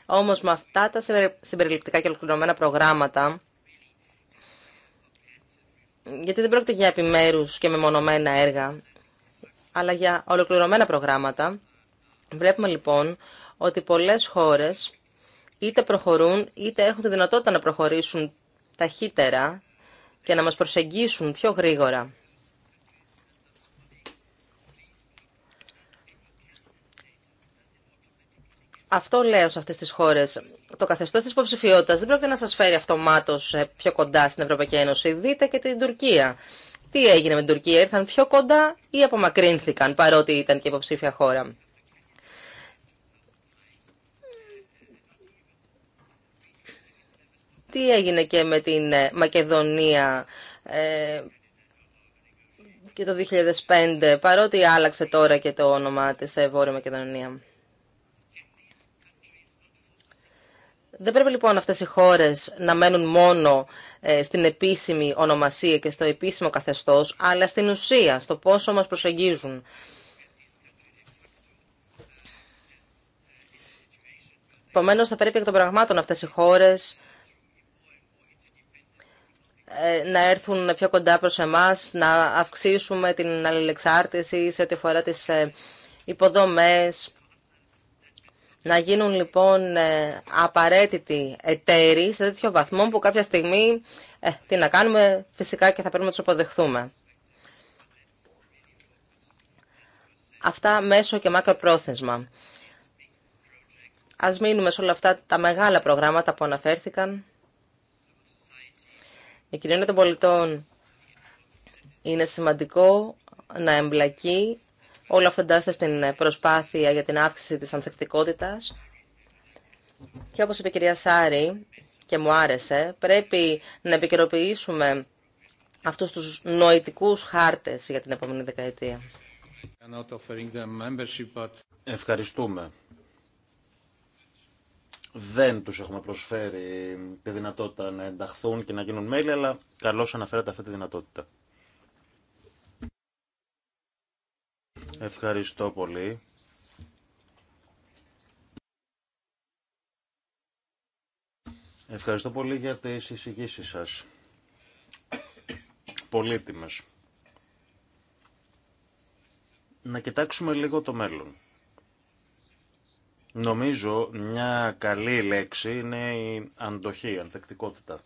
Όμως με αυτά τα συμπεριληπτικά και ολοκληρωμένα προγράμματα, γιατί δεν πρόκειται για επιμέρους και μεμονωμένα έργα, αλλά για ολοκληρωμένα προγράμματα. Βλέπουμε λοιπόν ότι πολλές χώρες είτε προχωρούν είτε έχουν τη δυνατότητα να προχωρήσουν ταχύτερα και να μας προσεγγίσουν πιο γρήγορα. Αυτό λέω σε αυτές τις χώρες. Το καθεστώς της υποψηφιότητα δεν πρόκειται να σας φέρει αυτομάτως ε, πιο κοντά στην Ευρωπαϊκή Ένωση. Δείτε και την Τουρκία τι έγινε με την Τουρκία, ήρθαν πιο κοντά ή απομακρύνθηκαν, παρότι ήταν και υποψήφια χώρα. Τι έγινε και με την ε, Μακεδονία ε, και το 2005, παρότι άλλαξε τώρα και το όνομά της ε, Βόρεια Μακεδονία. Δεν πρέπει λοιπόν αυτές οι χώρες να μένουν μόνο ε, στην επίσημη ονομασία και στο επίσημο καθεστώς, αλλά στην ουσία, στο πόσο μας προσεγγίζουν. Επομένω, θα πρέπει εκ των πραγμάτων αυτές οι χώρες ε, να έρθουν πιο κοντά προς εμάς, να αυξήσουμε την αλληλεξάρτηση σε ό,τι αφορά τις ε, υποδομές, να γίνουν λοιπόν ε, απαραίτητοι εταίροι σε τέτοιο βαθμό που κάποια στιγμή ε, τι να κάνουμε φυσικά και θα πρέπει να τους αποδεχθούμε. Αυτά μέσω και μακροπρόθεσμα. Ας μείνουμε σε όλα αυτά τα μεγάλα προγράμματα που αναφέρθηκαν. Η κοινωνία των πολιτών είναι σημαντικό να εμπλακεί Όλα αυτά εντάσσεται στην προσπάθεια για την αύξηση της ανθεκτικότητας. Και όπως είπε η κυρία Σάρη, και μου άρεσε, πρέπει να επικαιροποιήσουμε αυτούς τους νοητικούς χάρτες για την επόμενη δεκαετία.
Ευχαριστούμε. Δεν τους έχουμε προσφέρει τη δυνατότητα να ενταχθούν και να γίνουν μέλη, αλλά καλώς αναφέρατε αυτή τη δυνατότητα. Ευχαριστώ πολύ. Ευχαριστώ πολύ για τις εισηγήσει σας. Πολύτιμες. Να κοιτάξουμε λίγο το μέλλον. Νομίζω μια καλή λέξη είναι η αντοχή, η ανθεκτικότητα.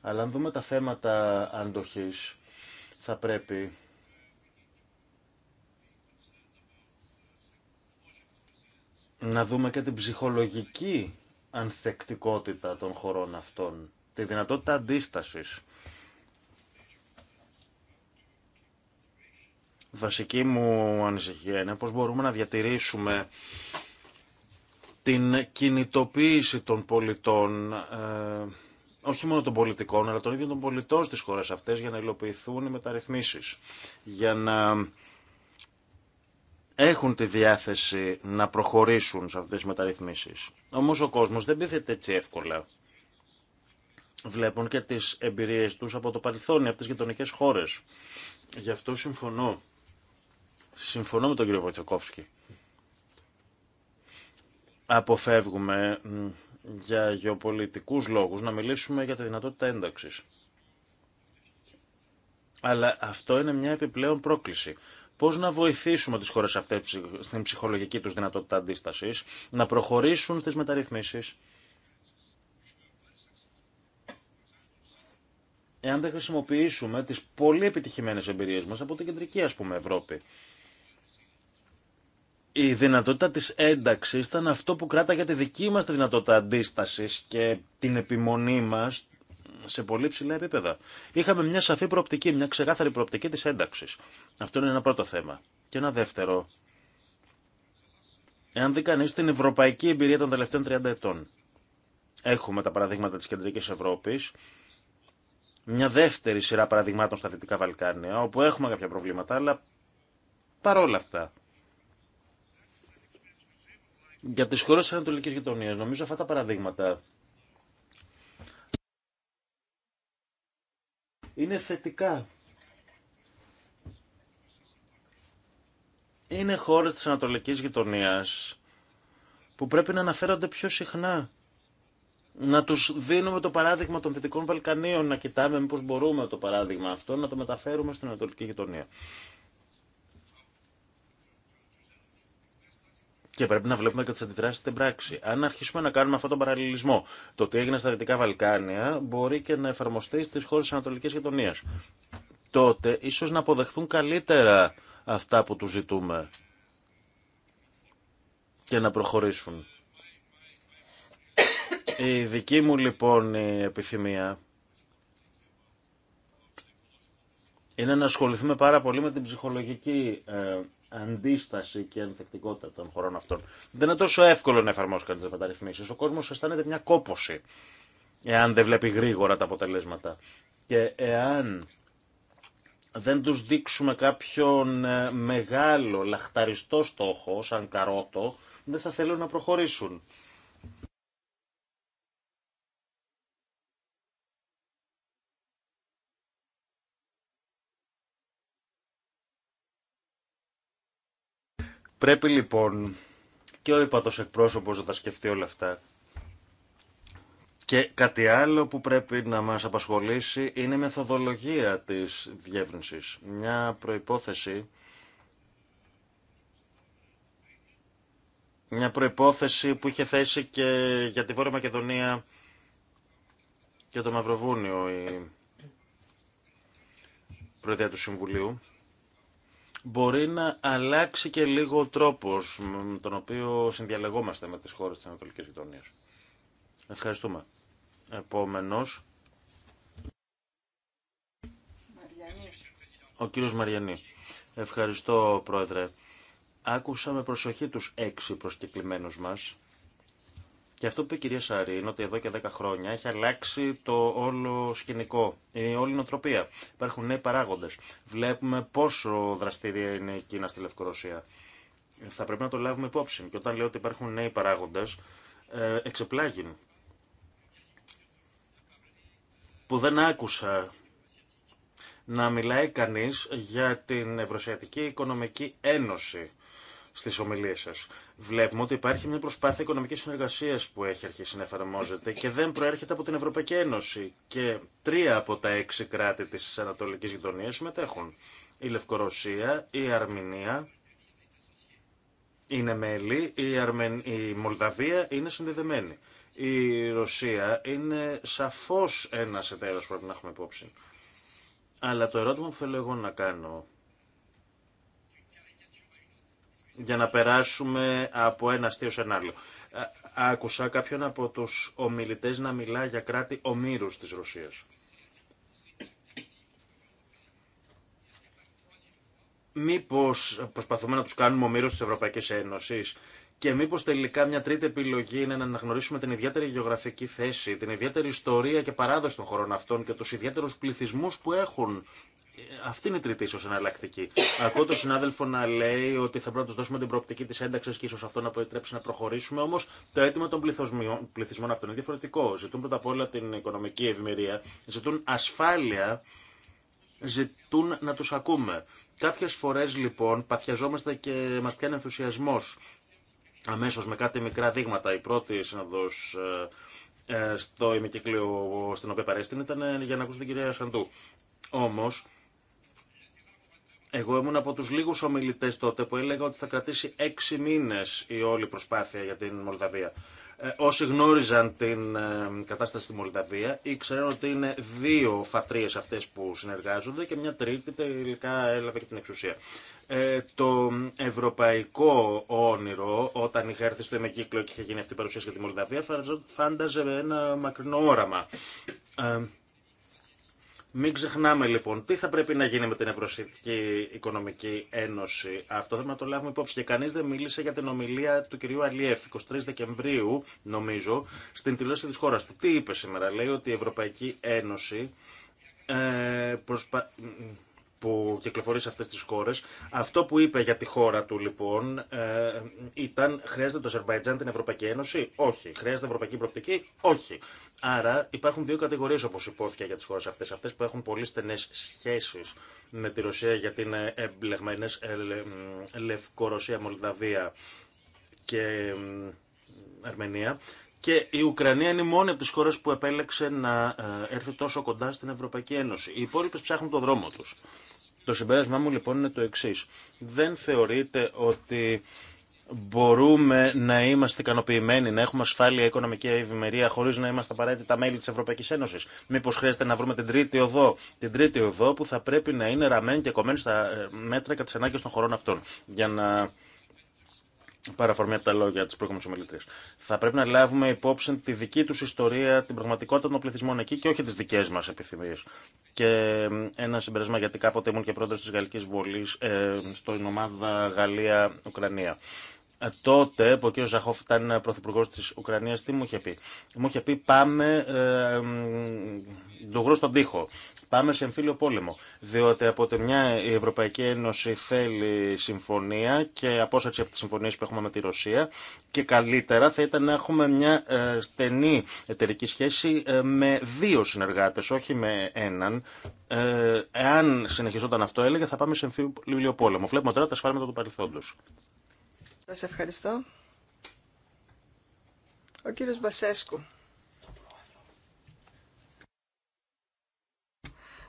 Αλλά αν δούμε τα θέματα αντοχής, θα πρέπει να δούμε και την ψυχολογική ανθεκτικότητα των χωρών αυτών, τη δυνατότητα αντίστασης. Βασική μου ανησυχία είναι πώς μπορούμε να διατηρήσουμε την κινητοποίηση των πολιτών, ε, όχι μόνο των πολιτικών, αλλά των ίδιων των πολιτών στις χώρες αυτές για να υλοποιηθούν οι μεταρρυθμίσεις, για να έχουν τη διάθεση να προχωρήσουν σε αυτές τις μεταρρυθμίσεις. Όμως ο κόσμος δεν πείθεται έτσι εύκολα. Βλέπουν και τις εμπειρίες τους από το παρελθόν, από τις γειτονικές χώρες. Γι' αυτό συμφωνώ. Συμφωνώ με τον κύριο Βοτσοκόφσκι. Αποφεύγουμε για γεωπολιτικούς λόγους να μιλήσουμε για τη δυνατότητα ένταξης. Αλλά αυτό είναι μια επιπλέον πρόκληση. Πώ να βοηθήσουμε τι χώρε αυτέ στην ψυχολογική του δυνατότητα αντίσταση, να προχωρήσουν στι μεταρρυθμίσει. Εάν δεν χρησιμοποιήσουμε τι πολύ επιτυχημένε εμπειρίε μα από την κεντρική ας πούμε, Ευρώπη. Η δυνατότητα της ένταξης ήταν αυτό που κράταγε τη δική μας δυνατότητα αντίστασης και την επιμονή μας σε πολύ ψηλά επίπεδα. Είχαμε μια σαφή προοπτική, μια ξεκάθαρη προοπτική της ένταξης. Αυτό είναι ένα πρώτο θέμα. Και ένα δεύτερο. Εάν δει κανεί την ευρωπαϊκή εμπειρία των τελευταίων 30 ετών. Έχουμε τα παραδείγματα της κεντρικής Ευρώπης, μια δεύτερη σειρά παραδειγμάτων στα Δυτικά Βαλκάνια, όπου έχουμε κάποια προβλήματα, αλλά παρόλα αυτά. Για τις χώρες της Ανατολικής Γειτονίας, νομίζω αυτά τα παραδείγματα είναι θετικά. Είναι χώρε της Ανατολικής Γειτονίας που πρέπει να αναφέρονται πιο συχνά. Να τους δίνουμε το παράδειγμα των Δυτικών Βαλκανίων, να κοιτάμε πώς μπορούμε το παράδειγμα αυτό να το μεταφέρουμε στην Ανατολική Γειτονία. Και πρέπει να βλέπουμε και τι αντιδράσει στην πράξη. Αν αρχίσουμε να κάνουμε αυτόν τον παραλληλισμό, το τι έγινε στα Δυτικά Βαλκάνια μπορεί και να εφαρμοστεί στι χώρε τη Ανατολική Γειτονία. Τότε ίσω να αποδεχθούν καλύτερα αυτά που του ζητούμε και να προχωρήσουν. Η δική μου λοιπόν επιθυμία είναι να ασχοληθούμε πάρα πολύ με την ψυχολογική ε, αντίσταση και ανθεκτικότητα των χωρών αυτών. Δεν είναι τόσο εύκολο να εφαρμόσει τι μεταρρυθμίσει. Ο κόσμο αισθάνεται μια κόποση εάν δεν βλέπει γρήγορα τα αποτελέσματα. Και εάν δεν τους δείξουμε κάποιον ε, μεγάλο, λαχταριστό στόχο, σαν καρότο, δεν θα θέλουν να προχωρήσουν. Πρέπει λοιπόν και ο υπατός εκπρόσωπος να τα σκεφτεί όλα αυτά. Και κάτι άλλο που πρέπει να μας απασχολήσει είναι η μεθοδολογία της διεύρυνσης. Μια προϋπόθεση μια προϋπόθεση που είχε θέσει και για τη Βόρεια Μακεδονία και το Μαυροβούνιο η Προεδρία του Συμβουλίου μπορεί να αλλάξει και λίγο ο τρόπος με τον οποίο συνδιαλεγόμαστε με τις χώρες της Ανατολικής Γειτονίας. Ευχαριστούμε. Επόμενος. Ο κύριος Μαριανή. Ευχαριστώ, Πρόεδρε. Άκουσα με προσοχή τους έξι προσκεκλημένους μας και αυτό που είπε η κυρία Σαρή είναι ότι εδώ και 10 χρόνια έχει αλλάξει το όλο σκηνικό, η όλη νοοτροπία. Υπάρχουν νέοι παράγοντε. Βλέπουμε πόσο δραστήρια είναι η Κίνα στη Λευκορωσία. Θα πρέπει να το λάβουμε υπόψη. Και όταν λέω ότι υπάρχουν νέοι παράγοντε, ε, εξεπλάγει. Που δεν άκουσα να μιλάει κανείς για την Ευρωσιατική Οικονομική Ένωση στι ομιλίε σα. Βλέπουμε ότι υπάρχει μια προσπάθεια οικονομική συνεργασία που έχει αρχίσει να εφαρμόζεται και δεν προέρχεται από την Ευρωπαϊκή Ένωση. Και τρία από τα έξι κράτη τη Ανατολική Γειτονία συμμετέχουν. Η Λευκορωσία, η Αρμηνία είναι μέλη, η, η Μολδαβία είναι συνδεδεμένη. Η Ρωσία είναι σαφώς ένας εταίρος που πρέπει να έχουμε υπόψη. Αλλά το ερώτημα που θέλω εγώ να κάνω για να περάσουμε από ένα αστείο σε ένα άλλο. Άκουσα κάποιον από τους ομιλητές να μιλά για κράτη ομήρους της Ρωσίας. Μήπως προσπαθούμε να τους κάνουμε ομήρους της Ευρωπαϊκής Ένωσης και μήπως τελικά μια τρίτη επιλογή είναι να αναγνωρίσουμε την ιδιαίτερη γεωγραφική θέση, την ιδιαίτερη ιστορία και παράδοση των χωρών αυτών και τους ιδιαίτερους πληθυσμούς που έχουν ε, αυτή είναι η τρίτη ίσω εναλλακτική. Ακούω τον συνάδελφο να λέει ότι θα πρέπει να του δώσουμε την προοπτική τη ένταξη και ίσω αυτό να επιτρέψει να προχωρήσουμε. Όμω το αίτημα των πληθυσμών αυτών είναι διαφορετικό. Ζητούν πρώτα απ' όλα την οικονομική ευημερία, ζητούν ασφάλεια, ζητούν να του ακούμε. Κάποιε φορέ λοιπόν παθιαζόμαστε και μα πιάνει ενθουσιασμό αμέσω με κάτι μικρά δείγματα. Η πρώτη σύνοδο ε, ε, στο ημικύκλιο στην οποία παρέστην ήταν για να ακούσει την κυρία Σαντού. Όμως, εγώ ήμουν από τους λίγους ομιλητέ τότε που έλεγα ότι θα κρατήσει έξι μήνες η όλη προσπάθεια για την Μολδαβία. Ε, όσοι γνώριζαν την ε, κατάσταση στη Μολδαβία ήξεραν ότι είναι δύο φατρίε αυτές που συνεργάζονται και μια τρίτη τελικά έλαβε και την εξουσία. Ε, το ευρωπαϊκό όνειρο, όταν είχα έρθει στο εμεκύκλο και είχε γίνει αυτή η παρουσίαση για τη Μολδαβία, φάνταζε ένα μακρινό όραμα. Ε, μην ξεχνάμε λοιπόν τι θα πρέπει να γίνει με την Ευρωσυντική Οικονομική Ένωση. Αυτό να το λάβουμε υπόψη και κανεί δεν μίλησε για την ομιλία του κυρίου Αλιέφ 23 Δεκεμβρίου, νομίζω, στην τηλεόραση τη χώρα του. Τι είπε σήμερα, λέει ότι η Ευρωπαϊκή Ένωση ε, προσπα που κυκλοφορεί σε αυτές τις χώρες. Αυτό που είπε για τη χώρα του λοιπόν ε, ήταν χρειάζεται το Αζερβαϊτζάν την Ευρωπαϊκή Ένωση. Όχι. Χρειάζεται Ευρωπαϊκή Προπτική, Όχι. Άρα υπάρχουν δύο κατηγορίες όπω υπόθηκε για τις χώρες αυτές. Αυτές που έχουν πολύ στένε σχέσεις με τη Ρωσία γιατί είναι εμπλεγμένες ε, Λευκορωσία, Μολδαβία και Αρμενία. Και η Ουκρανία είναι η μόνη από τι χώρε που επέλεξε να ε, έρθει τόσο κοντά στην Ευρωπαϊκή Ένωση. Οι υπόλοιπε ψάχνουν το δρόμο του. Το συμπέρασμά μου λοιπόν είναι το εξή. Δεν θεωρείτε ότι μπορούμε να είμαστε ικανοποιημένοι, να έχουμε ασφάλεια, οικονομική ευημερία, χωρί να είμαστε απαραίτητα μέλη τη Ευρωπαϊκή Ένωση. Μήπω χρειάζεται να βρούμε την τρίτη οδό. Την τρίτη οδό που θα πρέπει να είναι ραμμένη και κομμένη στα ε, μέτρα και τι ανάγκε των χωρών αυτών. Για να παραφορμή από τα λόγια τη προηγούμενη ομιλητή. Θα πρέπει να λάβουμε υπόψη τη δική του ιστορία, την πραγματικότητα των πληθυσμών εκεί και όχι τι δικέ μα επιθυμίε. Και ένα συμπέρασμα, γιατί κάποτε ήμουν και πρόεδρο τη Γαλλική Βολή ε, στην ομάδα Γαλλία-Ουκρανία. Ε, τότε που ο κ. Ζαχόφ ήταν πρωθυπουργό τη Ουκρανία, τι μου είχε πει. Μου είχε πει πάμε ε, στον τοίχο, πάμε σε εμφύλιο πόλεμο. Διότι από τη μια η Ευρωπαϊκή Ένωση θέλει συμφωνία και απόσταση από τι συμφωνίε που έχουμε με τη Ρωσία και καλύτερα θα ήταν να έχουμε μια ε, στενή εταιρική σχέση ε, με δύο συνεργάτε, όχι με έναν. Ε, εάν συνεχιζόταν αυτό έλεγε θα πάμε σε εμφύλιο πόλεμο. Βλέπουμε τώρα τα σφάλματα του παρελθόντο.
Σας ευχαριστώ. Ο κύριος Μπασέσκου.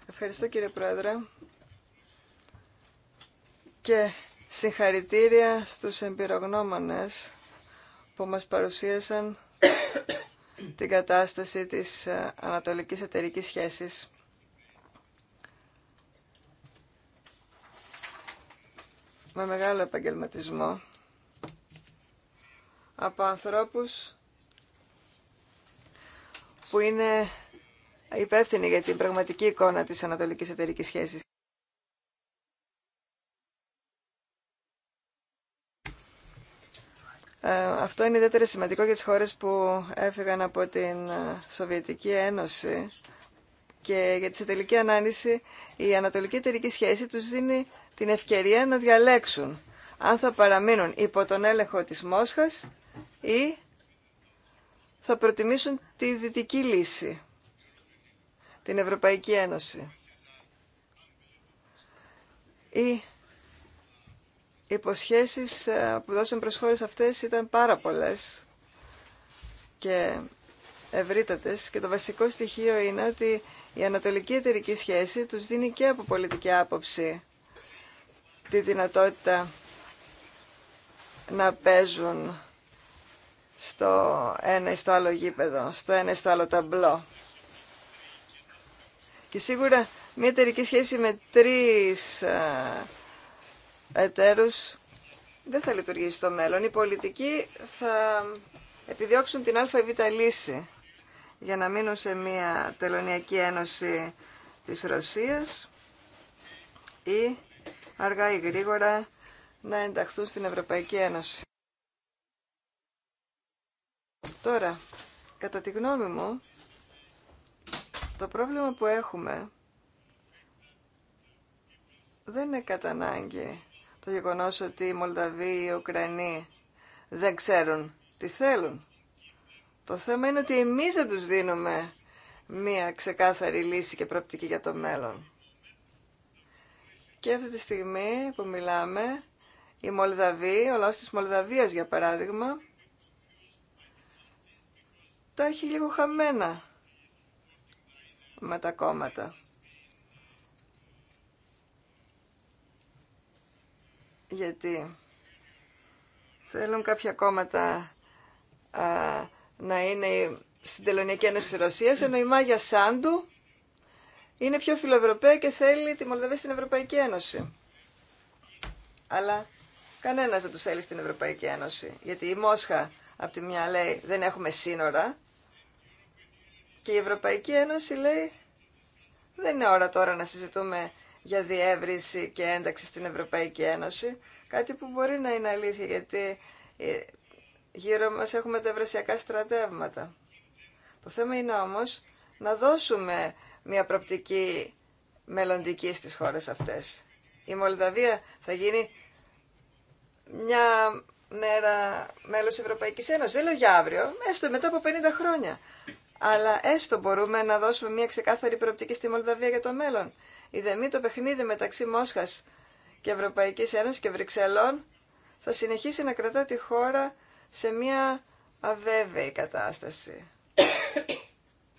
Ευχαριστώ κύριε Πρόεδρε και συγχαρητήρια στους εμπειρογνώμονες που μας παρουσίασαν την κατάσταση της ε, ανατολικής εταιρικής σχέσης. Με μεγάλο επαγγελματισμό από ανθρώπους που είναι υπεύθυνοι για την πραγματική εικόνα της ανατολικής εταιρικής σχέσης. Ε, αυτό είναι ιδιαίτερα σημαντικό για τις χώρες που έφυγαν από την ε, Σοβιετική Ένωση και για τη τελική ανάλυση η ανατολική εταιρική σχέση τους δίνει την ευκαιρία να διαλέξουν αν θα παραμείνουν υπό τον έλεγχο της Μόσχας ή θα προτιμήσουν τη δυτική λύση, την Ευρωπαϊκή Ένωση. Οι υποσχέσεις ε, που δώσαν προς χώρες αυτές ήταν πάρα πολλές και ευρύτατες και το βασικό στοιχείο είναι ότι η ανατολική εταιρική σχέση τους δίνει και από πολιτική άποψη τη δυνατότητα να παίζουν στο ένα ή στο άλλο γήπεδο, στο ένα ή στο άλλο ταμπλό. Και σίγουρα μια εταιρική σχέση με τρεις ε, εταίρους δεν θα λειτουργήσει στο μέλλον. Οι πολιτικοί θα επιδιώξουν την α για να μείνουν σε μια τελωνιακή ένωση της Ρωσίας ή αργά ή γρήγορα να ενταχθούν στην Ευρωπαϊκή Ένωση. Τώρα, κατά τη γνώμη μου, το πρόβλημα που έχουμε δεν είναι κατά ανάγκη το γεγονός ότι οι Μολδαβοί, οι Ουκρανοί δεν ξέρουν τι θέλουν. Το θέμα είναι ότι εμείς δεν τους δίνουμε μία ξεκάθαρη λύση και προοπτική για το μέλλον. Και αυτή τη στιγμή που μιλάμε, η Μολδαβοί, ο λαός της Μολδαβίας για παράδειγμα, τα έχει λίγο χαμένα με τα κόμματα. Γιατί θέλουν κάποια κόμματα να είναι στην Τελωνιακή Ένωση της Ρωσίας, ενώ η Μάγια Σάντου είναι πιο φιλοευρωπαία και θέλει τη Μολδαβία στην Ευρωπαϊκή Ένωση. Αλλά κανένας δεν τους θέλει στην Ευρωπαϊκή Ένωση, γιατί η Μόσχα από τη μια λέει δεν έχουμε σύνορα και η Ευρωπαϊκή Ένωση λέει δεν είναι ώρα τώρα να συζητούμε για διεύρυνση και ένταξη στην Ευρωπαϊκή Ένωση. Κάτι που μπορεί να είναι αλήθεια γιατί ε, γύρω μας έχουμε τα ευρασιακά στρατεύματα. Το θέμα είναι όμως να δώσουμε μια προπτική μελλοντική στις χώρες αυτές. Η Μολδαβία θα γίνει μια μέρα μέλος Ευρωπαϊκής Ένωσης. Δεν λέω για αύριο, έστω μετά από 50 χρόνια αλλά έστω μπορούμε να δώσουμε μια ξεκάθαρη προοπτική στη Μολδαβία για το μέλλον. Η δεμή το παιχνίδι μεταξύ Μόσχας και Ευρωπαϊκής Ένωσης και Βρυξελών θα συνεχίσει να κρατά τη χώρα σε μια αβέβαιη κατάσταση.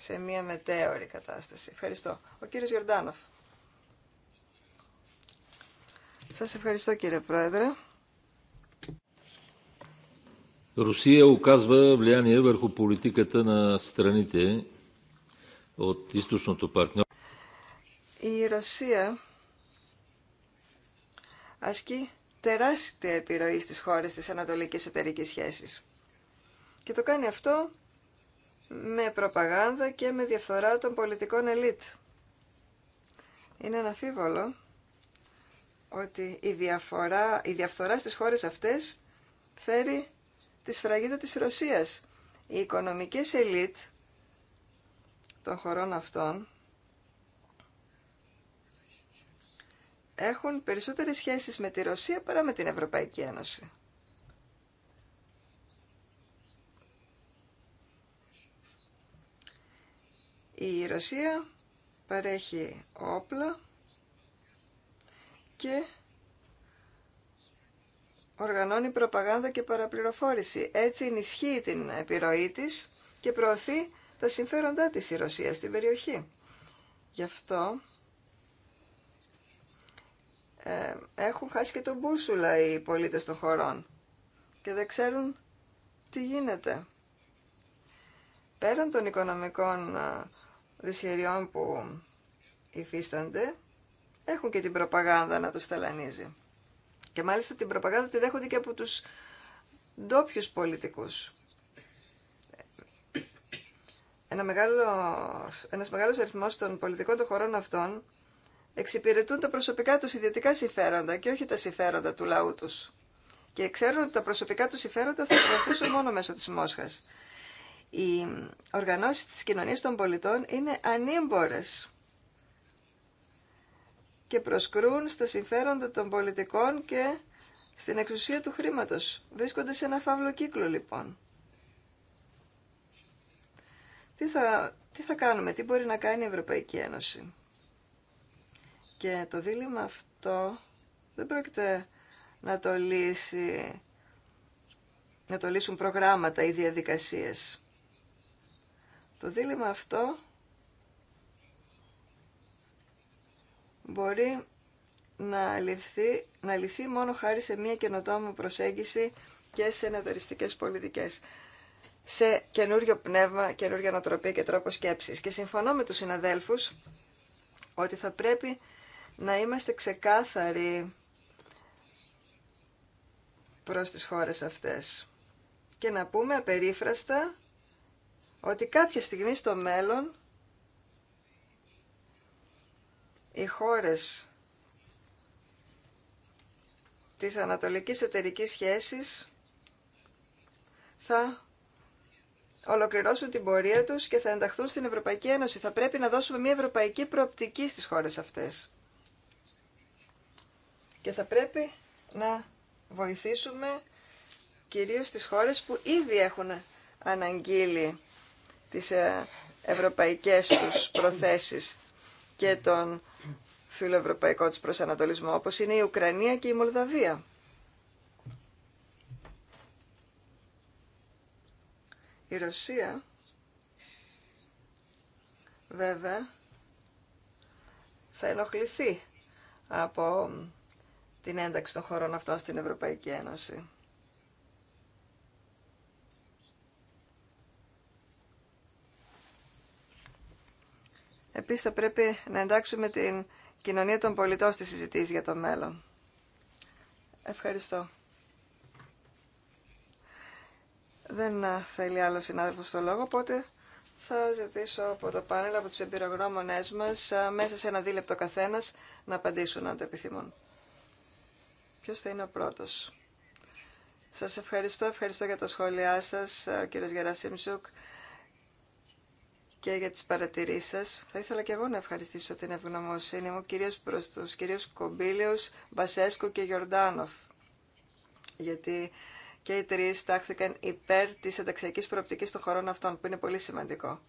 σε μια μετέωρη κατάσταση. Ευχαριστώ. Ο κύριος Γιορτάνοφ. Σας ευχαριστώ κύριε Πρόεδρε.
Русия оказва влияние върху политиката на страните от източното партньорство.
Η Ρωσία ασκεί τεράστια επιρροή στις χώρες της ανατολικής εταιρικής σχέσης. Και το κάνει αυτό με προπαγάνδα και με διαφθορά των πολιτικών ελίτ. Είναι αναφίβολο ότι η, διαφορά, η διαφθορά στις χώρες αυτές φέρει τη σφραγίδα της Ρωσίας. Οι οικονομικές ελίτ των χωρών αυτών έχουν περισσότερες σχέσεις με τη Ρωσία παρά με την Ευρωπαϊκή Ένωση. Η Ρωσία παρέχει όπλα και οργανώνει προπαγάνδα και παραπληροφόρηση. Έτσι ενισχύει την επιρροή της και προωθεί τα συμφέροντά της η Ρωσία στην περιοχή. Γι' αυτό ε, έχουν χάσει και τον μπούσουλα οι πολίτες των χωρών και δεν ξέρουν τι γίνεται. Πέραν των οικονομικών ε, δυσχεριών που υφίστανται, έχουν και την προπαγάνδα να τους ταλανίζει. Και μάλιστα την προπαγάνδα τη δέχονται και από τους ντόπιου πολιτικούς. Ένα μεγάλο, ένας μεγάλος αριθμός των πολιτικών των χωρών αυτών εξυπηρετούν τα προσωπικά τους ιδιωτικά συμφέροντα και όχι τα συμφέροντα του λαού τους. Και ξέρουν ότι τα προσωπικά τους συμφέροντα θα προωθήσουν μόνο μέσω της Μόσχας. Οι οργανώσεις της κοινωνίας των πολιτών είναι ανήμπορες και προσκρούν στα συμφέροντα των πολιτικών και στην εξουσία του χρήματος. Βρίσκονται σε ένα φαύλο κύκλο λοιπόν. Τι θα, τι θα κάνουμε, τι μπορεί να κάνει η Ευρωπαϊκή Ένωση. Και το δίλημα αυτό δεν πρόκειται να το λύσει να το λύσουν προγράμματα ή διαδικασίες. Το δίλημα αυτό μπορεί να λυθεί, να μόνο χάρη σε μια καινοτόμη προσέγγιση και σε ενατοριστικές πολιτικές σε καινούριο πνεύμα, καινούργια νοοτροπία και τρόπο σκέψης. Και συμφωνώ με τους συναδέλφους ότι θα πρέπει να είμαστε ξεκάθαροι προς τις χώρες αυτές και να πούμε απερίφραστα ότι κάποια στιγμή στο μέλλον οι χώρες της ανατολικής εταιρικής σχέσης θα ολοκληρώσουν την πορεία τους και θα ενταχθούν στην Ευρωπαϊκή Ένωση. Θα πρέπει να δώσουμε μια ευρωπαϊκή προοπτική στις χώρες αυτές. Και θα πρέπει να βοηθήσουμε κυρίως τις χώρες που ήδη έχουν αναγγείλει τις ε, ευρωπαϊκές τους προθέσεις και τον φιλοευρωπαϊκό τους προσανατολισμό, όπως είναι η Ουκρανία και η Μολδαβία. Η Ρωσία, βέβαια, θα ενοχληθεί από την ένταξη των χωρών αυτών στην Ευρωπαϊκή Ένωση. Επίσης θα πρέπει να εντάξουμε την κοινωνία των πολιτών στη συζητήση για το μέλλον. Ευχαριστώ. Δεν θέλει άλλο συνάδελφο το λόγο, οπότε θα ζητήσω από το πάνελ, από τους εμπειρογνώμονές μας, μέσα σε ένα δίλεπτο καθένας, να απαντήσουν αν το επιθυμούν. Ποιος θα είναι ο πρώτος. Σας ευχαριστώ, ευχαριστώ για τα σχόλιά σας, ο κύριος Γερασίμτσουκ και για τις παρατηρήσεις σας. Θα ήθελα και εγώ να ευχαριστήσω την ευγνωμοσύνη μου, κυρίως προς τους κυρίους Κομπίλιος, Μπασέσκου και Γιορτάνοφ, γιατί και οι τρεις στάχθηκαν υπέρ της ενταξιακής προοπτικής των χωρών αυτών, που είναι πολύ σημαντικό.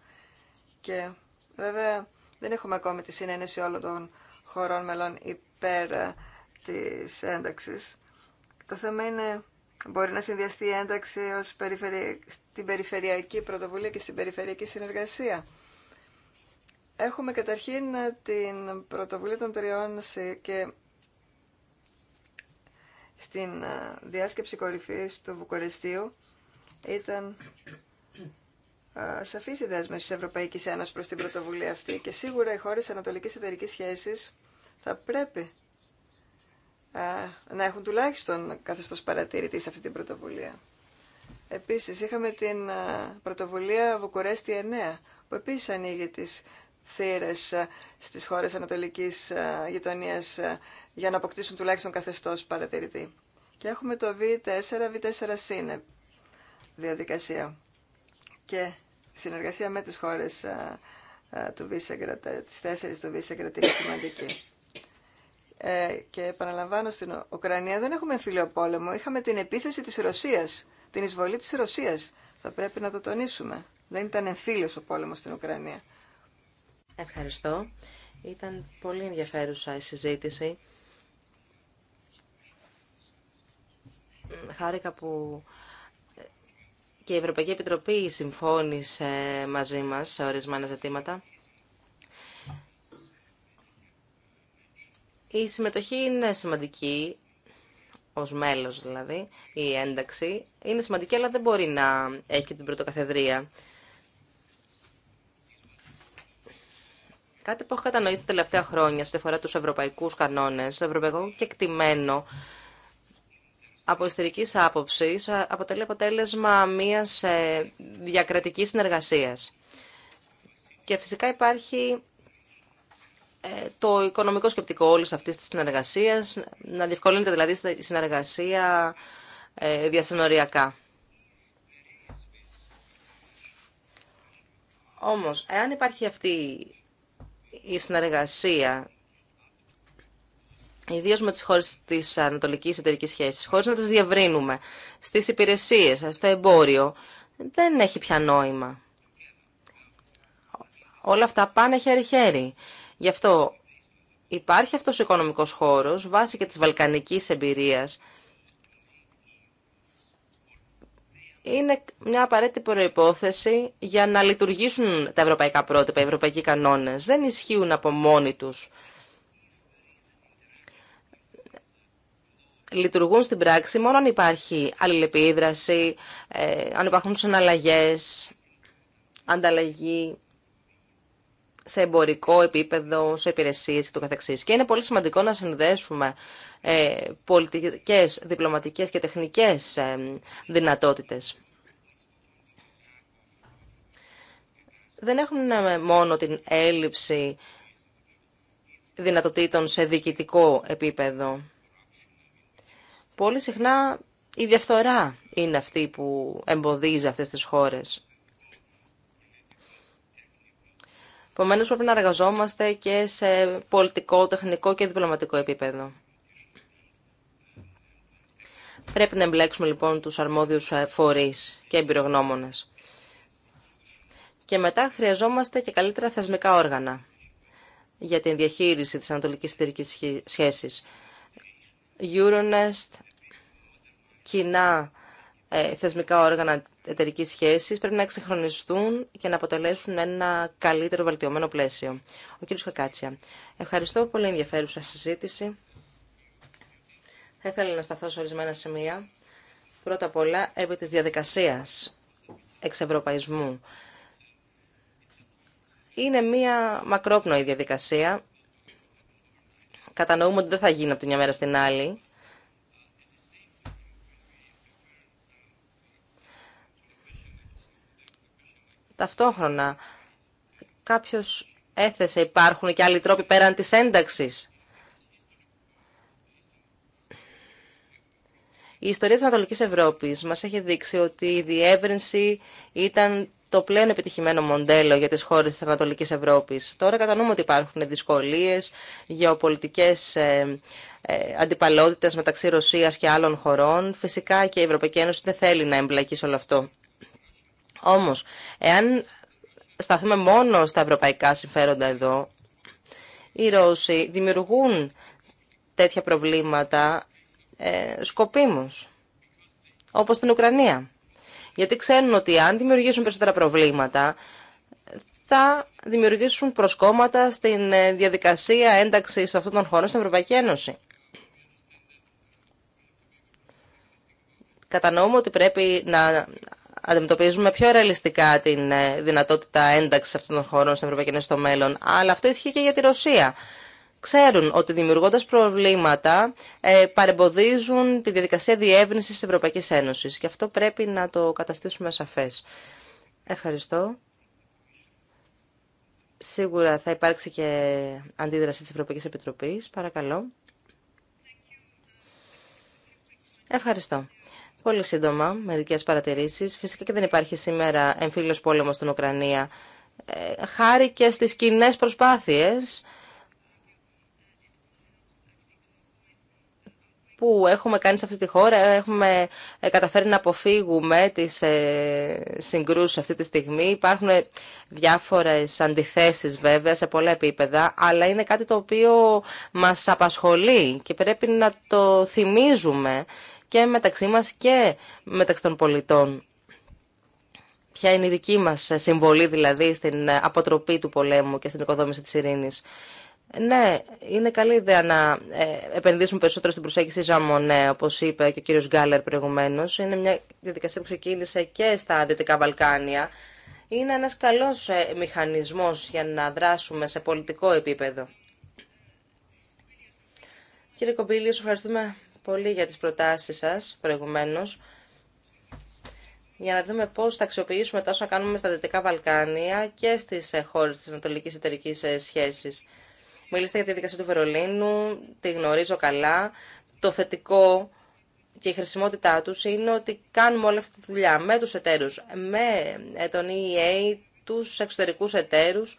Και βέβαια δεν έχουμε ακόμη τη συνένεση όλων των χωρών μελών υπέρ ε, της ένταξης. Το θέμα είναι Μπορεί να συνδυαστεί η ένταξη ως περιφερει... στην περιφερειακή πρωτοβουλία και στην περιφερειακή συνεργασία. Έχουμε καταρχήν την πρωτοβουλία των τριών και στην ε, διάσκεψη κορυφής του Βουκορεστίου ήταν ε, σαφής η δέσμευση τη Ευρωπαϊκή Ένωση προ την πρωτοβουλία αυτή και σίγουρα οι χώρε Ανατολικής Εταιρικής Σχέσης θα πρέπει να έχουν τουλάχιστον καθεστώς παρατηρητή σε αυτή την πρωτοβουλία. Επίσης, είχαμε την πρωτοβουλία Βουκουρέστι 9, που επίσης ανοίγει τις θύρες στις χώρες ανατολικής γειτονίας για να αποκτήσουν τουλάχιστον καθεστώς παρατηρητή. Και έχουμε το V4, V4 ΣΥΝΕ διαδικασία και συνεργασία με τις χώρες του Βίσεγκρα, ε, τις του Βίσεγκρα είναι σημαντική. Ε, και επαναλαμβάνω στην Ουκρανία δεν έχουμε εμφυλίο πόλεμο. Είχαμε την επίθεση της Ρωσίας, την εισβολή της Ρωσίας. Θα πρέπει να το τονίσουμε. Δεν ήταν
εμφύλιος ο πόλεμος στην Ουκρανία. Ευχαριστώ. Ήταν πολύ ενδιαφέρουσα η συζήτηση. Χάρηκα που ε, και η Ευρωπαϊκή Επιτροπή συμφώνησε μαζί μας σε ορισμένα ζητήματα. Η συμμετοχή είναι σημαντική, ως μέλος δηλαδή, η ένταξη. Είναι σημαντική, αλλά δεν μπορεί να έχει και την πρωτοκαθεδρία. Κάτι που έχω κατανοήσει τα τελευταία χρόνια, σε αφορά τους ευρωπαϊκούς κανόνες, το ευρωπαϊκό κεκτημένο, από ιστορική άποψη, ε, αποτελεί αποτέλεσμα μιας ε, διακρατικής συνεργασίας. Και φυσικά υπάρχει ε, το οικονομικό σκεπτικό όλης αυτής της συνεργασίας, να διευκολύνεται δηλαδή η συνεργασία ε, διασυνοριακά. Όμω, εάν υπάρχει αυτή η συνεργασία, ιδίω με τι χώρες τη ανατολική Εταιρική σχέση, χωρί να τις διαβρύνουμε στις υπηρεσίες, στο εμπόριο, δεν έχει πια νόημα. Όλα αυτά πάνε χέρι-χέρι. Γι' αυτό υπάρχει αυτός ο οικονομικός χώρος βάσει και της βαλκανικής εμπειρίας. Είναι μια απαραίτητη προϋπόθεση για να λειτουργήσουν τα ευρωπαϊκά πρότυπα, οι ευρωπαϊκοί κανόνες. Δεν ισχύουν από μόνοι τους. Λειτουργούν στην πράξη μόνο αν υπάρχει αλληλεπίδραση, ε, αν υπάρχουν συναλλαγές, ανταλλαγή σε εμπορικό επίπεδο, σε υπηρεσίες και το καθεξής. Και είναι πολύ σημαντικό να συνδέσουμε ε, πολιτικές, διπλωματικές και τεχνικές ε, δυνατότητες. Δεν έχουμε μόνο την έλλειψη δυνατοτήτων σε διοικητικό επίπεδο. Πολύ συχνά η διαφθορά είναι αυτή που εμποδίζει αυτές τις χώρες. Επομένω, πρέπει να εργαζόμαστε και σε πολιτικό, τεχνικό και διπλωματικό επίπεδο. Πρέπει να εμπλέξουμε λοιπόν τους αρμόδιους ε, φορείς και εμπειρογνώμονες. Και μετά χρειαζόμαστε και καλύτερα θεσμικά όργανα για την διαχείριση της ανατολικής εταιρικής σχέσης. Euronest, κοινά ε, θεσμικά όργανα εταιρική σχέση πρέπει να εξυγχρονιστούν και να αποτελέσουν ένα καλύτερο βελτιωμένο πλαίσιο. Ο κ. Κακάτσια. Ευχαριστώ πολύ ενδιαφέρουσα συζήτηση. Θα ήθελα να σταθώ σε ορισμένα σημεία. Πρώτα απ' όλα, επί της διαδικασίας εξευρωπαϊσμού. Είναι μία μακρόπνοη διαδικασία. Κατανοούμε ότι δεν θα γίνει από τη μια μέρα στην άλλη Ταυτόχρονα, κάποιος έθεσε υπάρχουν και άλλοι τρόποι πέραν της ένταξης. Η ιστορία της Ανατολικής Ευρώπης μας έχει δείξει ότι η διεύρυνση ήταν το πλέον επιτυχημένο μοντέλο για τις χώρες της Ανατολικής Ευρώπης. Τώρα κατανοούμε ότι υπάρχουν δυσκολίες, γεωπολιτικές ε, ε αντιπαλότητες μεταξύ Ρωσίας και άλλων χωρών. Φυσικά και η Ευρωπαϊκή Ένωση δεν θέλει να εμπλακεί σε όλο αυτό. Όμως, εάν σταθούμε μόνο στα ευρωπαϊκά συμφέροντα εδώ, οι Ρώσοι δημιουργούν τέτοια προβλήματα ε, σκοπίμως, όπως στην Ουκρανία. Γιατί ξέρουν ότι αν δημιουργήσουν περισσότερα προβλήματα, θα δημιουργήσουν προσκόμματα στην ε, διαδικασία ένταξης αυτών των χωρών στην Ευρωπαϊκή Ένωση. Κατανοούμε ότι πρέπει να αντιμετωπίζουμε πιο ρεαλιστικά την ε, δυνατότητα ένταξη αυτών των χωρών στην Ευρωπαϊκή Ένωση στο μέλλον. Αλλά αυτό ισχύει και για τη Ρωσία. Ξέρουν ότι δημιουργώντα προβλήματα ε, παρεμποδίζουν τη διαδικασία διεύρυνση τη Ευρωπαϊκή Ένωση. Και αυτό πρέπει να το καταστήσουμε σαφέ. Ευχαριστώ. Σίγουρα θα υπάρξει και αντίδραση της Ευρωπαϊκής Επιτροπής. Παρακαλώ. Ευχαριστώ. Πολύ σύντομα, μερικέ παρατηρήσει. Φυσικά και δεν υπάρχει σήμερα εμφύλιο πόλεμο στην Ουκρανία. Ε, χάρη και στι κοινέ προσπάθειε που έχουμε κάνει σε αυτή τη χώρα, έχουμε ε, καταφέρει να αποφύγουμε τις ε, συγκρούσεις αυτή τη στιγμή. Υπάρχουν διάφορες αντιθέσεις βέβαια σε πολλά επίπεδα, αλλά είναι κάτι το οποίο μα απασχολεί και πρέπει να το θυμίζουμε και μεταξύ μας και μεταξύ των πολιτών. Ποια είναι η δική μας συμβολή δηλαδή στην αποτροπή του πολέμου και στην οικοδόμηση της ειρήνης. Ναι, είναι καλή ιδέα να ε, επενδύσουμε περισσότερο στην προσέγγιση Ζαμονέ, όπω είπε και ο κύριο Γκάλερ προηγουμένω. Είναι μια διαδικασία που ξεκίνησε και στα Δυτικά Βαλκάνια. Είναι ένα καλό ε, μηχανισμό για να δράσουμε σε πολιτικό επίπεδο. Κύριε Κομπίλιο, ευχαριστούμε πολύ για τις προτάσεις σας προηγουμένως για να δούμε πώς θα αξιοποιήσουμε τα όσα κάνουμε στα Δυτικά Βαλκάνια και στις ε, χώρες της Ανατολικής Εταιρικής ε, Σχέσης. Μιλήσατε για τη δικασία του Βερολίνου, τη γνωρίζω καλά. Το θετικό και η χρησιμότητά τους είναι ότι κάνουμε όλη αυτή τη δουλειά με τους εταίρους, με ε, τον EEA, τους εξωτερικούς εταίρους,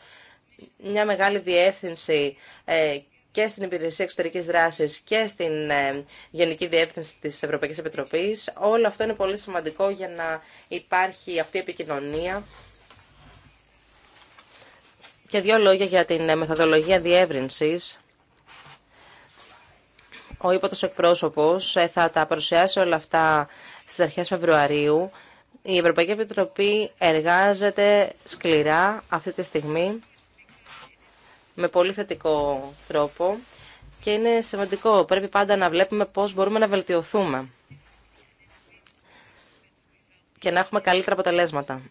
μια μεγάλη διεύθυνση και στην Υπηρεσία Εξωτερικής Δράσης και στην ε, Γενική Διεύθυνση της Ευρωπαϊκής Επιτροπής. Όλο αυτό είναι πολύ σημαντικό για να υπάρχει αυτή η επικοινωνία. Και δύο λόγια για την ε, μεθοδολογία διεύρυνσης. Ο υπότος εκπρόσωπος ε, θα τα παρουσιάσει όλα αυτά στις αρχές Φεβρουαρίου. Η Ευρωπαϊκή Επιτροπή εργάζεται σκληρά αυτή τη στιγμή με πολύ θετικό τρόπο και είναι σημαντικό. Πρέπει πάντα να βλέπουμε πώς μπορούμε να βελτιωθούμε και να έχουμε καλύτερα αποτελέσματα.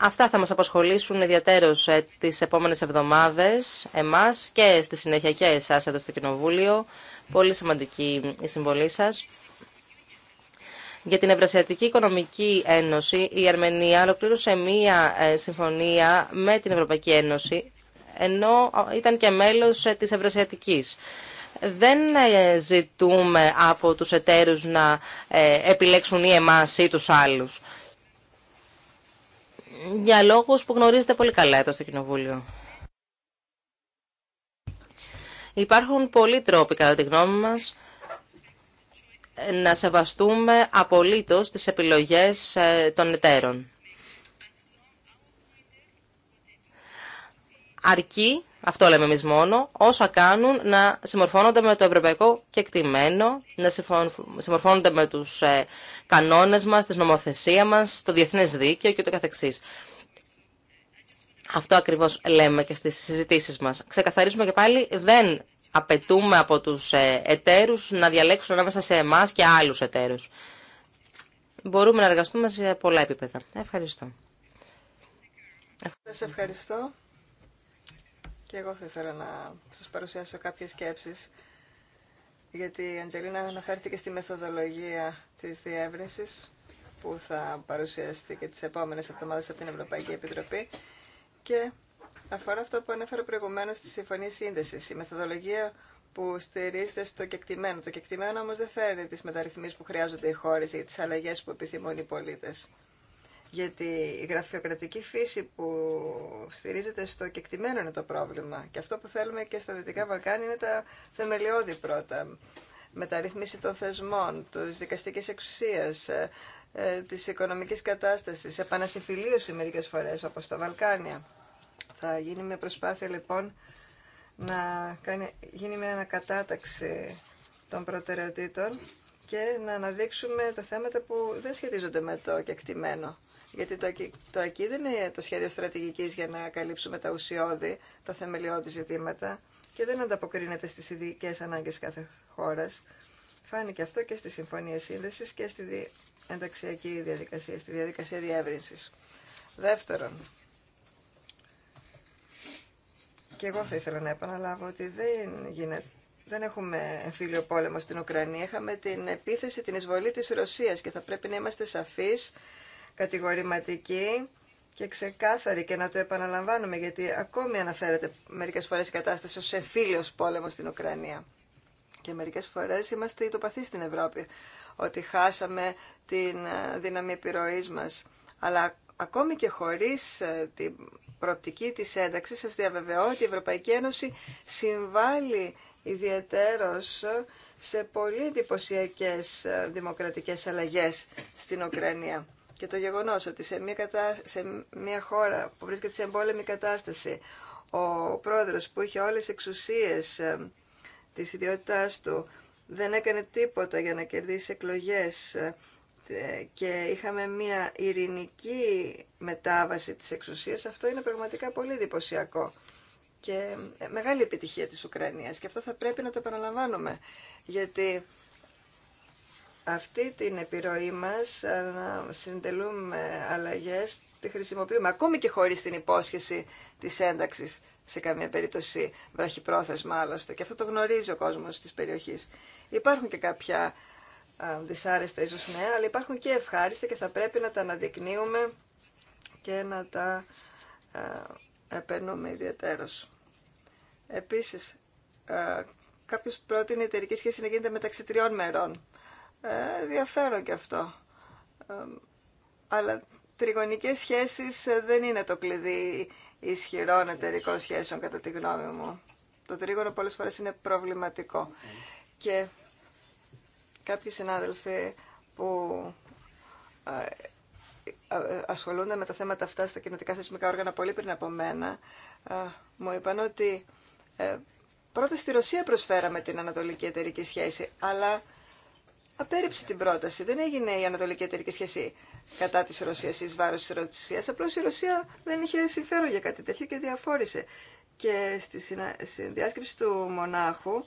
Αυτά θα μας απασχολήσουν ιδιαίτερως ε, τις επόμενες εβδομάδες, εμάς και στη συνέχεια και εσάς εδώ στο Κοινοβούλιο. Πολύ σημαντική η συμβολή σας. Για την Ευρασιατική Οικονομική Ένωση, η Αρμενία ολοκλήρωσε μία ε, συμφωνία με την Ευρωπαϊκή Ένωση, ενώ ε, ήταν και μέλος ε, της Ευρασιατικής. Δεν ζητούμε από τους εταίρους να επιλέξουν ή εμάς ή τους άλλους. Για λόγους που γνωρίζετε πολύ καλά εδώ στο Κοινοβούλιο. Υπάρχουν πολλοί τρόποι, κατά τη γνώμη μας, να σεβαστούμε απολύτως τις επιλογές ε, των εταίρων. Αρκεί, αυτό λέμε εμείς μόνο, όσα κάνουν να συμμορφώνονται με το ευρωπαϊκό κεκτημένο, να συμμορφώνονται με τους ε, κανόνες μας, τη νομοθεσία μας, το διεθνές δίκαιο και το καθεξής. Αυτό ακριβώς λέμε και στις συζητήσεις μας. Ξεκαθαρίζουμε και πάλι, δεν απαιτούμε από τους ε, εταίρους να διαλέξουν ανάμεσα σε εμάς και άλλους εταίρους. Μπορούμε να εργαστούμε σε πολλά επίπεδα. Ευχαριστώ.
Σας ευχαριστώ. Και εγώ θα ήθελα να σας παρουσιάσω κάποιες σκέψεις, γιατί η Αντζελίνα αναφέρθηκε στη μεθοδολογία της διεύρυνσης, που θα παρουσιαστεί και τις επόμενες εβδομάδες από την Ευρωπαϊκή Επιτροπή. Και αφορά αυτό που ανέφερα προηγουμένω στη Συμφωνία σύνδεση. Η μεθοδολογία που στηρίζεται στο κεκτημένο. Το κεκτημένο όμω δεν φέρνει τις μεταρρυθμίσει που χρειάζονται οι χώρε η τι αλλαγέ που στηρίζεται στο πολίτε. είναι το πρόβλημα. Και αυτό που θέλουμε και στα Δυτικά Βαλκάνια είναι τα θεμελιώδη πρώτα. Μεταρρύθμιση των θεσμών, τη δικαστική εξουσία, της ε, ε, οικονομική κατάσταση, επανασυμφιλίωση μερικέ φορέ όπω στα Βαλκάνια. Θα γίνει μια προσπάθεια λοιπόν να κάνει, γίνει μια ανακατάταξη των προτεραιοτήτων και να αναδείξουμε τα θέματα που δεν σχετίζονται με το κεκτημένο. Γιατί το, το ΑΚΙ δεν είναι το σχέδιο στρατηγικής για να καλύψουμε τα ουσιώδη, τα θεμελιώδη ζητήματα και δεν ανταποκρίνεται στις ειδικέ ανάγκες κάθε χώρας. Φάνηκε αυτό και στη Συμφωνία Σύνδεσης και στη ενταξιακή διαδικασία, στη διαδικασία διεύρυνσης. Δεύτερον, και εγώ θα ήθελα να επαναλάβω ότι δεν γίνεται. Δεν έχουμε εμφύλιο πόλεμο στην Ουκρανία. Είχαμε την επίθεση, την εισβολή της Ρωσίας και θα πρέπει να είμαστε σαφείς, κατηγορηματικοί και ξεκάθαροι και να το επαναλαμβάνουμε γιατί ακόμη αναφέρεται μερικές φορές η κατάσταση ως εμφύλιος πόλεμο στην Ουκρανία. Και μερικές φορές είμαστε ητοπαθείς στην Ευρώπη, ότι χάσαμε την ε, δύναμη επιρροής μας. Αλλά ακόμη και χωρίς ε, την προοπτική της ένταξης, σας διαβεβαιώ ότι η Ευρωπαϊκή Ένωση συμβάλλει ιδιαίτερως σε πολύ εντυπωσιακέ ε, δημοκρατικές αλλαγές στην Ουκρανία. Και το γεγονός ότι σε μια, χώρα που βρίσκεται σε εμπόλεμη κατάσταση, ο πρόεδρος που είχε όλες τις εξουσίες ε, της ιδιότητάς του δεν έκανε τίποτα για να κερδίσει εκλογές ε, ε, και είχαμε μια ειρηνική μετάβαση της εξουσίας, αυτό είναι πραγματικά πολύ εντυπωσιακό και ε, μεγάλη επιτυχία της Ουκρανίας και αυτό θα πρέπει να το επαναλαμβάνουμε γιατί αυτή την επιρροή μας ε, να συντελούμε αλλαγές τη χρησιμοποιούμε ακόμη και χωρίς την υπόσχεση της ένταξης σε καμία περίπτωση βραχυπρόθεσμα άλλωστε και αυτό το γνωρίζει ο κόσμος της περιοχής. Υπάρχουν και κάποια δυσάρεστα ίσως ναι, αλλά υπάρχουν και ευχάριστα και θα πρέπει να τα αναδεικνύουμε και να τα επενούμε ιδιαίτερως. Επίσης, κάποιος πρότεινε η εταιρική σχέση να γίνεται μεταξύ τριών μερών. Ε, και αυτό. Ε, αλλά τριγωνικές σχέσεις ε, δεν είναι το κλειδί ισχυρών εταιρικών σχέσεων κατά τη γνώμη μου. Το τρίγωνο πολλές φορές είναι προβληματικό. Και κάποιοι συνάδελφοι που ε, ε, ε, ασχολούνται με τα θέματα αυτά στα κοινωτικά θεσμικά όργανα πολύ πριν από μένα, μου είπαν ότι πρώτα στη Ρωσία προσφέραμε την ανατολική εταιρική σχέση, αλλά απέριψε την πρόταση. Δεν έγινε η ανατολική εταιρική σχέση κατά της Ρωσίας ή βάρος της Ρωσίας. Απλώς η Ρωσία δεν είχε συμφέρον για κάτι τέτοιο και διαφόρησε. Και στη συνδιάσκεψη του Μονάχου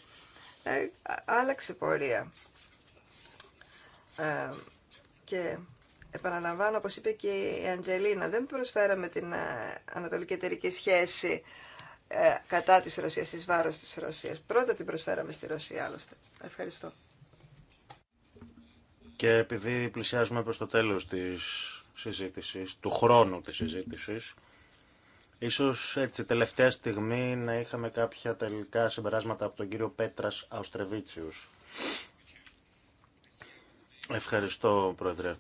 άλλαξε πορεία. Ε, και επαναλαμβάνω, όπως είπε και η Αντζελίνα, δεν προσφέραμε την ε, ανατολική εταιρική σχέση ε, κατά της Ρωσίας, της βάρος της Ρωσίας. Πρώτα την προσφέραμε στη Ρωσία, άλλωστε. Ευχαριστώ.
Και επειδή πλησιάζουμε προς το τέλος της συζήτησης, του χρόνου της συζήτησης, ίσως έτσι τελευταία στιγμή να είχαμε κάποια τελικά συμπεράσματα από τον κύριο Πέτρας Αουστρεβίτσιους Ευχαριστώ, Πρόεδρε.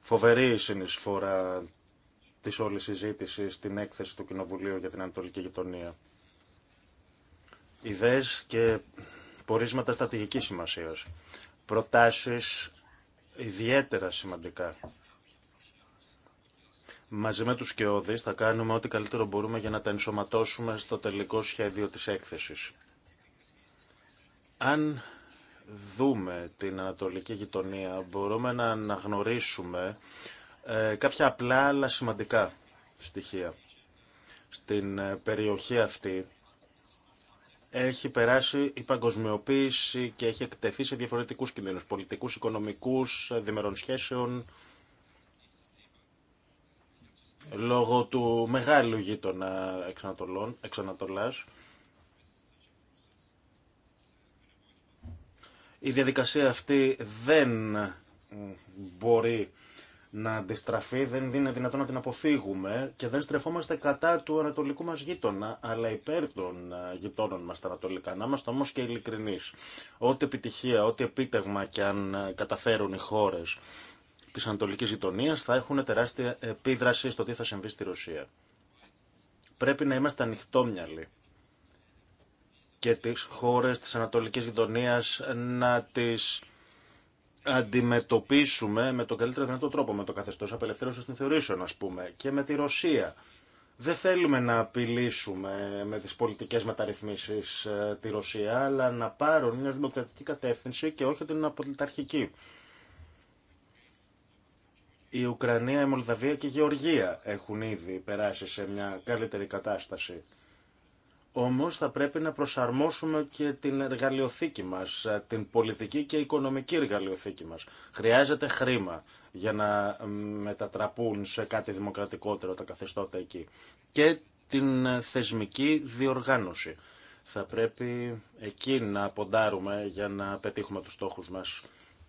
Φοβερή συνεισφορά της όλης συζήτηση στην έκθεση του Κοινοβουλίου για την Ανατολική Γειτονία. Ιδέες και πορίσματα στρατηγικής σημασίας. Προτάσεις ιδιαίτερα σημαντικά. Μαζί με τους Κεώδης θα κάνουμε ό,τι καλύτερο μπορούμε για να τα ενσωματώσουμε στο τελικό σχέδιο τη έκθεσης. Αν δούμε την ανατολική γειτονία μπορούμε να αναγνωρίσουμε ε, κάποια απλά αλλά σημαντικά στοιχεία. Στην ε, περιοχή αυτή έχει περάσει η παγκοσμιοποίηση και έχει εκτεθεί σε διαφορετικούς κινδύνους, πολιτικούς, οικονομικούς, δημερών σχέσεων, λόγω του μεγάλου γείτονα εξανατολών, εξανατολάς, Η διαδικασία αυτή δεν μπορεί να αντιστραφεί, δεν είναι δυνατόν να την αποφύγουμε και δεν στρεφόμαστε κατά του ανατολικού μας γείτονα, αλλά υπέρ των ε, γειτόνων μας τα ανατολικά. Να είμαστε όμως και ειλικρινεί. Ό,τι επιτυχία, ό,τι επίτευγμα και αν ε, καταφέρουν οι χώρες της ανατολικής γειτονίας θα έχουν τεράστια επίδραση στο τι θα συμβεί στη Ρωσία. Πρέπει να είμαστε ανοιχτόμυαλοι και τις χώρες της Ανατολικής Γειτονίας να τις αντιμετωπίσουμε με τον καλύτερο δυνατό τρόπο, με το καθεστώς απελευθέρωσης των θεωρήσεων ας πούμε και με τη Ρωσία. Δεν θέλουμε να απειλήσουμε με τις πολιτικές μεταρρυθμίσεις ε, τη Ρωσία, αλλά να πάρουν μια δημοκρατική κατεύθυνση και όχι την απολυταρχική. Η Ουκρανία, η Μολδαβία και η Γεωργία έχουν ήδη περάσει σε μια καλύτερη κατάσταση. Όμως θα πρέπει να προσαρμόσουμε και την εργαλειοθήκη μας, την πολιτική και οικονομική εργαλειοθήκη μας. Χρειάζεται χρήμα για να μετατραπούν σε κάτι δημοκρατικότερο τα καθεστώτα εκεί. Και την θεσμική διοργάνωση. Θα πρέπει εκεί να ποντάρουμε για να πετύχουμε τους στόχους μας.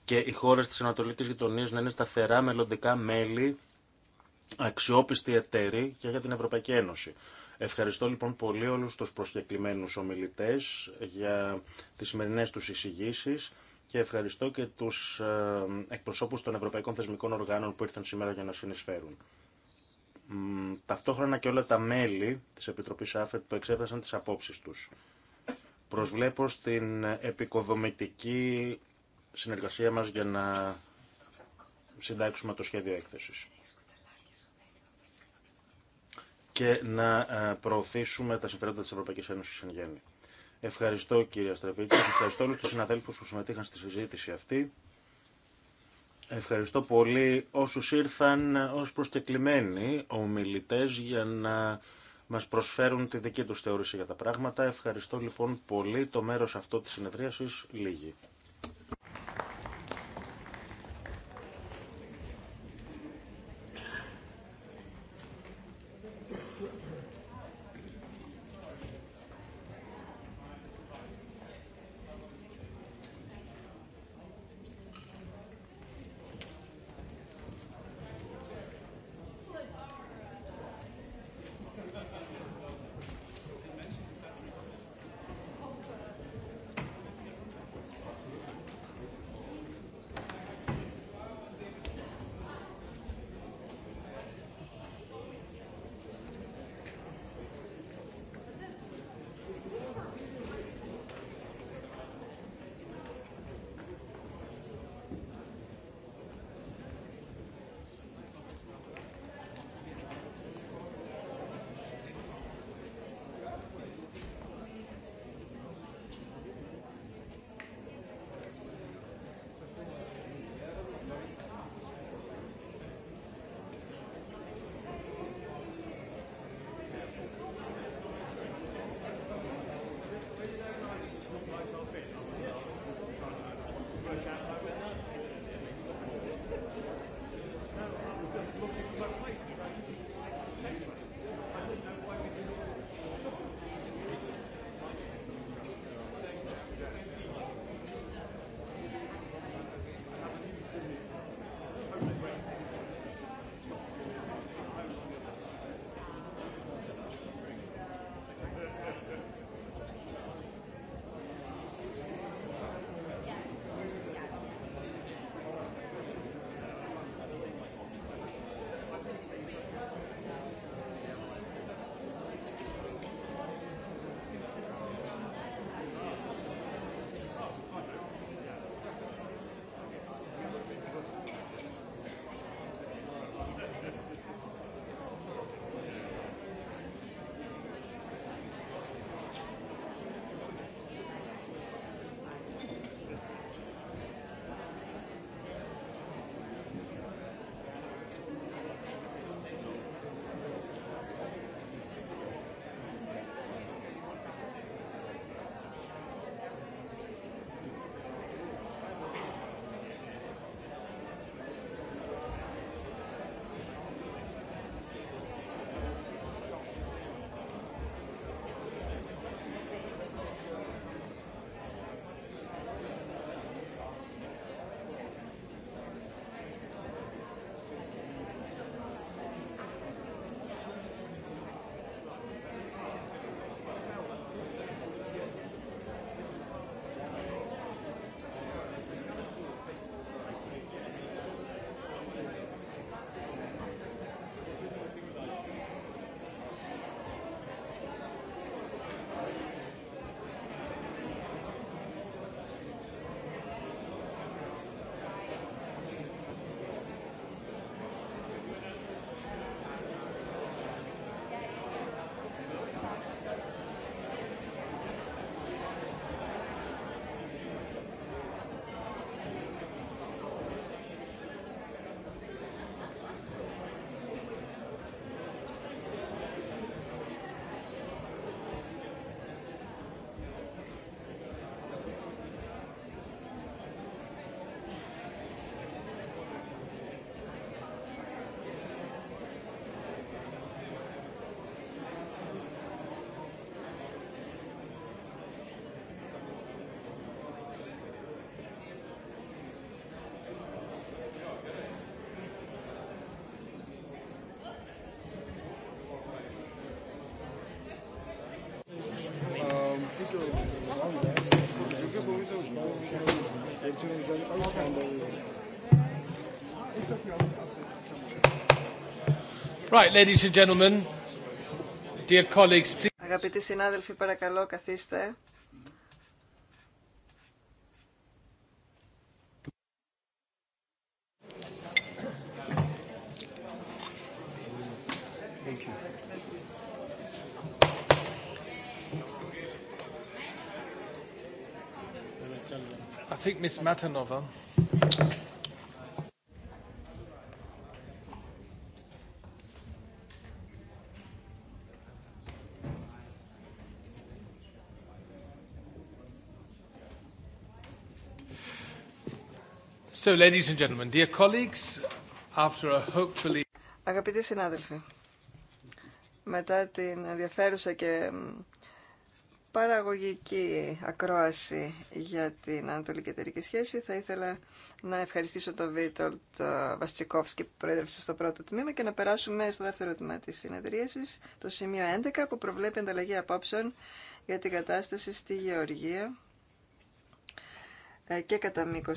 Και οι χώρες της Ανατολικής Γειτονίας να είναι σταθερά μελλοντικά μέλη, αξιόπιστοι εταίροι και για την Ευρωπαϊκή Ένωση. Ευχαριστώ λοιπόν πολύ όλους τους προσκεκλημένους ομιλητές για τις σημερινές τους εισηγήσει και ευχαριστώ και τους ε, εκπροσώπους των Ευρωπαϊκών Θεσμικών Οργάνων που ήρθαν σήμερα για να συνεισφέρουν. Ταυτόχρονα και όλα τα μέλη της Επιτροπής ΑΦΕΤ που εξέφρασαν τις απόψεις τους. Προσβλέπω στην επικοδομητική συνεργασία μας για να συντάξουμε το σχέδιο έκθεσης και να ε, προωθήσουμε τα συμφέροντα τη Ευρωπαϊκή Ένωση εν γέννη. Ευχαριστώ κύριε Αστραβίτη, ευχαριστώ όλου του συναδέλφου που συμμετείχαν στη συζήτηση αυτή. Ευχαριστώ πολύ όσου ήρθαν ω προσκεκλημένοι ομιλητέ για να μα προσφέρουν τη δική του θεώρηση για τα πράγματα. Ευχαριστώ λοιπόν πολύ το μέρο αυτό τη συνεδρίαση λίγη.
Right, ladies and gentlemen, dear colleagues, please. Αγαπητοί συνάδελφοι, παρακαλώ καθίστε.
think Miss Matanova. So, ladies and gentlemen, dear colleagues, after a hopefully...
Αγαπητοί συνάδελφοι, μετά την ενδιαφέρουσα και παραγωγική ακρόαση για την Ανατολική Εταιρική Σχέση. Θα ήθελα να ευχαριστήσω τον Βίτολτ ε, Βαστσικόφσκι που προέδρευσε στο πρώτο τμήμα και να περάσουμε στο δεύτερο τμήμα της συνεδρίαση, το σημείο 11 που προβλέπει ανταλλαγή απόψεων για την κατάσταση στη Γεωργία ε, και κατά μήκο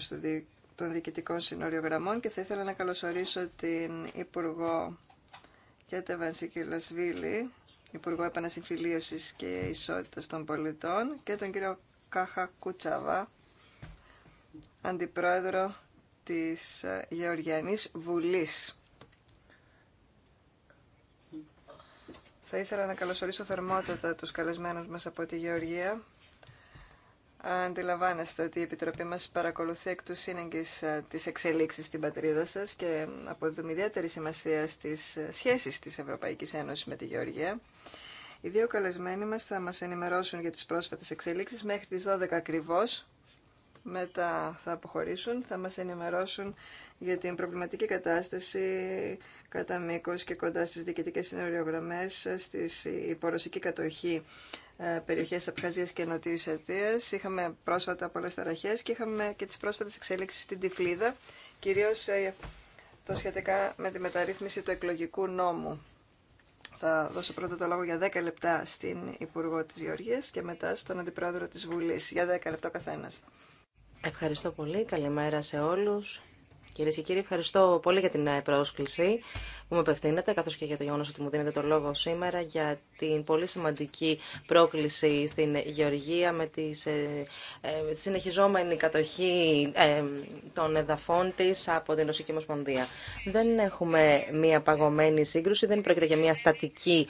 των διοικητικών συνοριογραμμών και θα ήθελα να καλωσορίσω την Υπουργό Κέτα Βανσίκη Υπουργό Επανασυμφιλίωσης και ισότητα των Πολιτών και τον κύριο Κάχα Κουτσαβά, Αντιπρόεδρο της ε, Γεωργιανής Βουλής. Θα ήθελα να καλωσορίσω θερμότατα τους καλεσμένους μας από τη Γεωργία Αντιλαμβάνεστε ότι η Επιτροπή μας παρακολουθεί εκ του σύνεγγης ε, τις εξελίξεις στην πατρίδα σας και αποδίδουμε ιδιαίτερη σημασία στις ε, σχέσεις της Ευρωπαϊκής Ένωσης με τη Γεωργία. Οι δύο καλεσμένοι μας θα μας ενημερώσουν για τις πρόσφατες εξελίξεις μέχρι τις 12 ακριβώς μετά θα αποχωρήσουν, θα μας ενημερώσουν για την προβληματική κατάσταση κατά μήκο και κοντά στις διοικητικές συνοριογραμμές στις υπορωσική κατοχή ε, περιοχές Απχαζίας και Νοτιού Αιτίας. Είχαμε πρόσφατα πολλές ταραχές και είχαμε και τις πρόσφατες εξέλιξεις στην Τυφλίδα, κυρίως ε, το σχετικά με τη μεταρρύθμιση του εκλογικού νόμου. Θα δώσω πρώτα το λόγο για 10 λεπτά στην Υπουργό της Γεωργίας και μετά στον Αντιπρόεδρο της Βουλής για 10 λεπτά καθένας.
Ευχαριστώ πολύ. Καλημέρα σε όλους. Κυρίε και κύριοι, ευχαριστώ πολύ για την ε, πρόσκληση που με απευθύνετε, καθώ και για το γεγονός ότι μου δίνετε το λόγο σήμερα για την πολύ σημαντική πρόκληση στην Γεωργία με ε, ε, τη συνεχιζόμενη κατοχή των εδαφών τη από την Ρωσική Ομοσπονδία. Δεν έχουμε μία παγωμένη σύγκρουση, δεν πρόκειται για μία στατική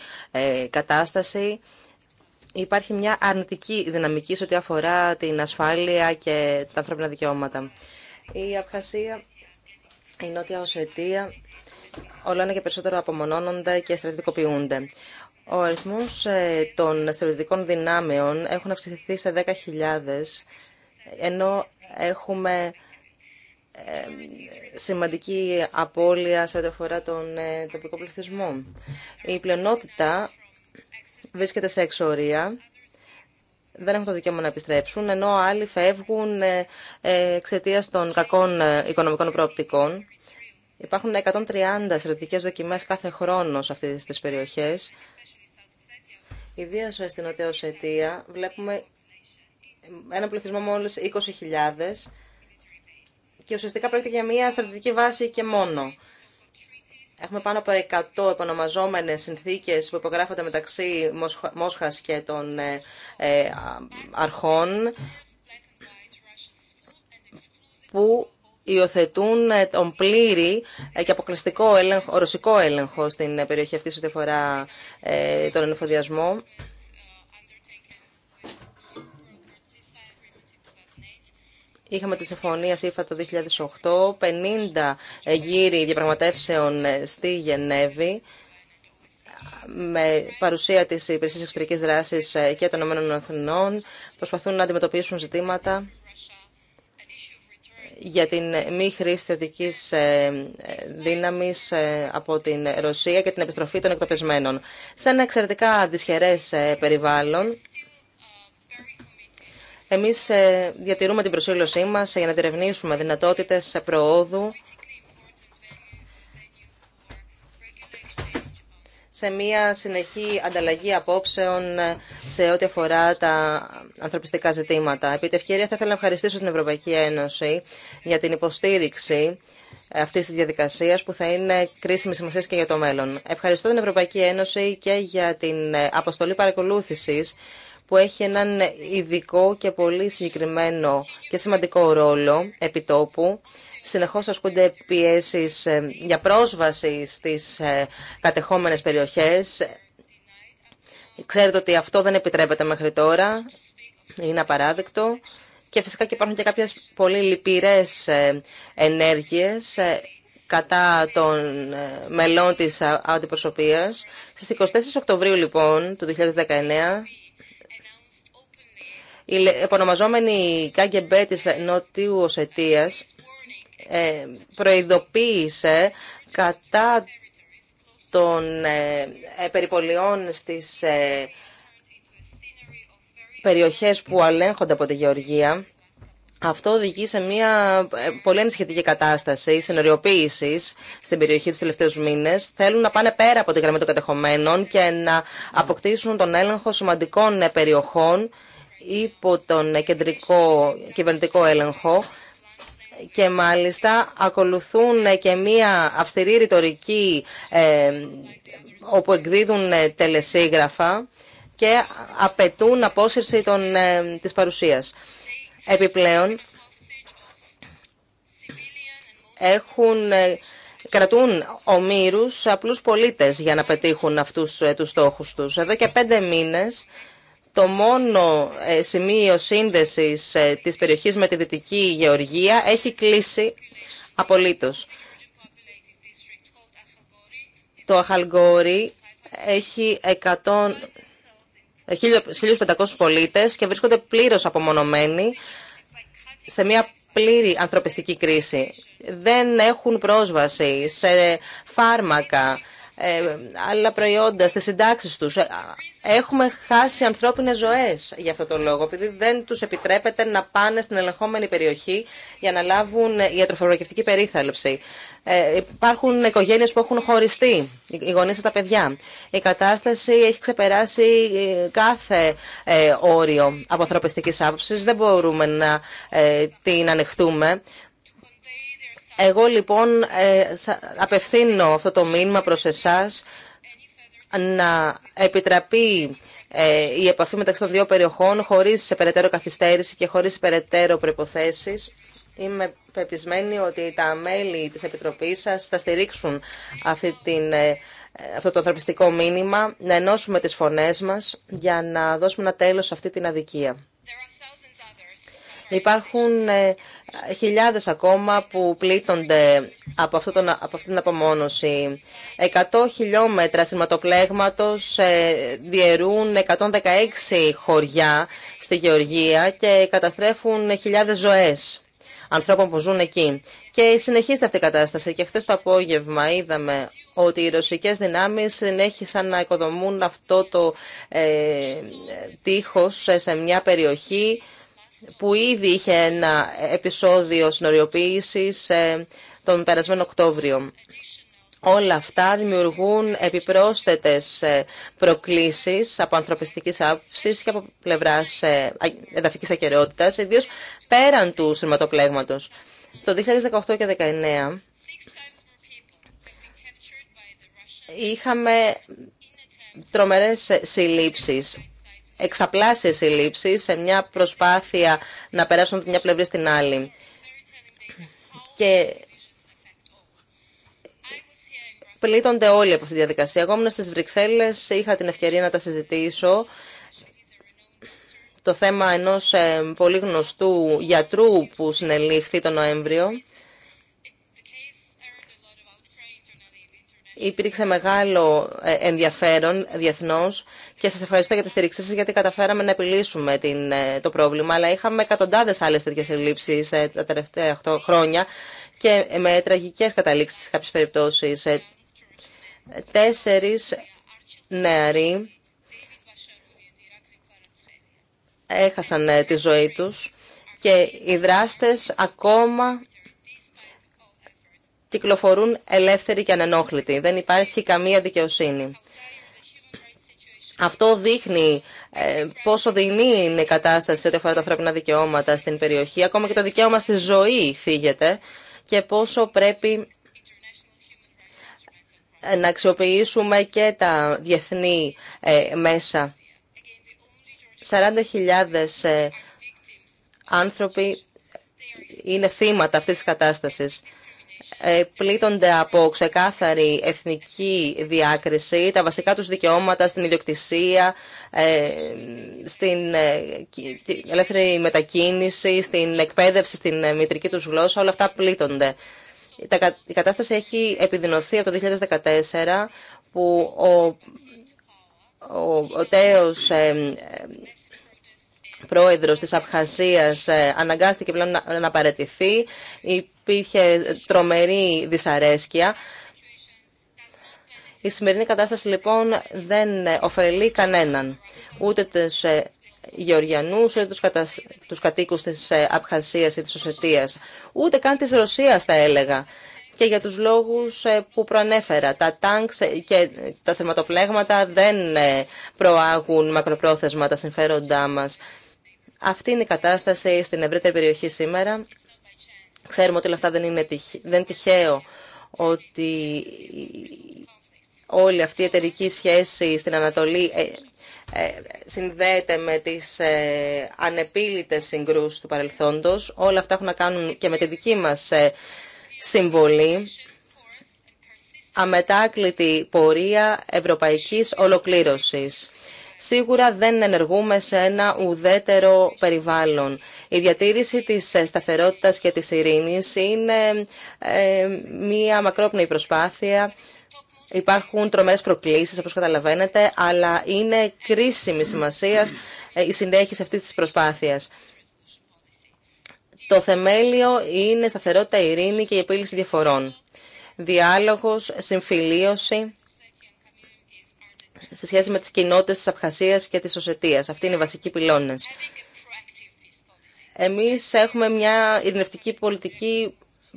κατάσταση υπάρχει μια αρνητική δυναμική σε ό,τι αφορά την ασφάλεια και τα ανθρώπινα δικαιώματα. Η Απχασία, η Νότια Οσετία, όλο ένα και περισσότερο απομονώνονται και στρατιωτικοποιούνται. Ο αριθμό ε, των στρατιωτικών δυνάμεων έχουν αυξηθεί σε 10.000, ενώ έχουμε ε, σημαντική απώλεια σε ό,τι αφορά τον ε, τοπικό πληθυσμό. Η πλειονότητα βρίσκεται σε εξορία, δεν έχουν το δικαίωμα να επιστρέψουν, ενώ άλλοι φεύγουν ε, ε, εξαιτία των κακών ε, οικονομικών προοπτικών. Υπάρχουν 130 στρατιωτικέ δοκιμέ κάθε χρόνο σε αυτέ τι περιοχέ. Ιδίω στην Νοτέα βλέπουμε ένα πληθυσμό μόλι 20.000 και ουσιαστικά πρόκειται για μια στρατιωτική βάση και μόνο. Έχουμε πάνω από 100 επωνομαζόμενες συνθήκες που υπογράφονται μεταξύ Μόσχας και των ε, ε, αρχών που υιοθετούν ε, τον πλήρη και αποκλειστικό έλεγχο, ρωσικό έλεγχο στην περιοχή αυτή ό,τι αφορά τον ενεφοδιασμό. Είχαμε τη συμφωνία ΣΥΦΑ το 2008, 50 γύρι διαπραγματεύσεων στη Γενέβη με παρουσία της Υπηρεσίας Εξωτερικής Δράσης και των Ηνωμένων Εθνών προσπαθούν να αντιμετωπίσουν ζητήματα για την μη χρήση θεωτικής ε, δύναμης ε, από την Ρωσία και την επιστροφή των εκτοπισμένων. Σε ένα εξαιρετικά δυσχερές ε, περιβάλλον, εμείς ε, διατηρούμε την προσήλωσή μας για να διερευνήσουμε δυνατότητες προόδου σε μια συνεχή ανταλλαγή απόψεων σε ό,τι αφορά τα ανθρωπιστικά ζητήματα. Επί ευκαιρία θα ήθελα να ευχαριστήσω την Ευρωπαϊκή Ένωση για την υποστήριξη αυτής της διαδικασίας που θα είναι κρίσιμη σημασία και για το μέλλον. Ευχαριστώ την Ευρωπαϊκή Ένωση και για την αποστολή παρακολούθηση που έχει έναν ειδικό και πολύ συγκεκριμένο και σημαντικό ρόλο επιτόπου. Συνεχώς ασκούνται πιέσεις ε, για πρόσβαση στις ε, κατεχόμενες περιοχές. Ξέρετε ότι αυτό δεν επιτρέπεται μέχρι τώρα, είναι απαράδεκτο. Και φυσικά και υπάρχουν και κάποιες πολύ λυπηρές ε, ενέργειες κατά των μελών της αντιπροσωπείας. Στις 24 Οκτωβρίου λοιπόν του 2019 η επωνομαζόμενη ΚΑΚΕΜΠΕ της Νότιου Οσετίας ε, προειδοποίησε κατά των ε, ε, περιπολιών στις περιοχές που αλέγχονται από τη Γεωργία. Αυτό οδηγεί σε μια πολύ ενσχετική κατάσταση συνοριοποίηση στην περιοχή του τελευταίου μήνε. Θέλουν να πάνε πέρα από τη γραμμή των κατεχομένων και να αποκτήσουν τον έλεγχο σημαντικών περιοχών υπό τον κεντρικό κυβερνητικό έλεγχο και μάλιστα ακολουθούν και μία αυστηρή ρητορική ε, όπου εκδίδουν τελεσίγραφα και απαιτούν απόσυρση των, ε, της παρουσίας. Επιπλέον, έχουν, ε, κρατούν ομήρους απλούς πολίτες για να πετύχουν αυτούς τους στόχους τους. Εδώ και πέντε μήνες το μόνο ε, σημείο σύνδεσης ε, της περιοχής με τη Δυτική Γεωργία έχει κλείσει απολύτως. Το Αχαλγόρι έχει 100... 1.500 ε, πολίτες και βρίσκονται πλήρως απομονωμένοι σε μια πλήρη ανθρωπιστική κρίση. Δεν έχουν πρόσβαση σε φάρμακα, ε, άλλα προϊόντα, στις συντάξεις τους. Ε, έχουμε χάσει ανθρώπινες ζωές για αυτό το λόγο, επειδή δεν τους επιτρέπεται να πάνε στην ελεγχόμενη περιοχή για να λάβουν ιατροφαρμακευτική περίθαλψη. Ε, υπάρχουν οικογένειες που έχουν χωριστεί, οι γονείς και τα παιδιά. Η κατάσταση έχει ξεπεράσει ε, κάθε όριο από ανθρωπιστικής άποψης. Δεν μπορούμε να την ανεχτούμε. Εγώ λοιπόν ε, απευθύνω αυτό το μήνυμα προς εσάς να επιτραπεί ε, η επαφή μεταξύ των δύο περιοχών χωρίς περαιτέρω καθυστέρηση και χωρίς περαιτέρω προϋποθέσεις. Είμαι πεπισμένη ότι τα μέλη της Επιτροπής σας θα στηρίξουν αυτή την, ε, αυτό το ανθρωπιστικό μήνυμα, να ενώσουμε τις φωνές μας για να δώσουμε ένα τέλος σε αυτή την αδικία. Υπάρχουν ε, χιλιάδες ακόμα που πλήττονται από, αυτό τον, από αυτή την απομόνωση. 100 χιλιόμετρα σηματοπλέγματος ε, διαιρούν 116 χωριά στη Γεωργία και καταστρέφουν χιλιάδες ζωές ανθρώπων που ζουν εκεί. Και συνεχίζεται αυτή η κατάσταση. Και χθε το απόγευμα είδαμε ότι οι ρωσικές δυνάμεις συνέχισαν να οικοδομούν αυτό το ε, τείχος σε μια περιοχή που ήδη είχε ένα επεισόδιο συνοριοποίησης ε, τον περασμένο Οκτώβριο. Όλα αυτά δημιουργούν επιπρόσθετες ε, προκλήσεις από ανθρωπιστικής άποψης και από πλευράς ε, εδαφικής ακαιρεότητας, ιδίως πέραν του συρματοπλέγματος. Το 2018 και 2019 είχαμε τρομερές συλλήψεις εξαπλάσεις ελλείψεις σε μια προσπάθεια να περάσουν από μια πλευρή στην άλλη. Και πλήττονται όλοι από αυτή τη διαδικασία. Εγώ ήμουν στις Βρυξέλλες, είχα την ευκαιρία να τα συζητήσω. Το θέμα ενός ε, πολύ γνωστού γιατρού που συνελήφθη τον Νοέμβριο υπήρξε μεγάλο ε, ενδιαφέρον διεθνώ και σας ευχαριστώ για τη στήριξή σα γιατί καταφέραμε να επιλύσουμε την, ε, το πρόβλημα αλλά είχαμε εκατοντάδε άλλε τέτοιε ελλείψεις ε, τα τελευταία 8 χρόνια και με τραγικές καταλήξεις σε κάποιες περιπτώσεις. Τέσσερις νεαροί έχασαν τη ζωή τους και οι δράστες ακόμα κυκλοφορούν ελεύθεροι και ανενόχλητοι. Δεν υπάρχει καμία δικαιοσύνη. Αυτό δείχνει ε, πόσο δεινή είναι η κατάσταση ό,τι αφορά τα ανθρώπινα δικαιώματα στην περιοχή. Ακόμα και το δικαίωμα στη ζωή φύγεται και πόσο πρέπει ε, να αξιοποιήσουμε και τα διεθνή ε, μέσα. 40.000 άνθρωποι είναι θύματα αυτής της κατάστασης. Ε, πλήττονται από ξεκάθαρη εθνική διάκριση, τα βασικά τους δικαιώματα στην ιδιοκτησία, ε, στην ε, ελεύθερη μετακίνηση, στην εκπαίδευση, στην μητρική τους γλώσσα, όλα αυτά πλήττονται. Η κατάσταση έχει επιδεινωθεί από το 2014 που ο, ο, ο τέος, πρόεδρος της ε, αναγκάστηκε πλέον να, να παραιτηθεί. Υπήρχε τρομερή δυσαρέσκεια. Η σημερινή κατάσταση λοιπόν δεν ε, ωφελεί κανέναν, ούτε τους ε, Γεωργιανούς, ούτε τους, κατασ... τους κατοίκους της ε, Απχασίας ή της Οσετίας, ούτε καν της Ρωσίας θα έλεγα. Και για τους λόγους που προανέφερα, τα τάγκς και τα σερματοπλέγματα δεν προάγουν μακροπρόθεσμα τα συμφέροντά μας. Αυτή είναι η κατάσταση στην ευρύτερη περιοχή σήμερα. Ξέρουμε ότι όλα αυτά δεν είναι δεν τυχαίο ότι όλη αυτή η εταιρική σχέση στην Ανατολή ε, ε, συνδέεται με τις ε, ανεπίλητες συγκρούσεις του παρελθόντος. Όλα αυτά έχουν να κάνουν και με τη δική μας συμβολή. Αμετάκλητη πορεία ευρωπαϊκής ολοκλήρωσης σίγουρα δεν ενεργούμε σε ένα ουδέτερο περιβάλλον. Η διατήρηση της ε, σταθερότητας και της ειρήνης είναι ε, μία μακρόπνοη προσπάθεια. Υπάρχουν τρομερές προκλήσεις, όπως καταλαβαίνετε, αλλά είναι κρίσιμη σημασία ε, η συνέχιση αυτής της προσπάθειας. Το θεμέλιο είναι σταθερότητα, ειρήνη και η επίλυση διαφορών. Διάλογος, συμφιλίωση σε σχέση με τις κοινότητες της Απχασίας και της Οσετίας. Αυτή είναι η βασική πυλώνες. Εμείς έχουμε μια ειρηνευτική πολιτική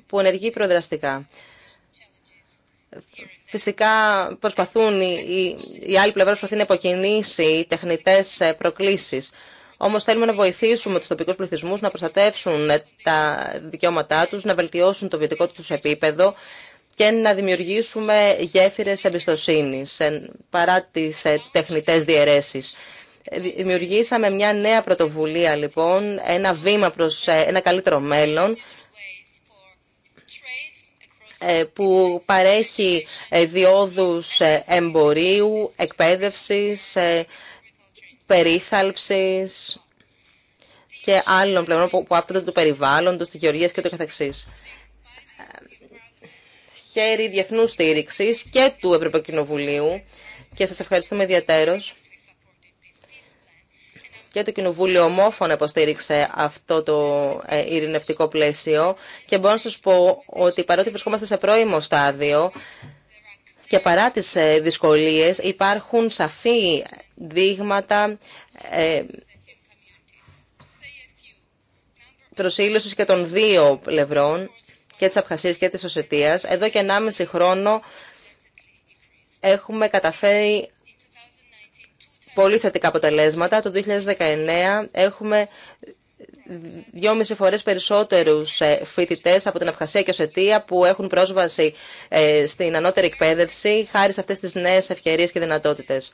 που ενεργεί προδραστικά. Φυσικά προσπαθούν, η, η άλλη πλευρά προσπαθεί να υποκινήσει τεχνητές ε, προκλήσεις. Όμω θέλουμε να βοηθήσουμε τους τοπικούς πληθυσμούς να προστατεύσουν ε, τα δικαιώματά του, να βελτιώσουν το βιωτικό του επίπεδο, και να δημιουργήσουμε γέφυρες εμπιστοσύνης παρά τις ε, τεχνητές διαιρέσεις. Ε, δημιουργήσαμε μια νέα πρωτοβουλία λοιπόν, ένα βήμα προς ε, ένα καλύτερο μέλλον που παρέχει διόδους εμπορίου, εκπαίδευσης, περίθαλψης και άλλων πλευρών που άπτονται του περιβάλλοντος, της γεωργίας και το καθεξής χέρι διεθνού στήριξη και του Ευρωπαϊκού Κοινοβουλίου και σας ευχαριστούμε ιδιαίτερω. Και το Κοινοβούλιο ομόφωνα υποστήριξε αυτό το ε, ειρηνευτικό πλαίσιο και μπορώ να σας πω ότι παρότι βρισκόμαστε σε πρώιμο στάδιο και παρά τις ε, δυσκολίες υπάρχουν σαφή δείγματα ε, προσήλωσης και των δύο πλευρών και της Απχασίας και της Οσετίας. Εδώ και 1,5 χρόνο έχουμε καταφέρει πολύ θετικά αποτελέσματα. Το 2019 έχουμε 2,5 φορές περισσότερους ε, φοιτητές από την Αυχασία και Οσετία που έχουν πρόσβαση ε, στην ανώτερη εκπαίδευση χάρη σε αυτές τις νέες ευκαιρίες και δυνατότητες.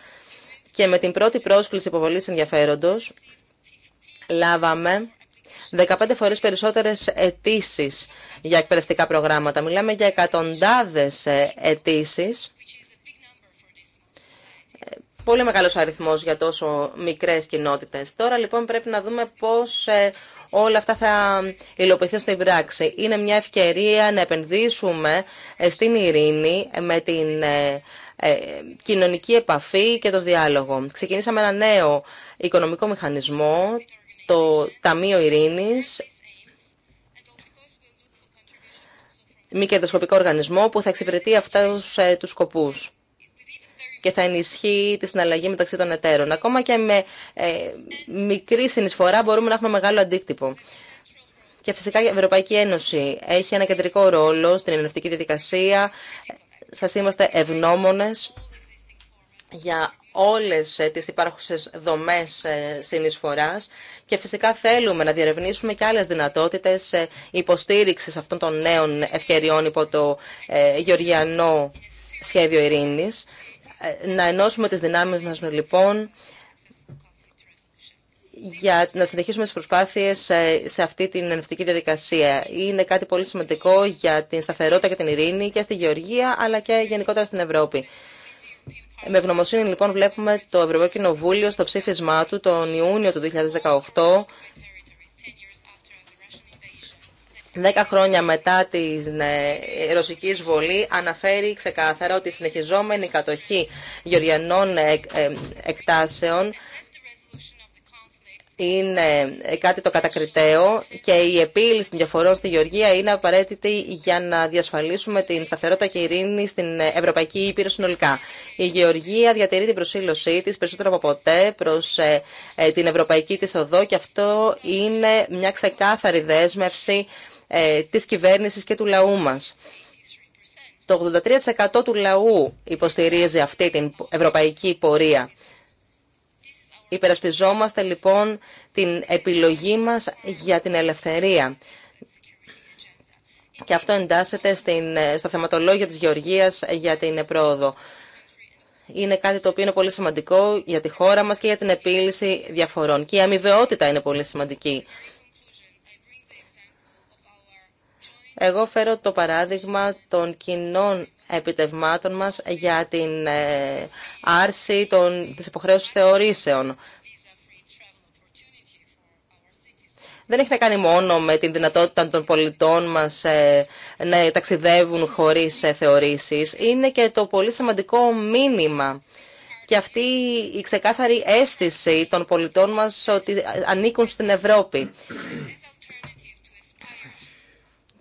Και με την πρώτη πρόσκληση υποβολής ενδιαφέροντος λάβαμε 15 φορές περισσότερες αιτήσει για εκπαιδευτικά προγράμματα. Μιλάμε για εκατοντάδε ε, αιτήσει. Πολύ μεγάλος αριθμός για τόσο μικρές κοινότητες. Τώρα λοιπόν πρέπει να δούμε πώς ε, όλα αυτά θα υλοποιηθούν στην πράξη. Είναι μια ευκαιρία να επενδύσουμε ε, στην ειρήνη με την κοινωνική επαφή και το διάλογο. Ξεκινήσαμε ένα νέο οικονομικό μηχανισμό, το Ταμείο Ειρήνης, μη κερδοσκοπικό οργανισμό που θα εξυπηρετεί αυτούς ε, τους σκοπούς και θα ενισχύει τη συναλλαγή μεταξύ των εταίρων. Ακόμα και με ε, μικρή συνεισφορά μπορούμε να έχουμε μεγάλο αντίκτυπο. Και φυσικά η Ευρωπαϊκή Ένωση έχει ένα κεντρικό ρόλο στην ενευτική διαδικασία. Σας είμαστε ευγνώμονες για όλες ε, τις υπάρχουσες δομές ε, συνεισφοράς και φυσικά θέλουμε να διερευνήσουμε και άλλες δυνατότητες ε, υποστήριξης αυτών των νέων ευκαιριών υπό το Γεωργιανό Σχέδιο Ειρήνης. Να ενώσουμε τις δυνάμεις μας λοιπόν για να συνεχίσουμε τις προσπάθειες σε αυτή την ενευτική διαδικασία. Είναι κάτι πολύ σημαντικό για την σταθερότητα και την ειρήνη και στη Γεωργία αλλά και γενικότερα στην Ευρώπη. Ε, με ευγνωμοσύνη λοιπόν βλέπουμε το Ευρωπαϊκό Κοινοβούλιο στο ψήφισμά του τον Ιούνιο του 2018 Δέκα χρόνια μετά τη ε, ρωσική εισβολή αναφέρει ξεκάθαρα ότι η συνεχιζόμενη κατοχή γεωργιανών ε, εκτάσεων είναι ε, κάτι το κατακριτέο και η επίλυση των διαφορών στη Γεωργία είναι απαραίτητη για να διασφαλίσουμε την σταθερότητα και ειρήνη στην Ευρωπαϊκή Ήπειρο συνολικά. Η Γεωργία διατηρεί την προσήλωσή της περισσότερο από ποτέ προς ε, ε, την Ευρωπαϊκή της οδό και αυτό είναι μια ξεκάθαρη δέσμευση της κυβέρνησης και του λαού μας. Το 83% του λαού υποστηρίζει αυτή την ευρωπαϊκή πορεία. Υπερασπιζόμαστε λοιπόν την επιλογή μας για την ελευθερία. Και αυτό εντάσσεται στην, στο θεματολόγιο της Γεωργίας για την πρόοδο. Είναι κάτι το οποίο είναι πολύ σημαντικό για τη χώρα μας και για την επίλυση διαφορών. Και η αμοιβαιότητα είναι πολύ σημαντική. Εγώ φέρω το παράδειγμα των κοινών επιτευμάτων μας για την ε, άρση των, της υποχρέωσης θεωρήσεων. Δεν έχει να κάνει μόνο με την δυνατότητα των πολιτών μας ε, να ταξιδεύουν χωρίς ε, θεωρήσεις. Είναι και το πολύ σημαντικό μήνυμα και αυτή η ξεκάθαρη αίσθηση των πολιτών μας ότι ανήκουν στην Ευρώπη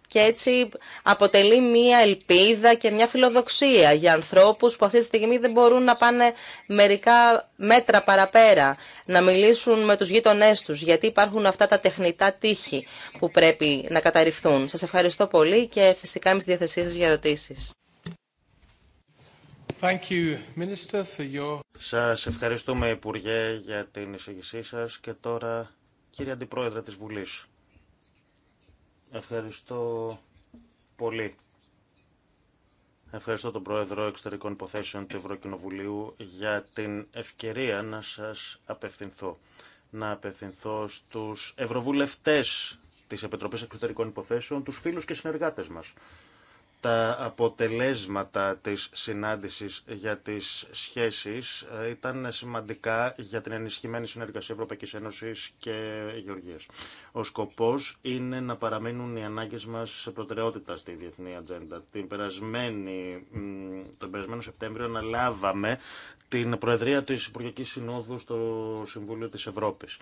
και έτσι αποτελεί μία ελπίδα και μία φιλοδοξία για ανθρώπους που αυτή τη στιγμή δεν μπορούν να πάνε μερικά μέτρα παραπέρα, να μιλήσουν με τους γείτονές τους, γιατί υπάρχουν αυτά τα τεχνητά τείχη που πρέπει να καταρριφθούν. Σας ευχαριστώ πολύ και φυσικά είμαι στη διαθεσία σας για ερωτήσεις. Thank
Σας ευχαριστούμε, Υπουργέ, για την εισηγησή σας και τώρα, κύριε Αντιπρόεδρε της Βουλής. Ευχαριστώ πολύ. Ευχαριστώ τον Πρόεδρο Εξωτερικών Υποθέσεων του Ευρωκοινοβουλίου για την ευκαιρία να σας απευθυνθώ. Να απευθυνθώ στους ευρωβουλευτές της Επιτροπής Εξωτερικών Υποθέσεων, τους φίλους και συνεργάτες μας τα αποτελέσματα της συνάντησης για τις σχέσεις ήταν σημαντικά για την ενισχυμένη συνεργασία Ευρωπαϊκής Ένωσης και Γεωργίας. Ο σκοπός είναι να παραμείνουν οι ανάγκες μας προτεραιότητα στη διεθνή ατζέντα. Την περασμένη, τον περασμένο Σεπτέμβριο αναλάβαμε την Προεδρία της Υπουργικής Συνόδου στο Συμβούλιο της Ευρώπης.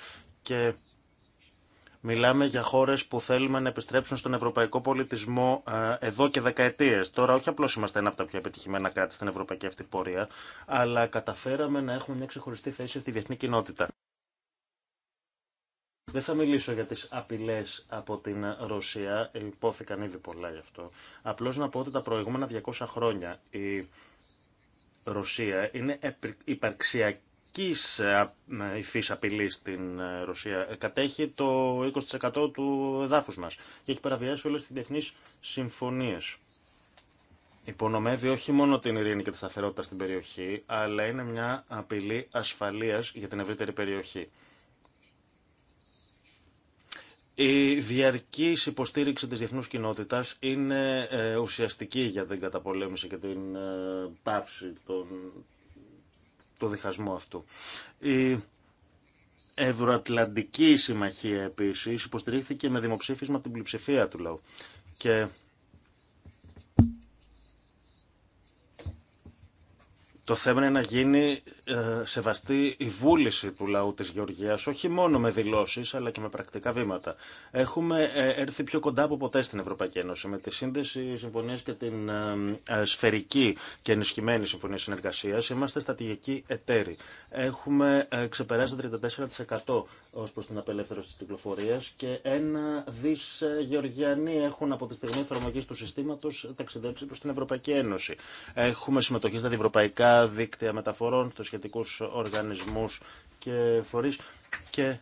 Μιλάμε για χώρε που θέλουμε να επιστρέψουν στον ευρωπαϊκό πολιτισμό ε, εδώ και δεκαετίε. Τώρα όχι απλώ είμαστε ένα από τα πιο επιτυχημένα κράτη στην ευρωπαϊκή αυτή πορεία, αλλά καταφέραμε να έχουμε μια ξεχωριστή θέση στη διεθνή κοινότητα. Δεν θα μιλήσω για τις απειλές από την Ρωσία, υπόθηκαν ήδη πολλά γι' αυτό. Απλώς να πω ότι τα προηγούμενα 200 χρόνια η Ρωσία είναι υπαρξιακή πραγματικής ε, ε, υφής απειλή στην ε, Ρωσία. Κατέχει το 20% του εδάφους μας και έχει παραβιάσει όλες τις διεθνείς συμφωνίες. Υπονομεύει όχι μόνο την ειρήνη και τη σταθερότητα στην περιοχή, αλλά είναι μια απειλή ασφαλείας για την ευρύτερη περιοχή. Η διαρκής υποστήριξη της διεθνούς κοινότητας είναι ουσιαστική για την καταπολέμηση και την πάυση των, το διχασμό αυτό. Η Ευρωατλαντική Συμμαχία επίσης υποστηρίχθηκε με δημοψήφισμα την πλειοψηφία του λαού. Και το θέμα είναι να γίνει ε, σεβαστεί η βούληση του λαού της Γεωργίας, όχι μόνο με δηλώσεις, αλλά και με πρακτικά βήματα. Έχουμε ε, έρθει πιο κοντά από ποτέ στην Ευρωπαϊκή Ένωση με τη σύνδεση συμφωνίας και την ε, σφαιρική και ενισχυμένη συμφωνία συνεργασίας. Είμαστε στατηγικοί εταίροι. Έχουμε ξεπεράσει το 34% ως προς την απελεύθερωση της κυκλοφορίας και ένα δις Γεωργιανοί έχουν από τη στιγμή εφαρμογή του συστήματος ταξιδέψει προς την Ευρωπαϊκή Ένωση. Έχουμε συμμετοχή στα διευρωπαϊκά δίκτυα μεταφορών, σχετικούς οργανισμούς και φορείς και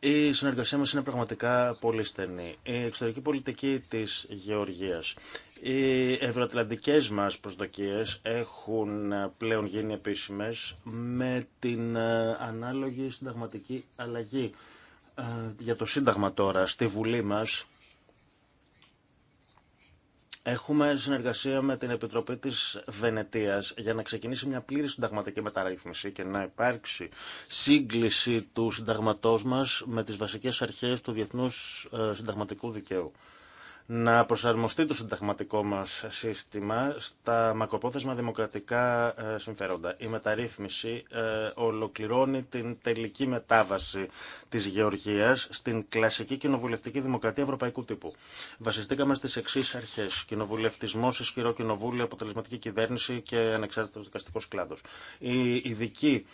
η συνεργασία μας είναι πραγματικά πολύ στενή. Η εξωτερική πολιτική της Γεωργίας. Οι ευρωατλαντικές μας προσδοκίες έχουν πλέον γίνει επίσημες με την ανάλογη συνταγματική αλλαγή ε, για το Σύνταγμα τώρα στη Βουλή μας Έχουμε συνεργασία με την Επιτροπή της Βενετίας για να ξεκινήσει μια πλήρη συνταγματική μεταρρύθμιση και να υπάρξει σύγκληση του συνταγματός μας με τις βασικές αρχές του Διεθνούς ε, Συνταγματικού Δικαίου να προσαρμοστεί το συνταγματικό μας σύστημα στα μακροπρόθεσμα δημοκρατικά ε, συμφέροντα. Η μεταρρύθμιση ε, ολοκληρώνει την τελική μετάβαση της γεωργίας στην κλασική κοινοβουλευτική δημοκρατία ευρωπαϊκού τύπου. Βασιστήκαμε στις εξής αρχές. Κοινοβουλευτισμός, ισχυρό κοινοβούλιο, αποτελεσματική κυβέρνηση και ανεξάρτητος δικαστικός κλάδος. Η ειδική